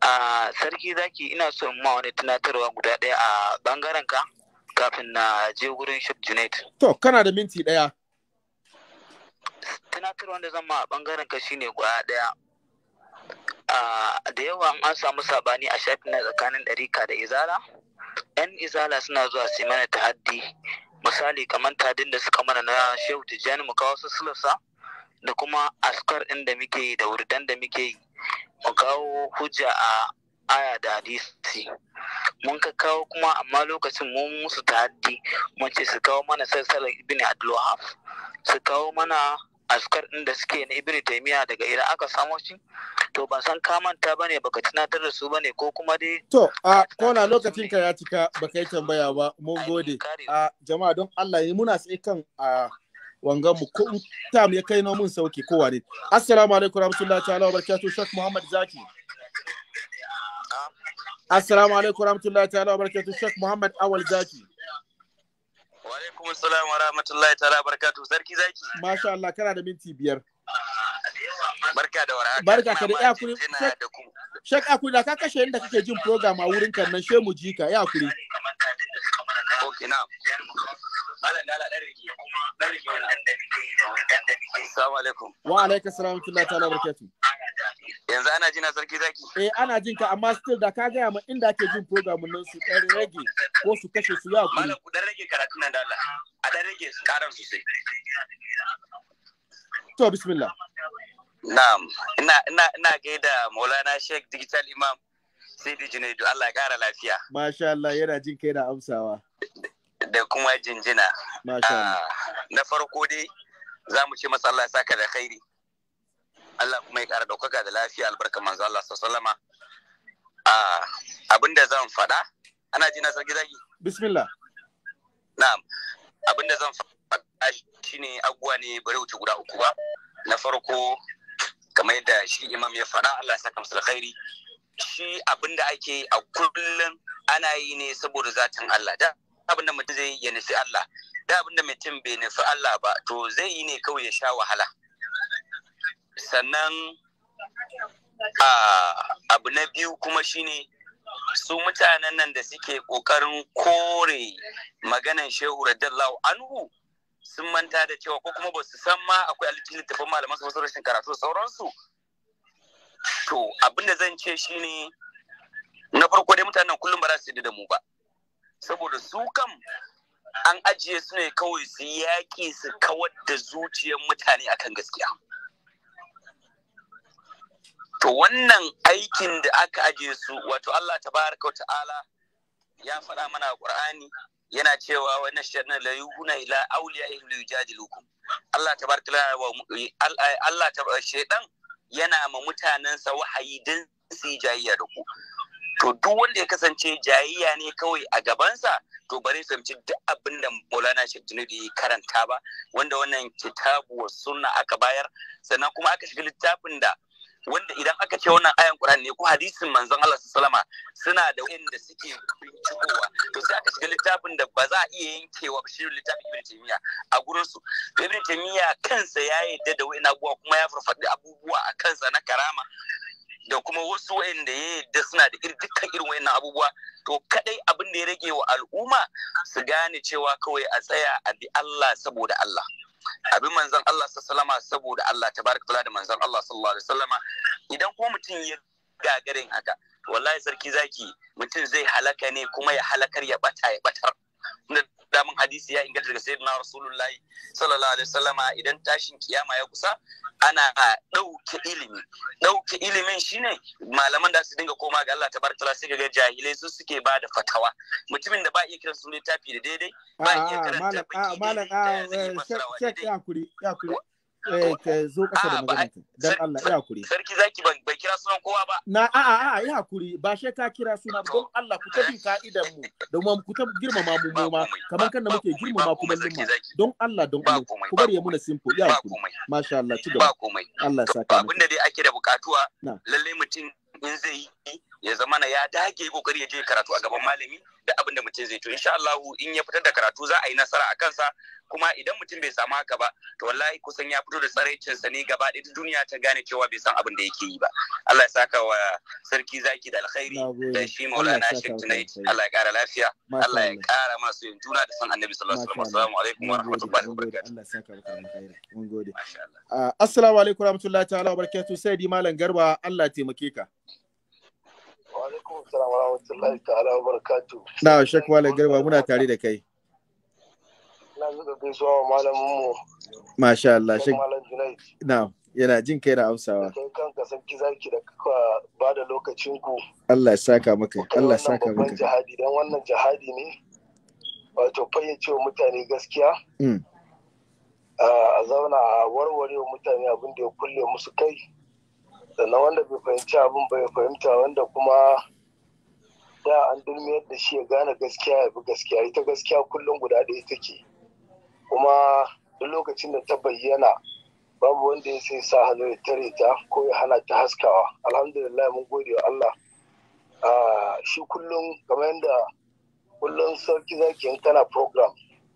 a ah, sarki zaki ina so ma wani tunatarwa guda ɗaya a ɓangaren ka kafin na je wurin Shif Junaid. To, kana da minti ɗaya. Tunatar wanda zan ma a ɓangaren ka shine guda ɗaya. Da yawa an samu sabani a shafin na tsakanin ɗarika da izala. 'Yan izala suna zuwa su mana tahaddi. Misali kamar tadin da suka mana na Shehu Tijjani mu kawo su sulasa da kuma askar ɗin da muke yi da wurdan da muke yi. Mu kawo hujja a aya da hadisi mun ka kawo kuma amma lokacin mun musu ta'addi mun ce su kawo mana sassalar ibn abdulwahab su kawo mana askar ɗin da suke na ibn taimiya daga ira aka samo shi to ban san kamanta ba ne baka tunatar da su ba ne ko kuma dai to a kona lokacin ka ya cika baka yi tambaya ba mun gode a jama'a don Allah yi muna sai kan a wangan mu ko tam ya kai na mun sauke kowa ne assalamu alaikum warahmatullahi ta'ala wa shek muhammad zaki Assalamu alaikum rahmatullahi ta'ala wa barakatu Sheikh Muhammad Awal Zaki. Wa alaikum assalam wa rahmatullahi ta'ala wa barakatu Sarki Zaki. Masha Allah kana da minti biyar. Barka da warhaka. Barka ka da yakuri. Sheikh Akuri da ka kashe inda kake jin program a wurin kan nan shemu jika yakuri. Okay na'am. malam dala dan rike da nake da wannan da nake assalamu alaikum wa alaikum assalam wa ta ta'ala barakatuh yanzu ana jina sarki zaki eh ana jin ka amma still da ka gaya ma inda ake jin program nan su ɗan rage ko su kashe su ya ku malam ku dan rage karatun nan da dala a dan rage karar sosai to bismillah na'am ina ina ina gaida maulana sheikh digital imam Sidi junaidu Allah ya kara lafiya masha Allah yana jin kai da amsawa da kuma jinjina. Ah, na farko dai za mu ce masa Allah ya saka da khairi. Allah kuma ya kara daukaka da lafiya albarka manzo Allah sallama. Abinda ah, zan faɗa, ana jina sarki zaki? Bismillah. Na'am. Abinda zan faɗa shine abubuwa ne bari wuce guda uku ba. Na farko kamar yadda shi imam ya faɗa Allah ya saka masa alkhairi. Shi abinda ake a kullum ana yi ne saboda zatin Allah. Da abin da mutum zai ya nufi Allah da abin mutum bai nufi Allah ba to zai yi ne kawai ya sha wahala sannan abu na biyu kuma shine su mutanen nan da suke ƙoƙarin kore maganan shehu radallahu anhu sun manta da cewa ko kuma ba su san ma akwai alitin littafin malaman wasu rashin karatu sauransu to abinda zan ce shine na farko dai mutanen kullum ba za su da mu ba saboda su kam an ajiye su ne kawai su yaƙi su kawar da zuciyar mutane akan gaskiya to wannan aikin da aka ajiye su wato Allah tabaraka ta'ala ya faɗa mana Qur'ani yana cewa wannan shirin na yuhuna ila awliya'ihi li yujadilukum Allah tabaraka wa Allah shaydan yana ma mutanensa wahayi don su yi jayayya da ku to duk wanda ya kasance jayayya ne kawai a gabansa to bari fahimci duk abin da Maulana Sheikh Junaidu ya karanta ba wanda wannan kitabu wa sunna aka bayar sannan kuma aka shiga littafin da wanda idan aka ce wannan ayan Qur'ani ne ko hadisin manzon Allah wasallam suna da wanda suke bincikowa to sai aka shiga littafin da ba za a iya yankewa ba shirin littafin Ibn Taymiyyah a gurin su Ibn Taymiyyah kansa ya yadda da wani abubuwa kuma ya farfaɗi abubuwa a kansa na karama da kuma wasu wayanda ya yadda suna da dukkan irin wayannan abubuwa to kadai abin da ya rage wa al'umma su gane cewa kawai a tsaya a bi Allah saboda Allah abin manzon Allah sallama saboda Allah tabaraka da manzon Allah sallallahu alaihi wasallama idan kuma mutum ya gagarin haka wallahi sarki zaki mutum zai halaka ne kuma ya halakar ya bata ya batar da damin hadisi ya inganta daga sayyidina rasulullahi sallallahu alaihi wasallama idan tashin kiyama ya kusa ana ɗauke ilimi ɗauke ilimin shine malaman da su dinga koma ga Allah tabaraka taala sai ga jahilai su suke ba da fatawa mutumin da ba iya kiran sunan tafi da daidai ba iya karanta baki ya kuri ya kuri eh ka zo kasa da magana dan Allah ya hakuri sarki zaki ban bai kira sunan kowa ba na a a a ya hakuri ba she ka kira suna don Allah ku tafi ka'idan mu da mu ku tafi girmama mu mu ma kamar kan da muke girmama ku mallin mu don Allah don Allah ku bar ya muna simple ya hakuri masha Allah ci gaba Allah ya saka mu abinda dai ake da bukatuwa lalle mutum in zai yi ya zamana ya dage kokari ya je karatu a gaban malami da abin da mutum zai to insha Allah in ya fitar da karatu za a yi nasara a kansa kuma idan mutum bai samu haka ba to wallahi kusan ya fito da sa ne gaba ɗaya duniya ta gane cewa bai san abin da yake yi ba Allah ya saka wa sarki zaki da alkhairi da shi maulana Sheikh tunai Allah ya kara lafiya Allah ya kara masu yin juna da san Annabi sallallahu alaihi wasallam assalamu alaikum wa rahmatullahi wa barakatuh Allah ya saka maka alkhairi mun gode ah, assalamu alaikum wa rahmatullahi ta'ala wa barakatuh sai di malam garba Allah taimake ka alaikum salam wa rahmatullahi ta'ala wa barakatuh. Na shek Malam Garba muna tare da kai. Na zuka gaisuwa wa malamin mu. Masha Allah shek. Malam Junaid. Na yana jin kai na amsawa. Kai kanka san ki zaki da kuka ba da lokacin ku. Allah ya saka maka. Allah ya saka maka. Wannan jihadi dan wannan jihadi ne. Wato fayyace wa mutane gaskiya. Mm. A zauna a warware wa mutane abin da ya kulle musu kai. sannan wanda bai fahimci abin bai fahimta wanda kuma da an dulmiyar da shi ya gane gaskiya ya bi gaskiya ita gaskiya kullum guda ɗaya take kuma duk lokacin da ta bayyana babu wanda ya sai sa hannu ya tare ta ko ya hana ta haskawa alhamdulillah mun gode wa Allah shi kullum kamar yadda kullum sarki zaki in kana program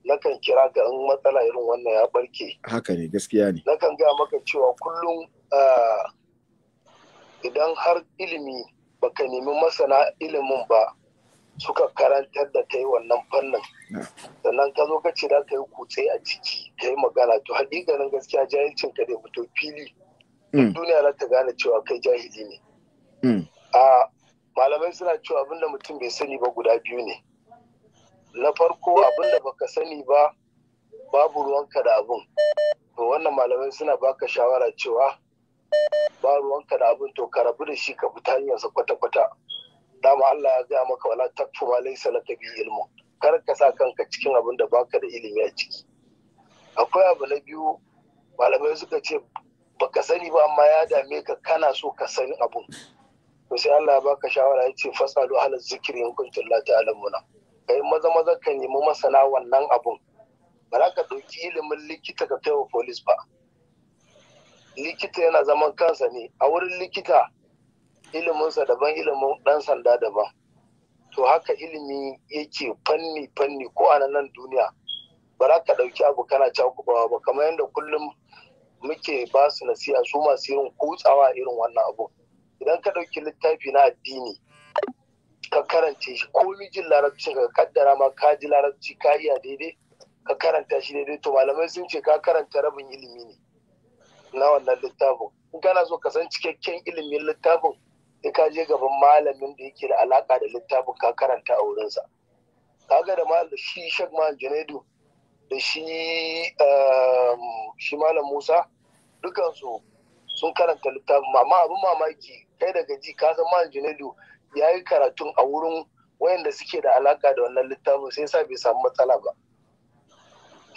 nakan kira ga in matsala irin wannan ya barke haka ne gaskiya ne nakan gaya maka cewa kullum idan har ilimi baka nemi masana ilimin ba suka karantar da kai wannan fannin sannan ka zo ka ce za ka yi kutse a ciki ka yi magana to haƙiƙanin gaskiya jahilcin ka da fito fili mm. duniya za ta gane cewa kai jahili ne mm. a malamai suna cewa abinda mutum bai sani ba guda biyu ne na farko abinda baka sani ba babu ruwanka da abin to wannan malamai suna baka shawara cewa ba ruwanka da abin to ka rabu da shi ka fita hanyarsa kwata-kwata dama Allah ya gaya maka wala takfu ma laysa laka bi ilmu kar ka sa kanka cikin abin da baka da ilimi a ciki akwai abu na biyu malamai suka ce baka sani ba amma ya dame ka kana so ka san abun to sai Allah ya baka shawara ya ce fasalu ala zikri in kuntum la ta'lamuna kai maza maza kan yi nemi masana wannan abun ba za ka ɗauki ilimin likita ka kai wa polis ba likita yana zaman kansa ne a wurin likita iliminsa daban ilimin ɗan sanda daban to haka ilimi yake fanni fanni ko a nan duniya ba za ka ɗauki abu kana cakubawa ba kamar yadda kullum muke ba su nasiha su masu irin kutsawa irin wannan abu idan ka ɗauki littafi na addini ka karance shi ko mijin larabci ka kaddara ma ka ji larabci ka iya daidai ka karanta shi daidai to malamai sun ce ka karanta rabin ilimi ne na wannan littafin in kana so ka san cikakken ilimin littafin in ka je gaban malamin da yake da alaka da littafin ka karanta a wurinsa kaga da malam shi shek malam janedu da shi ehm, shi malam musa dukansu sun karanta littafin amma abin mamaki kai daga ji ka san malam janedu ya yi karatun a wurin wayanda suke da alaka da wannan littafin sai sa bai samu matsala ba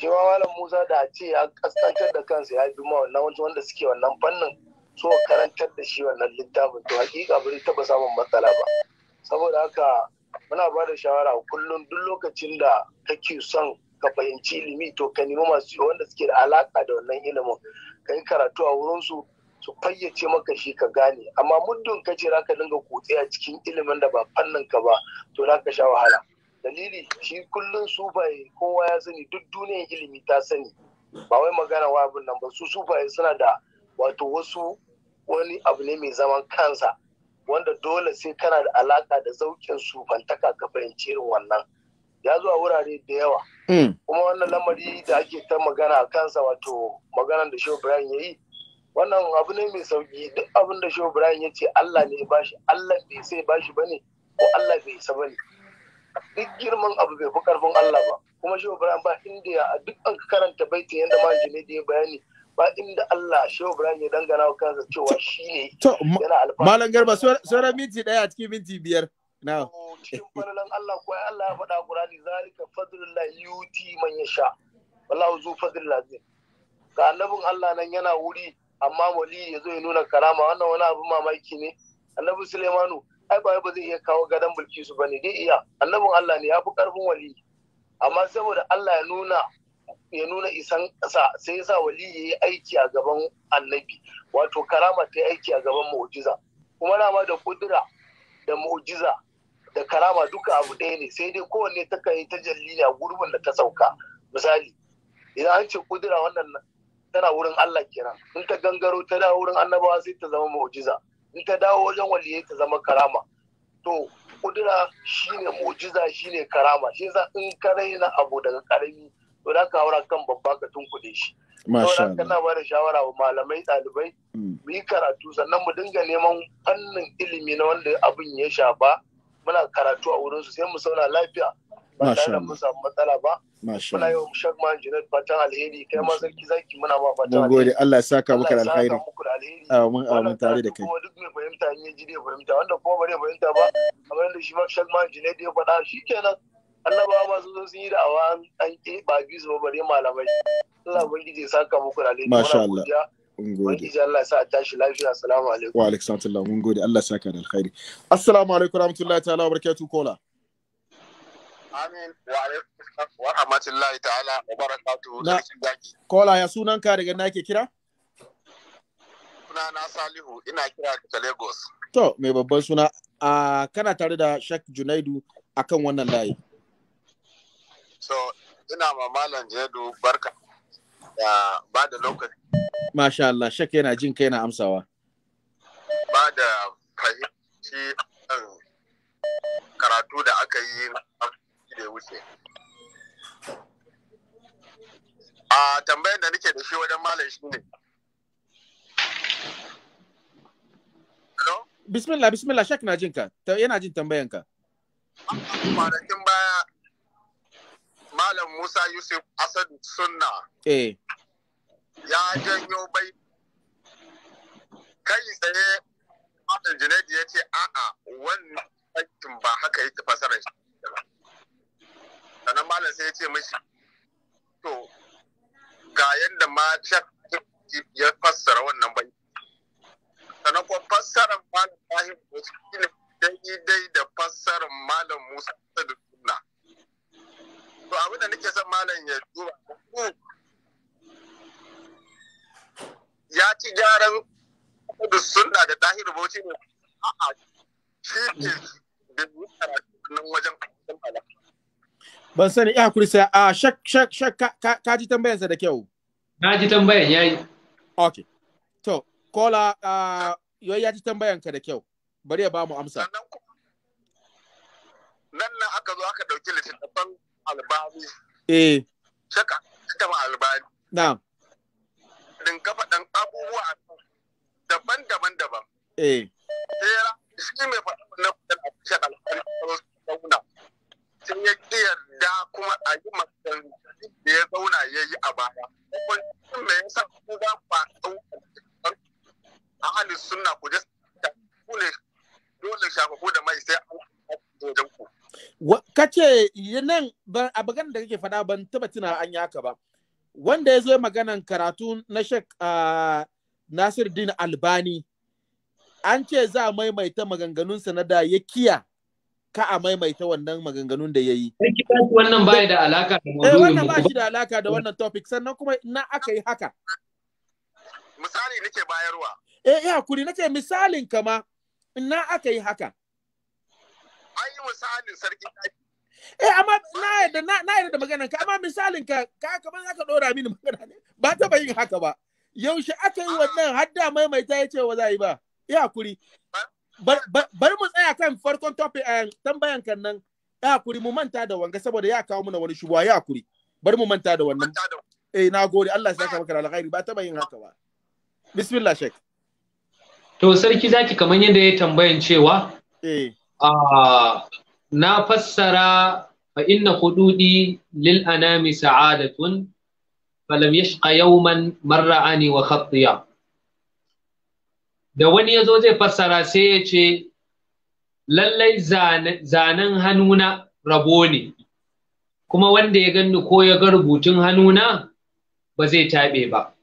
shi ma malam musa da a ce ya kastantar da kansa ya bi mawa wannan wanda suke wannan fannin so karantar da shi wannan littafin to hakika bai taba samun matsala ba saboda haka muna ba da shawara kullum duk lokacin da kake son ka fahimci ilimi to ka nemi masu wanda suke da alaka da wannan ilimin ka yi karatu a wurinsu su fayyace maka shi ka gane amma muddin ka ce za ka dinga kutse a cikin ilimin da ba fannin ka ba to za ka sha wahala dalili shi kullum su baye kowa ya sani duk duniyar ilimi ta sani ba wai magana wa abin nan ba su su baye suna da wato wasu wani abu ne mai zaman kansa wanda dole sai kana da alaka da zaukin su fantaka ka fahimci irin wannan ya zuwa wurare da yawa hmm. kuma wannan lamari da ake ta magana a kansa wato maganan da Shehu Ibrahim ya yi wannan abu ne mai sauki duk abin da Shehu Ibrahim ya ce Allah ne ya bashi Allah bai sai bashi bane ko Allah bai isa bane duk girman abu bai fi karfin Allah ba kuma shehu ibrahim ba inda ya a duk an karanta baitin yadda ma jini da ya bayani ba inda Allah shehu ibrahim ya dangana wa kansa cewa shi ne yana alfahari malam garba sauran minti daya a cikin minti biyar na cikin falalan Allah ko Allah ya faɗa Qur'ani zalika fadlullah yuti man yasha wallahu zu fadlul zin ga annabin Allah nan yana wuri amma wali ya zo ya nuna karama wannan wani abu mamaki ne annabi Sulaimanu ai ba ba zai iya kawo gadon bilkisu ba ne dai iya annabin Allah ne ya fi karfin wali amma saboda Allah ya nuna ya nuna isan ƙasa sai yasa sa wali ya yi aiki a gaban annabi wato karama ta yi aiki a gaban mu'jiza kuma dama da kudura da mu'jiza da karama duka abu ɗaya ne sai dai kowanne ta kan yi ta ne gurbin da ta sauka misali idan an ce kudura wannan tana wurin Allah kenan in ta gangaro ta da wurin annabawa sai ta zama mu'jiza in ta dawo wajen waliyai ta zama karama to kudura shine mujiza shine karama shi yasa in ka raina abu daga karami to za ka haura kan babba ka tunkuɗe shi Masha Allah. Kana bada shawara wa malamai ɗalibai mm. mu yi karatu sannan mu dinga neman fannin ilimi na wanda abin ya shafa muna karatu a wurinsu sai mu sauna lafiya ba tare da mu samu matsala ba. Muna yi wa Mushak ma Junaid fatan alheri kai ma sarki zaki muna ma fatan alheri. Mun gode Allah ya saka maka da alheri. Amin amin tare da kai. Kuma duk mai fahimta in ya ji dai fahimta wanda kuma ba zai fahimta ba kamar yadda shi Mushak ma Junaid ya faɗa shikenan. annabawa masu zo sun yi da awa an ke ba biyu su bare malamai Allah mun gije saka muku da alheri masha Allah mun gode Allah ya sa tashi lafiya assalamu alaikum wa alaikum salam mun gode Allah ya saka da alkhairi assalamu alaikum rahmatullahi ta'ala wa barakatuh kola amin wa alaikum wa rahmatullahi ta'ala wa kola ya sunan ka daga na ke kira suna na salihu ina kira daga lagos to mai babban suna a kana tare da shak junaidu akan wannan layi so ina ma malam junaidu barka da ba da lokaci masha Allah shak yana jin kai na amsawa ba da fahimci karatu da aka yi da wuce a tambayar da nake da shi wajen malam shi ne bismillah bismillah Shek na jinka yana jin tambayan ka. kwanakin baya malam musa yusuf asad sunna eh ya janyo bai kai tsaye malam junaidi ya ce a'a wannan aikin ba haka yi ta fasarar shi ba sannan malam sai ya ce mashi, to ga yadda mata ya fassara wannan bai sannan kuma fassarar malam Ibrahim Musa ne daidai da fassarar malam Musa da suna. to abin da nake son malam ya duba ya ci gyaran da suna da dahir bauchi ne a'a shi ne da karatu nan wajen malam ban sani ya hakuri sai a shak shak shak ka ji tambayar sa da kyau na ji tambayar yayi okay to kola yoyi ya ji tambayan ka da kyau bari ya ba mu amsa nan nan aka zo aka dauki littattafan albani eh shaka ta albani na'am din kafa dan abubuwa daban-daban daban eh sai shi mai faɗa na shaka albani sai ya ƙi yarda kuma a yi magan da ya zauna ya yi a baya hukuncin me yasa ku za ku ba a halin sunna ku je ku ne dole shafafu da mai sai an wajen ku. Kace nan a maganar da kake faɗa ban taba tuna an yi haka ba. Wanda ya zo maganan karatu na Sheikh Nasir Din Albani, an ce za a maimaita maganganunsa na da ya kiya ka a maimaita wannan maganganun da ya yi. Wannan ba da alaka da eh, maudu'in Wannan ba shi da alaka da wannan topic sannan kuma na aka yi haka. Misali nake bayarwa. Eh ya eh, kuri nake misalin kama na aka yi haka. Ai misalin sarki Eh amma na yadda na yadda da ka amma misalin ka ka kamar zaka dora mini magana ne ba ta yin haka ba. Yaushe aka yi wannan hadda maimaita ya ce wa za yi ba. Ya eh, kuri. bari mu tsaya kan farkon topic eh, tambayan kan nan ya kuri mu manta da wanga saboda ya kawo mana wani shubuwa ya kuri bari mu manta da wannan eh na gode Allah ya saka maka alkhairi ba taba yin haka ba bismillah shek to sarki zaki kamar yadda ya tambayan cewa eh ah na fassara fa inna hududi lil anami sa'adatun falam yashqa yawman marra'ani wa khatiya da wani ya zo zai fassara sai ya ce lallai zanen hannuna rabo ne kuma wanda ya gani ko ya ga rubutun hannuna ba zai taɓe ba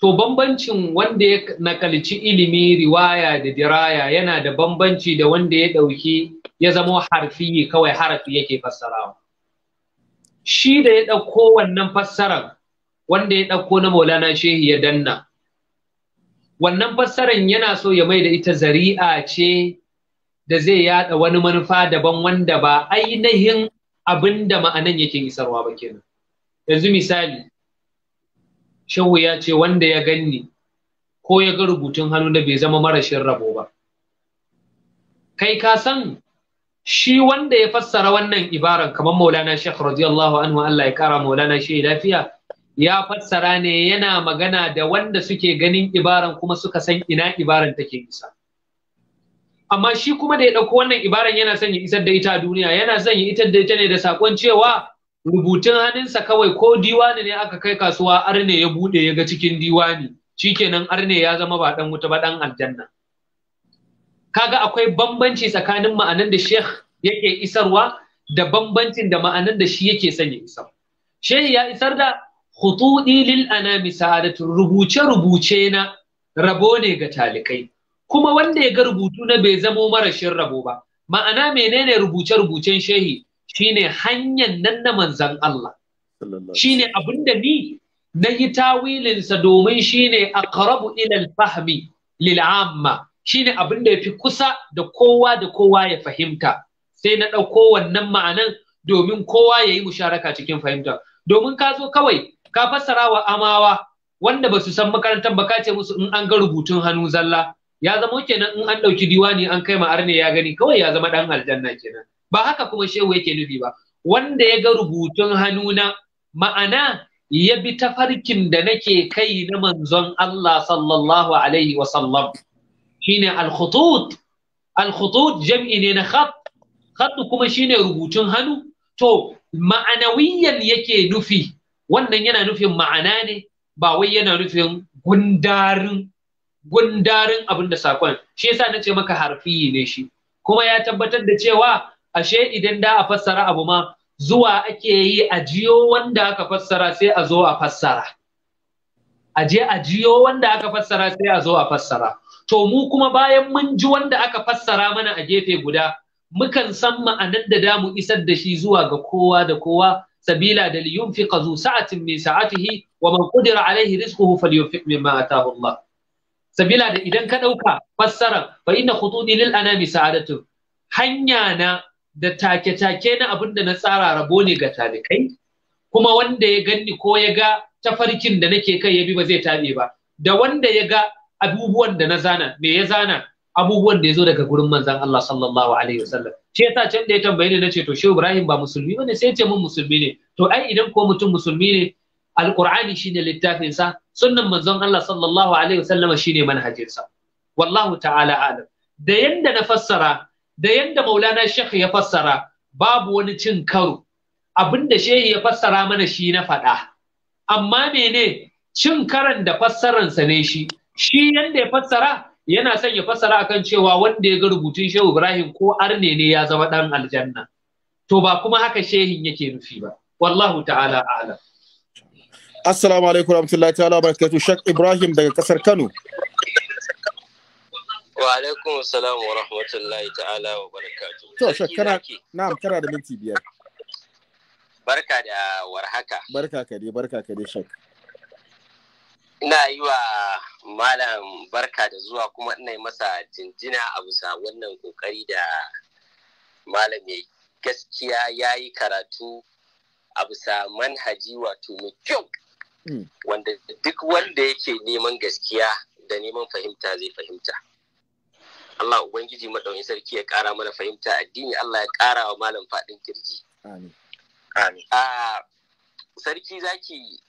to bambancin wanda ya nakalci ilimi riwaya da diraya yana da bambanci da wanda ya ɗauki ya zama harfi kawai harafi yake fassarawa shi da ya ɗauko wannan fassarar wanda ya ɗauko na maulana shehi ya danna wannan fassaran yana so ya mai da ita zari'a ce da zai yada wani manufa daban wanda ba ainihin abinda da ma'anan yake isarwa ba kenan yanzu misali shehu ya ce wanda ya ganni ko ya ga rubutun hannu da bai zama marashin rabo ba kai ka san shi wanda ya fassara wannan ibaran kamar maulana shekh radiyallahu anhu Allah ya kara maulana shi lafiya ya fassara ne yana magana da wanda suke ganin ibaran kuma suka san ina ibaran take isa amma shi kuma da ya ɗauko wannan ibaran yana son ya isar da ita a duniya yana son ya da ita ne da sakon cewa rubutun hannunsa kawai ko diwani ne aka kai kasuwa arne ya buɗe ya ga cikin diwani shikenan arne ya zama ba ɗan wuta ba ɗan aljanna kaga akwai bambanci tsakanin ma'anan da sheikh yake isarwa da bambancin da ma'anan da shi yake son ya isar shehi ya isar da khutuɗi lil anami sa'adatun rubuce rubuce na rabo ne ga talikai kuma wanda ya ga rubutu na bai zamo marashin rabo ba ma'ana menene rubuce rubucen shehi shine hanyar nan na manzan Allah shine abinda ni na yi tawilinsa domin shine aqrabu ila al-fahmi lil amma shine abinda yafi kusa da kowa da kowa ya fahimta sai na ɗauko wannan ma'anan domin kowa ya yi musharaka cikin fahimta domin ka zo kawai ka fassara wa amawa wanda ba su san makarantar ba ka ce musu in an ga rubutun hannu zalla ya zama kenan in an ɗauki diwani an kai ma arne ya gani kawai ya zama ɗan aljanna kenan ba haka kuma shehu yake nufi ba wanda ya ga rubutun hannu na ma'ana ya bi tafarkin da nake kai na manzon Allah sallallahu alaihi wa sallam shine al-khutut al-khutut jam'i ne na khat khat kuma shine rubutun hannu to ma'anawiyan yake nufi wannan yana nufin ma'ana ne ba wai yana nufin gundarin gundarin abin da sakon shi yasa ce maka harfi ne shi kuma ya tabbatar da cewa ashe idan da a fassara abu ma zuwa ake yi a jiyo wanda aka fassara sai a zo a fassara a je a jiyo wanda aka fassara sai a zo a fassara to mu kuma bayan mun ji wanda aka fassara mana a gefe guda mukan san ma'anar da damu isar da shi zuwa ga kowa da kowa sabila da liyunfiqa zu sa'atin min sa'atihi wa man qudira alaihi rizquhu falyunfiq mimma ataahu Allah sabila da idan ka ɗauka fassara fa inna khutudi lil anami sa'adatu hanya na da take take na abin na tsara rabo ne ga talikai kuma wanda ya ganni ko ya ga tafarkin da nake kai ya bi ba zai taɓe ba da wanda ya ga abubuwan da na zana me ya zana abubuwan da ya zo daga gurin manzan Allah sallallahu alaihi wasallam shi yasa can da ya tambaye ni nace to shi Ibrahim ba musulmi bane sai ya ce mun musulmi ne to ai idan ko mutum musulmi ne alqur'ani shine littafin sa sunnan manzon Allah sallallahu alaihi wasallam shine manhajin sa wallahu ta'ala alam da yanda na fassara da yanda Maulana Sheikh ya fassara babu wani cin karo abinda shehi ya fassara mana shi na faɗa amma mene cin karan da fassaransa ne shi shi yanda ya fassara yana son ya fassara akan cewa wanda ya ga rubutun Shehu Ibrahim ko arne ne ya zama dan aljanna to ba kuma haka shehin yake nufi ba wallahu ta'ala a'lam Assalamu alaikum warahmatullahi ta'ala barakatuh Sheikh Ibrahim daga kasar Kano Wa alaikum assalam wa rahmatullahi ta'ala wa barakatuh To Sheikh kana na'am kana da minti biyar Barka da warhaka Barka ka dai barka ka dai Sheikh ina yi wa malam barka da zuwa kuma ina yi masa jinjina a bisa wannan kokari da malam ya gaskiya ya yi karatu a bisa manhaji wato mai kyau hmm. wanda duk wanda yake neman gaskiya da neman fahimta zai fahimta Allah Ubangiji maɗauki sarki ya ƙara mana fahimta addini Allah ya ƙara wa malam faɗin kirji. Amin. Amin. Ah, sarki zaki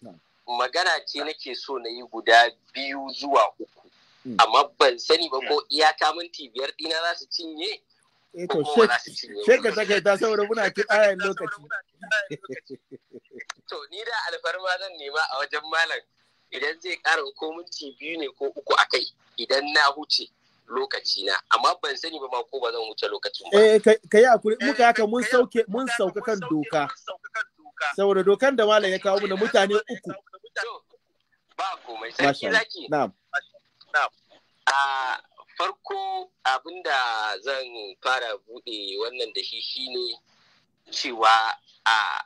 magana ce nake so na yi guda biyu zuwa uku hmm. amma ban sani ba ko iyaka minti biyar dina za su cinye eh to ka take ta saboda muna ayan lokaci to ni da alfarma zan nema a wajen malam idan zai ƙara ko minti biyu ne ko uku akai idan na huce lokaci na amma ban sani ba ma ko ba zan wuce lokacin ba eh kai hakuri eh, muka haka mun sauke mun sauka kan doka saboda dokan da malam ya kawo mu mutane uku ba abin sarki a farko abinda zan fara bude wannan da shi shine cewa a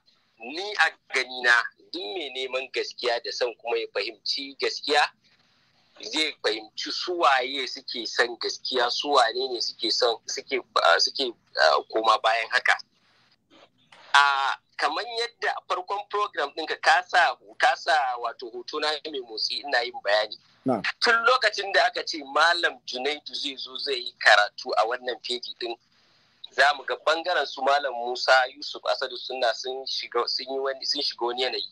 ni a ganina duk mai neman gaskiya da son kuma ya fahimci gaskiya zai fahimci suwaye suke son gaskiya suwane ne suke koma bayan haka kamar yadda a farkon program ɗinka ka sa ka sa wato hoto na mai motsi ina yin bayani tun lokacin da aka ce malam junaidu zai zo zai yi karatu a wannan feji ɗin za mu ga bangaren su malam musa yusuf asadu suna sun shiga wani yanayi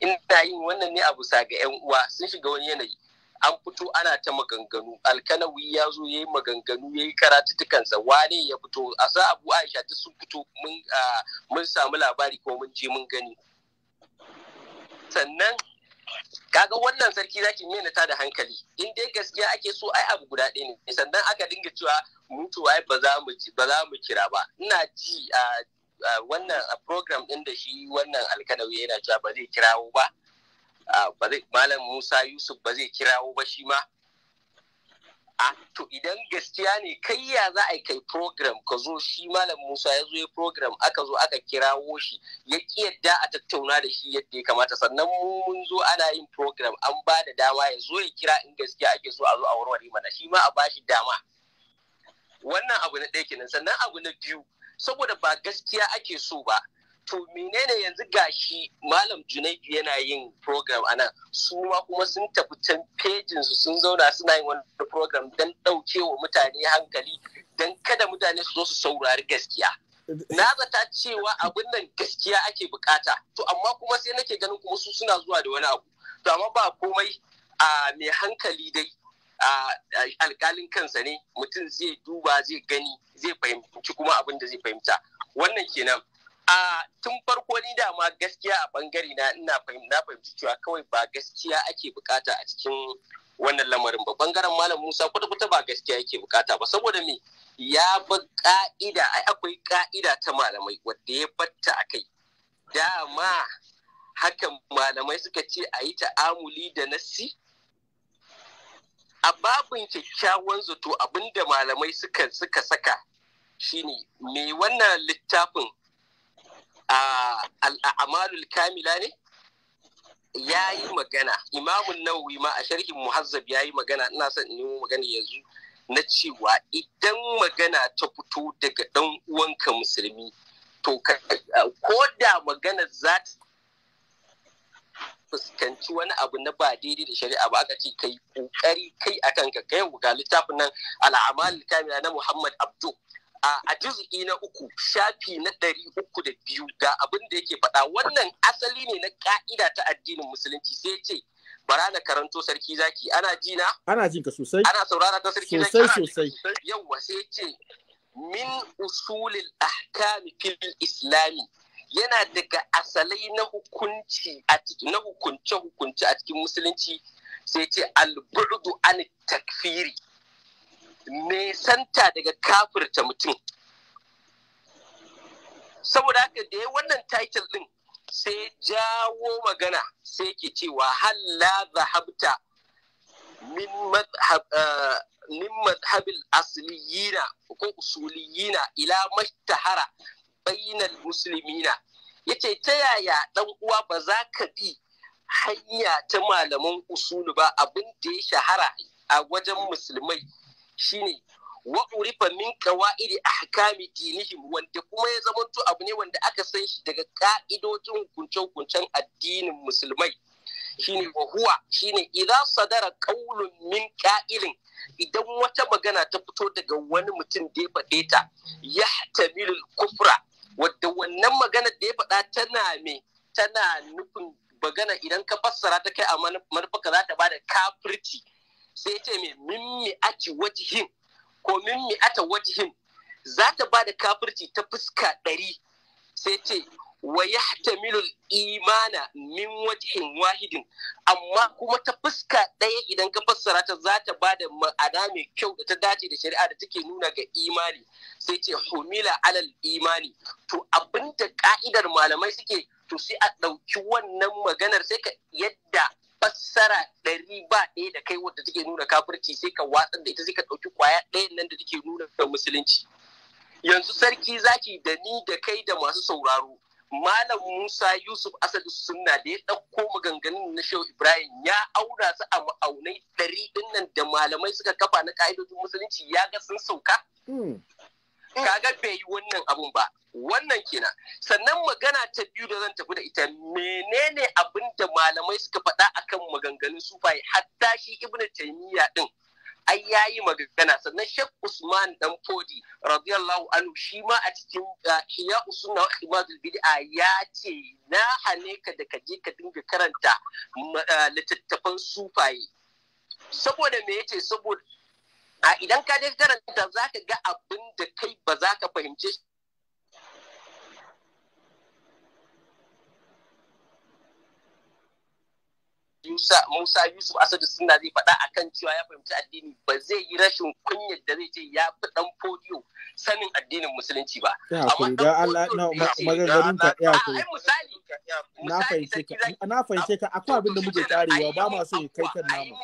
ina yin wannan ne a sa ga yan uwa sun shiga wani yanayi an fito ana ta maganganu alkanawi ya zo ya yi maganganu ya yi karatutukansa wane ya fito a sa abu aisha duk sun fito mun samu labari ko mun je mun gani sannan kaga wannan sarki zaki mena ta da hankali in dai gaskiya ake so ai abu guda ɗaya ne sannan aka dinga cewa mutu ai ba za mu ba za mu kira ba ina ji a wannan program din da shi wannan alkanawi yana cewa ba zai kirawo ba malam musa yusuf ba zai kirawo ba shi ma a to idan gaskiya ne kai ya za a kai program ka zo shi malam musa ya zo ya program aka zo aka kirawo shi ya yadda a tattauna da shi yadda ya kamata sannan mun zo ana yin program an ba da dama ya zo ya kira in gaskiya ake so a zo a warware mana shi ma a ba shi dama wannan abu na ɗaya kenan sannan abu na biyu saboda ba gaskiya ake so ba to menene yanzu gashi malam junaidu yana yin program nan su ma kuma sun tafi can pejin su sun zauna suna yin wani program don ɗauke wa mutane hankali don kada mutane su zo su saurari gaskiya na zata cewa abin nan gaskiya ake bukata to amma kuma sai nake ganin kuma su suna zuwa da wani abu to amma ba komai a mai hankali dai alkalin kansa ne mutum zai duba zai gani zai fahimci kuma abin da zai fahimta wannan kenan a tun farko ni dama gaskiya a bangare na ina fahimci cewa kawai ba gaskiya ake bukata a cikin wannan lamarin ba bangaren malam musa kwata-kwata ba gaskiya yake bukata ba saboda me ya ba ka'ida ai akwai ka'ida ta malamai wanda ya batta a kai dama hakan malamai suka ce a yi ta'amuli da nasi a babin kyakkyawan zato abinda malamai suka suka saka shine me wannan littafin al'amalul kamila ne ya yi magana imamun nawawi ma a sharhin muhazzab ya yi magana ina son in yi magana yanzu na cewa idan magana ta fito daga ɗan uwanka musulmi to ko da magana za ta fuskanci wani abu na ba daidai da shari'a ba aka ce kai kokari kai akan ka kai ga littafin nan al'amal kamila na Muhammad Abdu a juz'i na uku shafi na ɗari uku da biyu ga abin da yake faɗa wannan asali ne na ka'ida ta addinin musulunci sai ce bara na karanto sarki zaki ana ji na ana jin ka sosai ana saurara ta sarki zaki sosai sosai yawa sai ce min usulil ahkami fil islami yana daga asalai na hukunci a cikin na hukunce hukunce a cikin musulunci sai ce al-bu'du an takfiri santa daga kafirta mutum saboda haka da ya wannan title din sai jawo magana sai ke cewa halla zahabta eh, min madhabil asliyina ko usuliyina ila mashtahara bainal muslimina yace ta yaya ɗan uwa ba za ka bi hanya ta malaman usulu ba abin da ya shahara a wajen musulmai shine wa urifa min a ahkami dinihim wanda kuma ya zamanto abu ne wanda aka san shi daga ka'idojin hukunce hukuncen addinin musulmai shine wa huwa shine idza sadara qawlun min qa'ilin idan wata magana ta fito daga wani mutum da ya faɗe ta yahtamilu kufra wadda wannan magana da ya faɗa tana me tana nufin magana idan ka fassara ta kai a manufa za ta da kafirci sai ce mai mimmi wata wajihin ko mimmi ata wajihin za ta ba da kafirci ta fuska ɗari sai ce wa ya tamilul imana min wajihin wahidin amma kuma ta fuska ɗaya idan ka fassara ta za ta ba da ma'ana mai kyau da ta dace da shari'a da take nuna ga imani sai ce humila alal imani to abinda ka'idar malamai suke to sai a ɗauki wannan maganar sai ka yadda fassara ɗari ba ɗaya da kai wadda take nuna kafirci sai ka watsar da ita sai ka ɗauki kwaya ɗaya nan da take nuna da musulunci yanzu sarki zaki da ni da kai da masu sauraro malam musa yusuf asali sunna da ya ɗauko maganganun na shehu ibrahim ya auna su a ma'aunai ɗari ɗin nan da malamai suka kafa na ƙa'idojin musulunci ya ga sun sauka hmm. kaga bai yi wannan abun ba wannan kenan sannan magana ta biyu da zan tafi da ita menene abin da malamai suka faɗa akan maganganun sufaye hatta shi ibnu taymiya din ai yayi magana sannan Sheikh Usman dan Fodi radiyallahu anhu shi ma a cikin Ihya Usunna wa Ibadul Bid'a ya ce na hane ka da kaje ka dinga karanta littattafan sufaye saboda me yace saboda a idan ka je karanta za ka ga abin da kai ba za ka fahimce shi. Musa Yusuf Asadu suna zai faɗa a kan cewa ya fahimci addini ba zai yi rashin kunyar da zai ce ya fi ɗan fodiyo sanin addinin musulunci ba. Ya kuri da na maganganun ka Na fahimce ka na fahimce ka akwai abin da muke karewa ba ma so kai kan namu.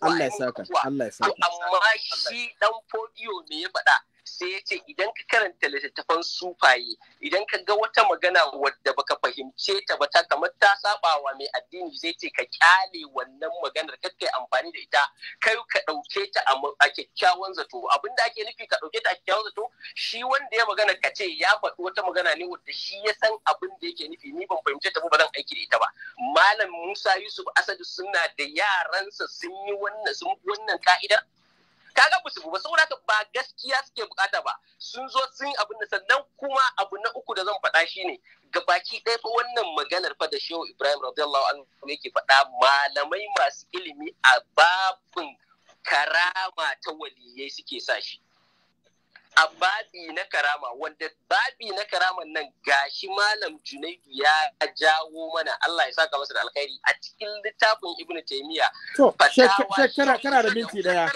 Allah ya saka Allah ya saka. Amma shi ɗan fodiyo ne ya faɗa sai ya ce idan ka karanta littattafan sufaye idan ka ga wata magana wadda baka fahimce ta ba ta kamar ta wa mai addini zai ce ka kyale wannan maganar ka kai amfani da ita kai ka dauke ta a kyakkyawan zato Abin da ake nufi ka dauke ta a kyakkyawan zato shi wanda ya magana ka ce ya faɗi wata magana ne wadda shi ya san abin da yake nufi ni ban fahimce ta ba zan aiki da ita ba malam Musa Yusuf Asadu suna da yaransa sun yi wannan sun wannan ka'idar kaga ga musu ba saboda ka ba gaskiya suke bukata ba sun zo sun abin da sannan kuma abu na uku da zan faɗa shine ga baki ɗaya fa wannan maganar fa da Shehu Ibrahim radiyallahu anhu yake faɗa malamai masu ilimi a babin karama ta waliyai suke sa shi a babi na karama wanda babi na karaman nan gashi malam junaidu ya jawo mana Allah ya saka masa da alkhairi a cikin littafin ibn taymiya to shekara kana da minti daya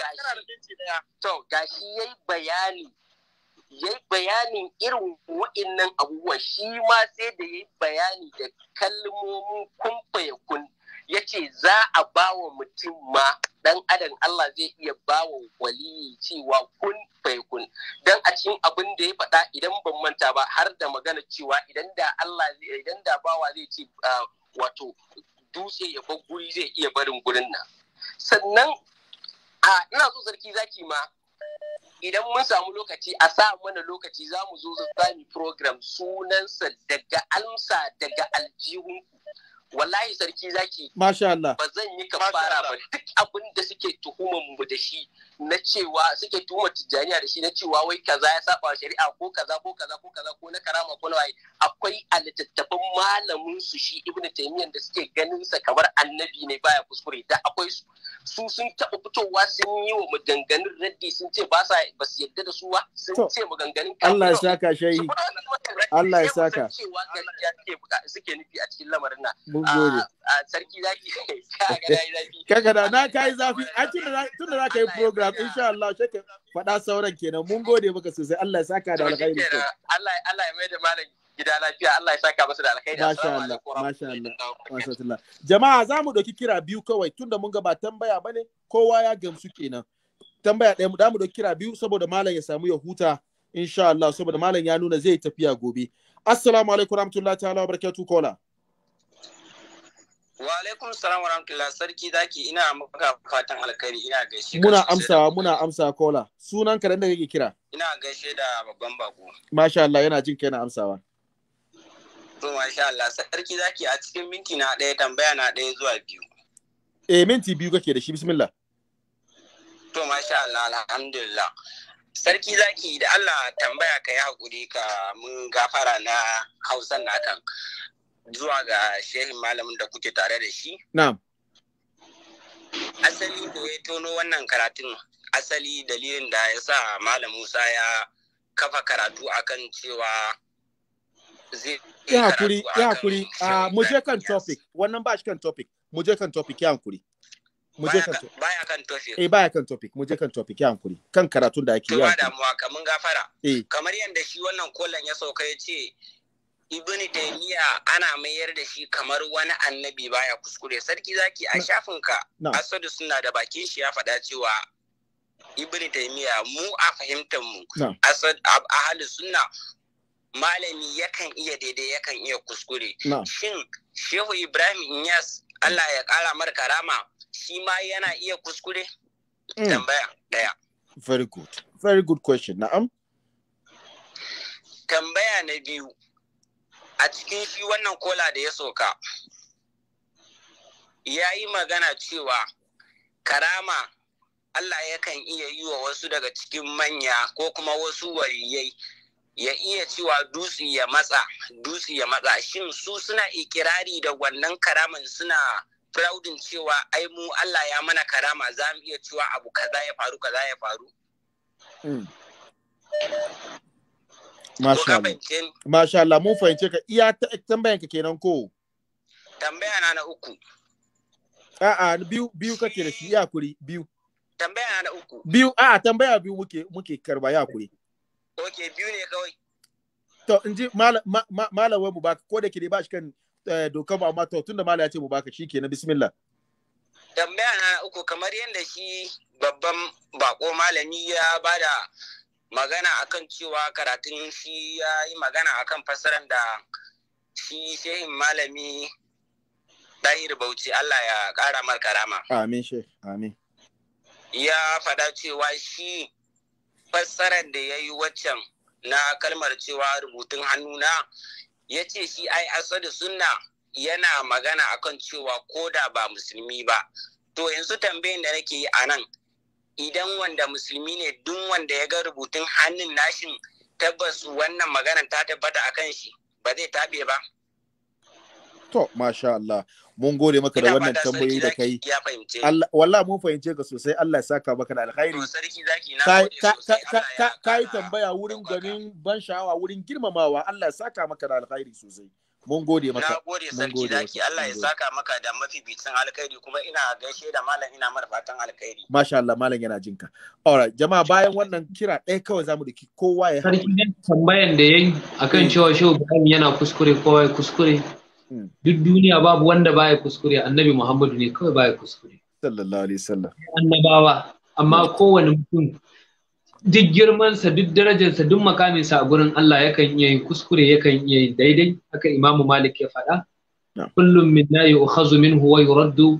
to gashi yayi bayani yayi bayanin irin wa'annan abubuwa shi ma sai da yayi bayani da kalmomin kumfaye kun ya ce za a ba wa mutum ma dan adam Allah zai iya bawa waliyi cewa kun kun? dan a cikin abin da ya faɗa idan ban manta ba har da magana cewa idan da Allah idan da bawa zai ce wato dutse ya bar guri zai iya barin gurin nan sannan a ina so sarki zaki ma idan mun samu lokaci a sa mana lokaci za mu zo za mu program sunansa daga amsa daga aljihunku wallahi sarki zaki masha Allah ba zan yi kafara ba duk abin da suke tuhuman mu da shi na cewa suke tuma tijjaniya da shi na cewa wai kaza ya saba shari'a ko kaza ko kaza ko kaza ko na karama ko na waye akwai a littattafan malamin su shi Ibn taymiyyah da suke ganin sa kamar annabi ne baya kuskure da akwai su su sun taɓa fitowa sun yi wa maganganun raddi sun ce ba sa ba su yadda da su ba sun ce maganganun Allah ya saka shayi Allah ya saka cewa gaskiya suke buka suke nufi a cikin lamarin nan mun ah, ah, sarki zaki [LAUGHS] kaga dai zafi kaga da na kai zafi a da tunda zaka yi program Allah insha Allah sai ka faɗa sauran kenan mun gode maka sosai Allah ya saka da alkhairi Allah Allah ya mai da malam gida lafiya Allah ya saka masa da alkhairi masha Allah masha Allah masha Allah jama'a za mu ɗauki kira biyu kawai tunda mun ga ba tambaya bane kowa ya gamsu kenan tambaya ɗaya mu da mu ɗauki kira biyu saboda malam ya samu ya huta insha Allah saboda malam ya nuna zai tafiya gobe assalamu alaikum warahmatullahi ta'ala wa barakatuh kola Wa alaikum salam wa rahmatullah sarki zaki ina maka fatan alkhairi ina gaishe Muna amsawa muna amsa kola. Sunan ka da kake kira? Ina gaishe da babban bako. Masha Allah yana jin kai na amsawa. To masha Allah sarki zaki a cikin minti na ɗaya tambaya na ɗaya zuwa biyu. Eh minti biyu kake da shi bismillah. To masha Allah alhamdulillah. Sarki zaki da Allah tambaya ka yi hakuri ka mun gafara na Hausa na kan. zuwa ga shehin malamin da kuke tare da shi. Na'am. Asali da ya tono wannan karatun asali dalilin da ya sa Malam Musa ya kafa karatu akan cewa zai ya hakuri ya hakuri a ah, muje kan topic wannan ba shi kan topic muje kan topic ya hakuri muje kan topic baya kan topic eh baya kan topic muje kan topic ya hakuri kan karatun da ake yi ba damuwa kamar gafara eh. kamar yadda shi wannan kolon ya sauka ya ce ibn taymiya ana mayar da shi kamar wani annabi baya kuskure sarki zaki a shafinka asadu suna da bakin shi ya faɗa cewa ibn taymiya mu a fahimtar mu asad ahli sunna malami yakan iya daidai yakan iya kuskure shin shehu ibrahim inyas Allah ya kara mar karama shi ma yana iya kuskure mm. tambaya daya very good very good question na'am tambaya na biyu a cikin shi wannan kola da ya soka ya yi magana cewa karama Allah yakan iya yi wa wasu daga cikin manya ko kuma wasu waliyai ya iya cewa dutse ya matsa dutse ya matsa shin su suna ikirari da wannan karaman suna proudin cewa ai mu Allah ya mana karama za mu iya cewa abu kaza ya faru kaza ya faru hmm. Masha Allah. Masha Allah mun fahimce ka iya tambayan ka kenan ko. Tambaya na na uku. A'a biyu biyu kake da shi iya kuri biyu. Tambaya na na uku. Biyu a'a tambaya biyu muke muke karba ya kuri. Ok biyu ne kawai. To in ji malam mu Bubaka ko da ke ba shi kan eh, dokar amma to tunda malam ya ce bubaka shikenan shi kenan bismillah. Tambaya na uku kamar yadda shi babban bako malami ya bada magana akan cewa karatun shi ya yi magana akan fasarar da shi shehin malami ɗahir bauchi Allah ya ƙara mar karama. Amin amin. Ya faɗa cewa shi fassarar da ya yi waccan na kalmar cewa rubutun hannuna ya ce shi ai asadu sunna yana magana akan cewa ko da ba musulmi ba. To yanzu tambayin da nake yi a nan idan wanda musulmi ne duk wanda ya ga rubutun hannun nashin tabbas wannan magana ta tabbata a kan shi ba zai tabe ba. To, masha Allah, mun gode maka da wannan tambayoyi da kai. Wallah mun fahimce ka sosai Allah ya saka maka da alkhairi. Ka yi tambaya wurin ganin ban sha'awa wurin girmamawa Allah ya saka maka da alkhairi sosai. mun gode maka na gode sarki daki. Allah ya saka maka da mafi bitan alkhairi kuma ina gaishe da malam ina mar fatan alkhairi masha Allah malam yana jinka alright jama'a bayan wannan kira ɗaya kawai zamu da kowa ya sarki ne tambayan da yayi akan hmm. cewa shehu Ibrahim yana kuskure kowa ya kuskure hmm. duk duniya babu wanda baya kuskure annabi Muhammadu ne kawai baya kuskure sallallahu alaihi wasallam annabawa amma hmm. kowane mutum duk girmansa duk darajarsa duk makaminsa a gurin Allah yakan iya yin kuskure yakan iya yin daidai haka imamu malik ya faɗa kullum min na yu'khazu minhu wa yuraddu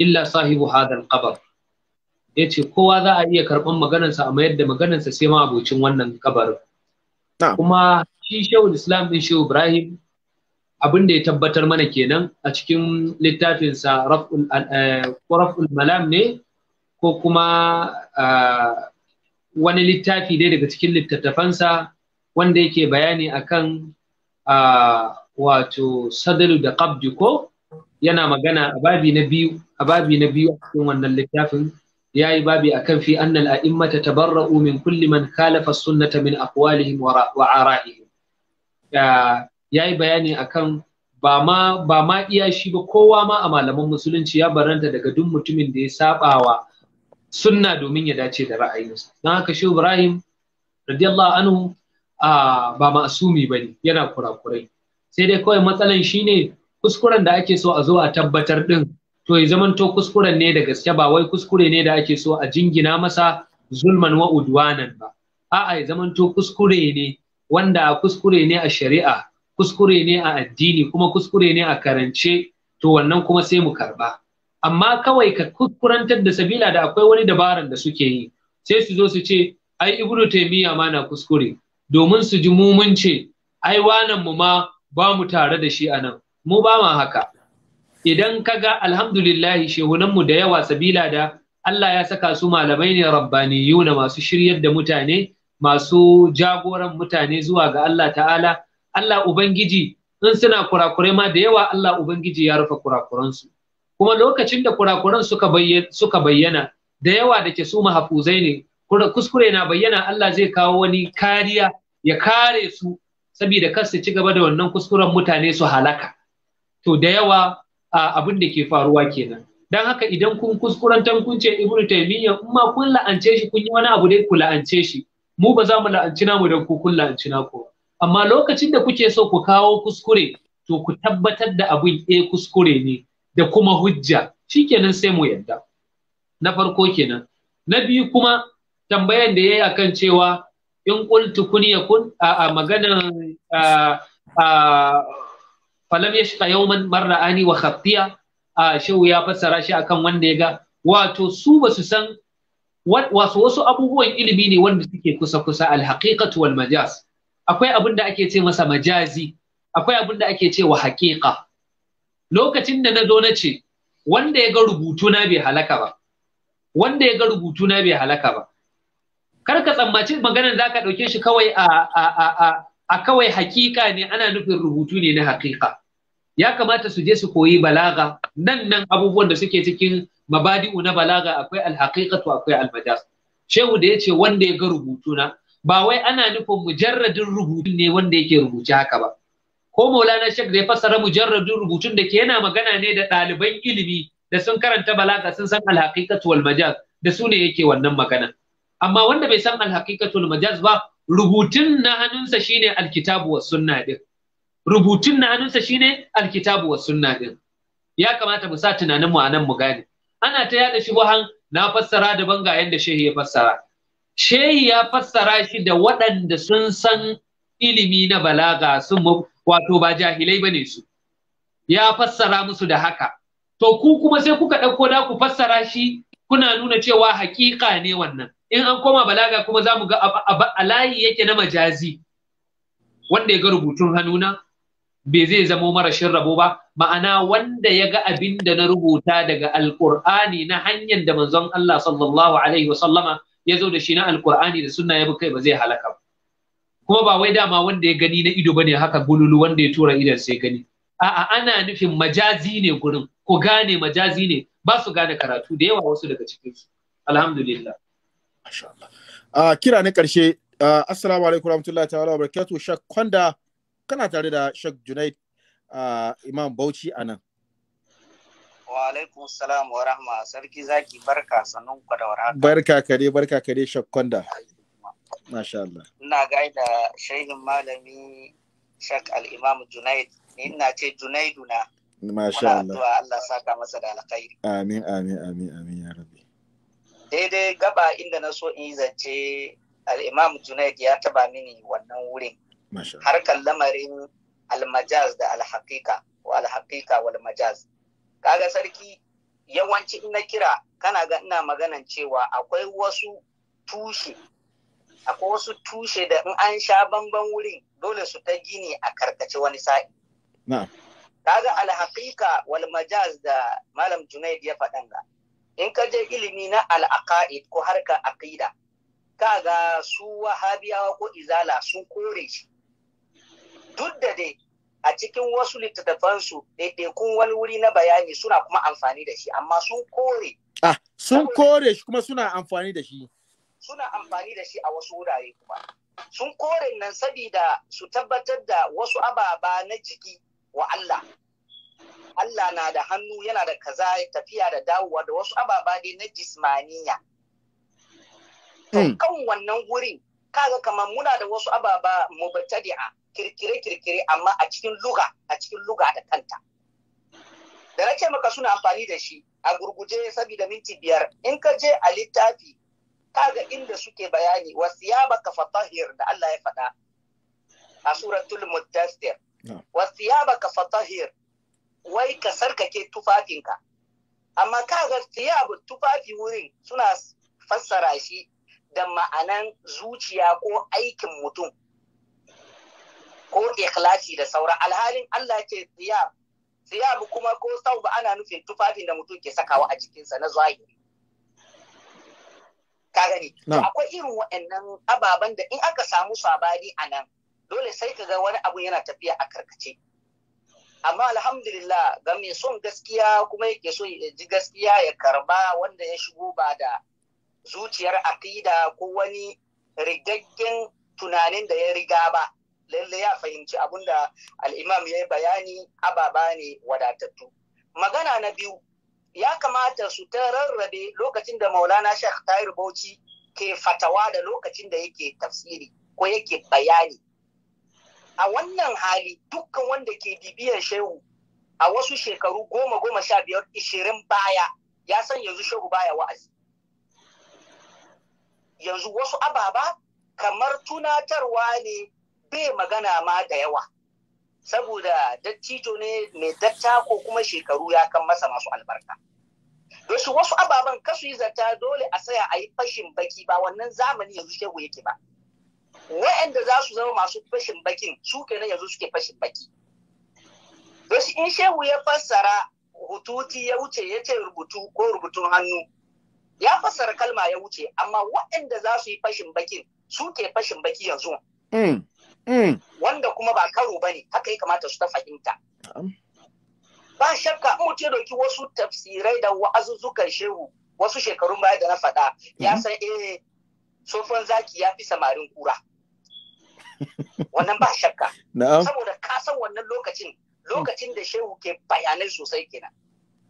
illa sahibu hadha al yace kowa za a iya karban maganarsa a mayar da maganarsa sai ma abocin wannan kabarin kuma shi shehu islam din shehu ibrahim abin da ya tabbatar mana kenan a cikin littafinsa raf'ul eh, malam ne ko kuma ah, wani littafi dai daga cikin littattafansa wanda yake bayani akan wato sadalu da qabdi ko yana magana a babi na biyu a babi na biyu a cikin wannan littafin ya yi babi akan fi annal a'immata tabarra'u min kulli man khalafa sunnata min aqwalihim wa ara'ihim ya yi bayani akan ba ma ba ma iya shi ba kowa ma a malaman musulunci ya baranta daga duk mutumin da ya sabawa sunna domin ya dace da ra'ayinsa don haka shi ibrahim radiyallahu anhu ba masumi ba ne yana kurakurai sai dai kawai matsalan shine kuskuren da ake so a zo a tabbatar din to ya zamanto kuskuren ne da gaske ba wai kuskure ne da ake so a jingina masa zulman wa udwanan ba a'a ya zamanto kuskure ne wanda kuskure ne a shari'a kuskure ne a addini kuma kuskure ne a karance to wannan kuma sai mu karba amma kawai ka kurantar da sabila da akwai wani dabaran da suke yi sai su zo su ce ai ibnu taymiya ma na kuskure domin su ji mu mun ce ai wanan mu ma ba mu tare da shi anan mu ba ma haka idan ka kaga alhamdulillah shehunan mu da yawa sabila da Allah ya saka su malamai ne rabbaniyuna masu shiryar da mutane masu jagoran mutane zuwa ga Allah ta'ala Allah ubangiji in suna kurakurai ma da yawa Allah ubangiji ya rufe kurakuransu kuma lokacin da kurakuran suka bayyana da yawa da ke su mahafuzai ne kuskure na bayyana Allah zai kawo wani kariya ya kare su saboda kar su ci gaba da wannan kuskuren mutane su halaka to da yawa abin da ke faruwa kenan dan haka idan kun kuskurantan kun ce taymiya in ma kun la'ance shi kun yi wani abu dai ku la'ance shi mu ba za mu la'anci namu dan ku kun la'anci naku amma lokacin da kuke so ku kawo kuskure to ku tabbatar da abin eh kuskure ne da kuma hujja shikenan sai mu yadda na farko kenan na biyu kuma tambayan da yayi akan cewa in qultu kun yakun a, a maganan a, a falam yashqa yawman marra'ani wa khatiya a shehu ya fassara shi akan wanda ya ga wato su basu san wasu wasu abubuwan ilimi ne wanda suke kusa kusa alhaqiqatu wal majaz akwai abin da ake ce masa majazi akwai abinda da ake ce wa haqiqa lokacin da na zo na ce wanda ya ga rubutuna bai halaka ba wanda ya ga rubutu na bai halaka ba kar ka tsammaci maganar za ka ɗauke shi kawai a, a, a, a, a kawai hakika ne ana nufin rubutu ne na hakika ya kamata su je su koyi balaga nan nan abubuwan da suke cikin mabadi'u na balaga akwai alhaqiqatu akwai almajaz shehu da yace wanda ya ga rubutu na, ba wai ana nufin mujarradin rubutu ne wanda yake rubuce haka ba ko maulana shek da ya fassara mujarradin rubutun da ke yana magana ne da ɗaliban ilimi da sun karanta balaga sun san alhaqiqatu wal majaz da su ne yake wannan magana amma wanda bai san alhaqiqatu wal majaz ba rubutun na hannunsa shine alkitabu was sunna din rubutun na hannunsa shine alkitabu was sunna din ya kamata mu sa tunanin mu anan mu gane ana ta yada shubuhan na fassara daban ga yanda shehi ya fassara shehi ya fassara shi da waɗanda sun san ilimi na balaga sun wato ba jahilai bane su ya fassara musu da haka to ku kuma sai kuka ɗauko da ku fassara shi kuna nuna cewa haƙiƙa ne wannan in an koma balaga kuma zamu mu ga alayi yake na majazi wanda ya ga rubutun hannuna bai zai zamo marashin rabo ba ma'ana wanda ya ga abin da na rubuta daga alƙur'ani na hanyar da manzon Allah sallallahu alaihi wasallama ya zo da shi na alƙur'ani da sunna ya bi kai ba zai halaka ba kuma ba wai dama wanda ya gani na ido bane haka gululu wanda ya tura idan sai gani a'a ana nufin majazi ne gurin ko gane majazi ne ba su gane karatu da yawa wasu daga cikin su alhamdulillah masha Allah uh, kira ne karshe assalamu alaikum warahmatullahi ta'ala barakatuh shak kwanda kana tare da shak junaid imam bauchi anan wa alaikum salam wa rahma sarki zaki barka sanan ku da warhaka barka kare barka kare shak kwanda Masha Allah. Ina gaida shehin malami Shak al-Imam Junaid. Ni ina ce Junaidu na. Masha Allah. Muna Allah saka masa da alkhairi. Amin amin amin amin ya rabbi. Daidai gaba inda na so in zance al-Imam Junaid ya taba mini wannan wurin. Harkar lamarin al-majaz da al-haqiqa wa al-haqiqa majaz. Kaga sarki yawanci in na kira kana ga ina maganan cewa akwai wasu tushe akwai wasu tushe da in an sha bamban wurin dole su ta gini a karkace wani sa'i. Kaga ga wal majaz da Malam Junaid ya faɗan ga. In ka je ilimi na al'aqa'id ko harkar aqida, kaga su wahabiyawa ko izala sun kore shi. Duk da dai a cikin wasu littattafansu kun wani wuri na bayani suna kuma amfani da shi, amma sun kore. Ah, sun kore shi kuma suna amfani da shi. suna amfani da shi a wasu wurare kuma sun kore nan sabida su tabbatar da wasu ababa na jiki wa Allah Allah na da hannu yana da kaza tafiya da dawowa da wasu ababa dai na jismaniya hmm. kan wannan wurin kaga kamar muna da wasu ababa mubtadi'a kirkire-kirkire amma a cikin luga a cikin luga da kanta da na maka suna amfani da shi a gurguje saboda minti biyar in ka je a littafi kaga inda suke bayani baka fatahir da Allah ya faɗa a suratul ya baka fatahir wai ka sarkake tufafinka amma kaga siyabu tufafi wurin suna fassara shi da ma'anan zuciya ko aikin mutum ko ikhlasi da saura, alhalin Allah ke siyab kuma ko sauba ana nufin tufafin da mutum ke sakawa a jikinsa na zahiri ka gani akwai irin waɗannan ababen da in aka samu sabani a nan dole sai ka ga wani abu yana tafiya a karkace amma alhamdulillah ga mai son gaskiya kuma yake so ya ji gaskiya ya karba wanda ya shigo ba da zuciyar akida ko wani rigaggen tunanin da ya riga ba lalle ya fahimci abin da al'imam ya yi bayani ababa ne wadatattu magana na biyu ya kamata su ta rarrabe lokacin da maulana shekh tahir bauchi ke fatawa da lokacin da yake tafsiri ko yake bayani a wannan hali dukkan wanda ke bibiyar shehu a wasu shekaru goma goma sha biyar ishirin baya ya san yanzu shehu baya wa'azi yanzu wasu ababa kamar tunatarwa ne bai magana ma da yawa saboda dattijo ne mai datta ko kuma shekaru ya kan masa masu albarka Doshi wasu ababen kasu yi zata dole a saya a yi fashin baki ba wannan zamani yanzu shehu yake ba. Wa'anda za su zama masu fashin bakin su kenan yanzu suke fashin baki. Doshi in shehu ya fassara hututi ya wuce ya ce rubutu ko rubutun hannu ya fassara kalma ya wuce amma waɗanda za su yi fashin bakin su ke fashin baki yanzu. Hmm. Mm. wanda kuma ba karo bane haka ya kamata su ta fahimta ba shakka in mutum ya dauki wasu tafsirai da wa'azuzzukan shehu wasu shekarun baya da na faɗa ya mm. san eh tsofan zaki ya fi samarin kura [LAUGHS] wannan ba shakka saboda ka san wannan lokacin lokacin da shehu ke bayanai sosai kenan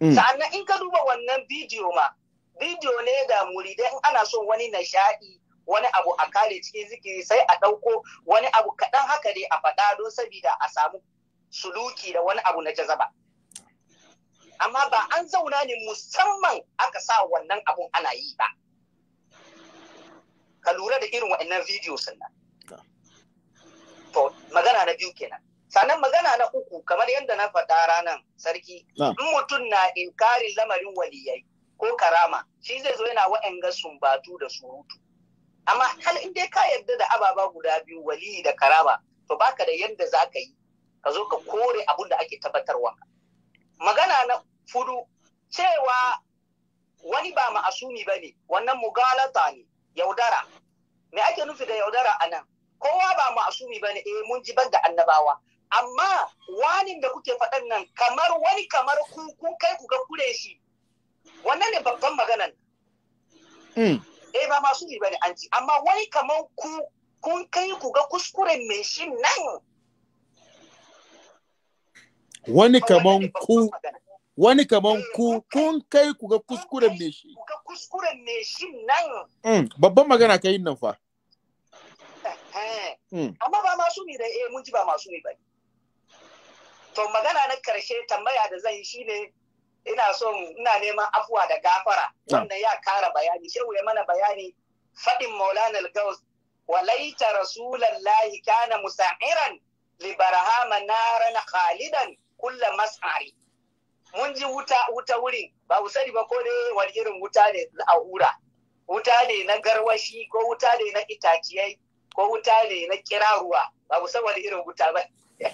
mm. sa'annan in ka duba wannan bidiyo ma bidiyo ne da muridai in ana son wani nishaɗi wani abu a kare cikin zikiri sai a ɗauko wani abu kaɗan haka dai a faɗa don saboda a samu suluki da wani abu na jazaba. Amma ba an zauna ne musamman aka sa wannan abun ana yi ba. Ka lura da irin waɗannan bidiyo sannan. To, magana na biyu kenan. sannan magana na uku kamar yadda na faɗa ranar sarki in mutum na inkarin lamarin waliyai ko karama shi zai zo yana wa'anga sumbatu da surutu amma hal in dai ka yarda da ababa guda biyu waliyi da karama to baka da yadda za ka yi ka zo ka kore abun da ake tabbatarwa magana na fudu cewa wani ba ma'asumi ba ne wannan mugalata ne yaudara me ake nufi da yaudara a nan kowa ba ma'asumi ba ne eh mun ji ban da annabawa amma wanin da kuke faɗan nan kamar wani kamar ku kun kai ku ga kure shi wannan ne babban maganan hmm. eh ba masu ne bane anti amma wai kaman ku kun kai ku ga kuskuren mai shi nan wani kaman ku wani kaman eh, ku kun kai ku ga kuskuren mai shi ga kuskuren mai shi nan mm, babban magana kai nan fa eh, eh. Mm. amma ba masu ne da eh mun ji ba masu ne bane to magana na karshe tambaya da zan yi shine ina son ina neman afuwa da gafara wannan ya kara bayani shehu ya mana bayani fadin maulana al-gaus walaita rasulallahi kana musa'iran li barahama naran khalidan kulla mas'ari mun ji wuta wuta wurin ba ku sani ba ko dai wani irin wuta ne a hura wuta ne na garwashi ko wuta ne na itaciyai ko wuta ne na kiraruwa ba ku san wani irin wuta ba [LAUGHS]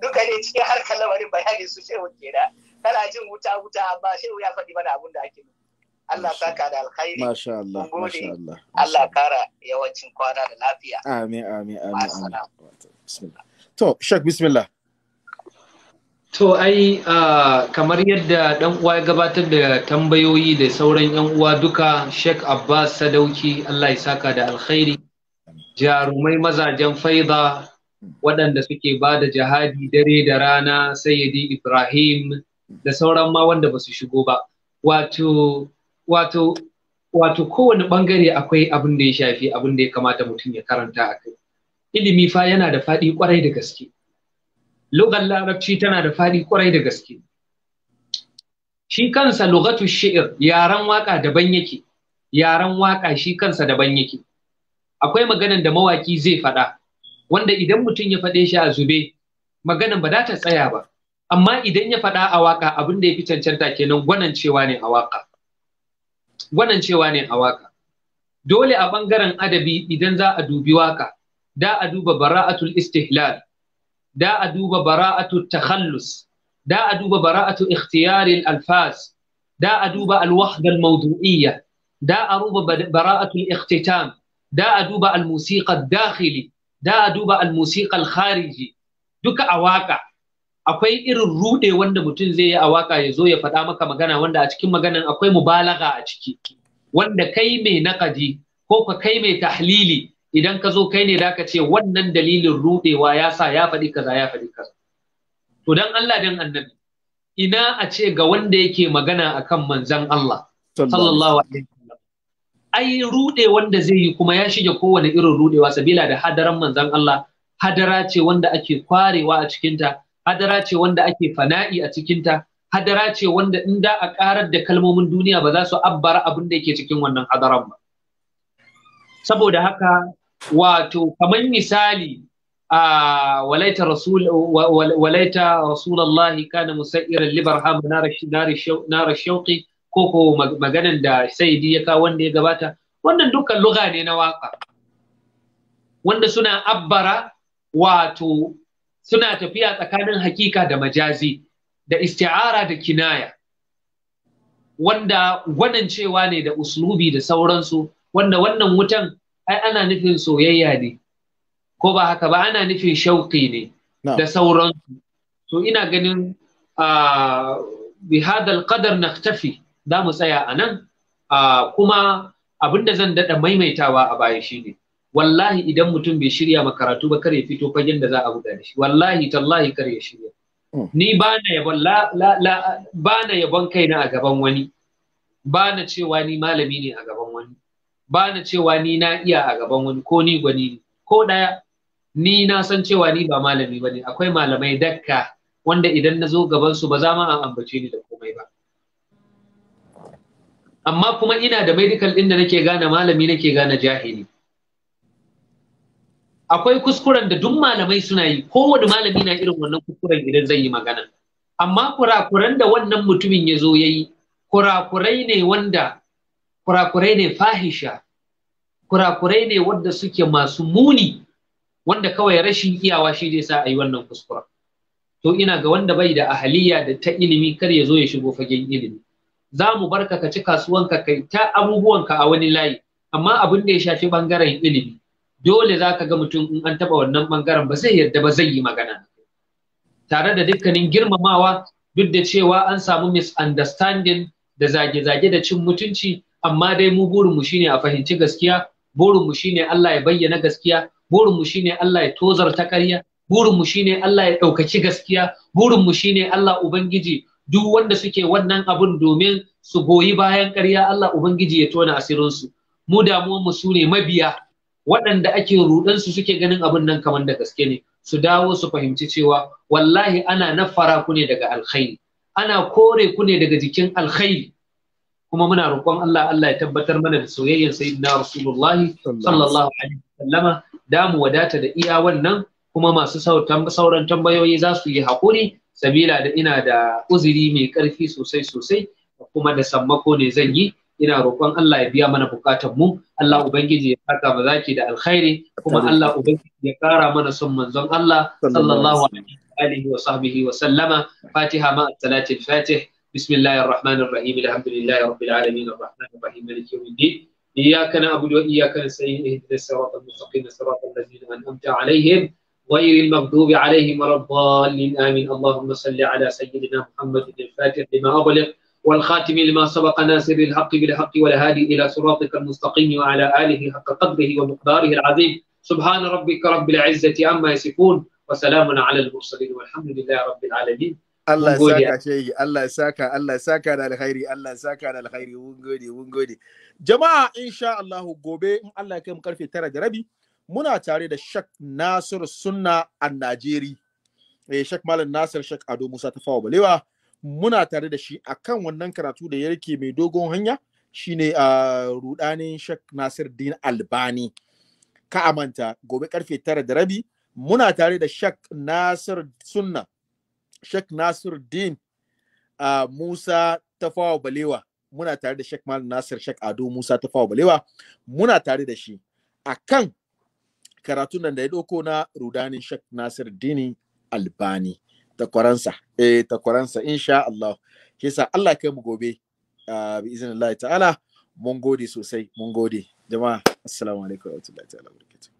duka ne cikin harkar lamarin bayani su shehu kenan tana jin wuta wuta ba shehu ya faɗi mana abin da ake nufi Allah ka da alkhairi. Masha Allah. Masha Allah. Allah kara yawancin kwana da lafiya. Amin amin amin. Bismillah. To, Shek bismillah. To ai kamar yadda ɗan uwa ya gabatar da tambayoyi da sauran yan uwa duka Sheikh Abbas Sadauki Allah ya saka da alkhairi. Jarumai mazajen faida hmm. waɗanda suke ba da jihadi dare da rana Sayyidi Ibrahim da sauran ma wanda ba su shigo ba wato wato wato kowane bangare akwai abin da ya shafi abin da ya kamata mutum ya karanta a kai ilimi fa yana da faɗi kwarai da gaske lugar larabci tana da faɗi kwarai da gaske shi kansa lugatu shi'ir yaren waƙa daban yake yaren waƙa shi kansa daban yake akwai maganan da mawaki zai faɗa wanda idan mutum ya faɗe shi a zube maganan ba za ta tsaya ba amma idan ya faɗa a waka abin da ya fi cancanta kenan gwanancewa ne a waka gwanancewa ne a waƙa. dole a ɓangaren adabi idan za a dubi waƙa, da a duba bara'atul istihlal da a duba bara'atul takhallus da a duba bara'atul ikhtiyaril alfaz da a duba alwahda almawdu'iyya da a duba bara'atul ikhtitam da a duba almusiqa dakhili da a duba almusiqa alkhariji duka a waƙa. akwai irin rude wanda mutum zai yi a waka ya zo ya faɗa maka magana wanda a cikin maganan akwai mubalaga a ciki wanda kai mai naƙadi ko ka kai mai tahlili idan ka zo kai ne da ka ce wannan dalilin rudewa ya sa ya faɗi kaza ya faɗi kaza to dan Allah dan annabi ina a ce ga wanda yake magana akan manzon Allah sallallahu alaihi wasallam ai rude wanda zai yi kuma ya shige kowane irin rudewa sabila da hadaran manzon Allah hadara ce wanda ake kwarewa a cikinta hadara ce wanda ake fana'i a cikinta hadara ce wanda in da a karar da kalmomin duniya ba za su abbara abin da yake cikin wannan hadaran ba saboda haka wato kamar misali a walaita rasul walaita rasulullahi kana musairan libarham nar shauqi ko ko maganan da saidi ya kawo wanda ya gabata wannan dukkan lugha ne na waka wanda suna abbara wato suna tafiya tsakanin hakika da majazi da isti'ara da kinaya wanda gwanin cewa ne da uslubi da sauransu wanda wannan wutan ai ana nufin soyayya ne ko ba haka ba ana nufin shauƙi ne da sauransu to ina ganin bi hadal na tafi za mu tsaya a nan kuma abinda zan daɗa maimaitawa a baya shine wallahi idan mutum bai shirya makaratu karatu ba kare fito fagen da za a buga da shi wallahi tallahi kare ya shirya hmm. ni ba na yabon kaina a gaban wani ba na cewa ni malami ne a gaban wani ba na cewa ni na iya a gaban wani ko ni gwani ko daya ni na san cewa ni ba malami bane akwai malamai dakka wanda idan nazo zo gaban su ba za ma an ambace ni da komai ba amma kuma ina da medical din da nake gane malami nake gane jahili akwai kuskuren da duk malamai suna yi kowane malami na irin wannan kuskuren idan zai yi magana amma kurakuran da wannan mutumin ya zo ya yi kurakurai ne wanda kurakurai ne fahisha kurakurai ne wanda suke masu muni wanda kawai rashin iyawa shi zai sa a yi wannan kuskuren to ina ga wanda bai da ahaliya da ta ilimi kar ya zo ya shigo fagen ilimi za mu barka ka ci kasuwanka kai ta abubuwanka a wani layi amma abin da ya shafi bangaren ilimi dole za ka ga mutum in an taba wannan ɓangaren ba zai yarda ba zai yi magana tare da dukkanin girmamawa duk da cewa an samu misunderstanding da zage-zage da cin mutunci amma dai mu burinmu shine a fahimci gaskiya burinmu shine Allah ya bayyana gaskiya burinmu shine Allah ya tozarta ƙarya burinmu shine Allah ya ɗaukaci gaskiya burinmu shine Allah ubangiji duk wanda suke wannan abun domin su goyi bayan ƙarya Allah ubangiji ya tona asirinsu mu damuwanmu su ne mabiya waɗanda ake su suke ganin abin nan kamar da gaske ne su dawo su fahimci cewa wallahi ana nafara ku ne daga alkhairi ana kore ku ne daga jikin alkhairi kuma muna roƙon Allah Allah ya tabbatar mana da soyayyen sayyidina Rasulullahi sallallahu alaihi wasallama da mu wadata da iya wannan kuma masu sauran tambayoyi za su yi haƙuri sabila da ina da uzuri mai ƙarfi sosai sosai kuma da sammako ne zan yi ina roƙon Allah ya biya mana bukatan mu Allah ubangiji ya saka ba zaki da alkhairi kuma Allah ubangiji ya kara mana son manzon Allah sallallahu alaihi wa sahbihi wa sallama fatiha ma salati fatih bismillahir rahmanir rahim alhamdulillahi rabbil alamin arrahmanir rahim maliki yawmiddin iyyaka na'budu wa iyyaka nasta'in ihdinas siratal mustaqim siratal ladzina an'amta alaihim غير المغضوب عليهم ولا الضالين امين اللهم صل على سيدنا محمد الفاتح لما اغلق والخاتم لما سبق ناسب الحق بالحق والهادي الى صراطك المستقيم وعلى اله حق قدره ومقداره العظيم سبحان ربك رب العزه عما يصفون وسلام على المرسلين والحمد لله رب العالمين الله يساك شيء الله يساك الله يساك على الخير الله يساك على الخير ونغودي ونغودي جماعه ان شاء الله غوبي ان الله يكرم كرفي ترى ربي muna tare da shak ناصر السنه النجيري najeri إيه، shak الناصر nasir shak ado musa ta muna tare da shi akan wannan karatu da ya rike mai dogon hanya shine a rudanin Sheikh Nasir Din Albani ka amanta gobe karfe tara da rabi muna tare da Sheikh Nasir Sunna Sheikh Nasir Din Musa Tafawa Balewa muna tare da Sheikh Mal Nasir Sheikh Ado Musa Tafawa Balewa muna tare da shi akan karatun nan da ya doko na rudanin Sheikh Nasir Dini Albani takwaransa eh takwaransa insha Allah sa Allah kai mu gobe ah, bi izinin Allah ta'ala mun gode sosai mun gode jama'a assalamu alaikum wa rahmatullahi wa barakatuh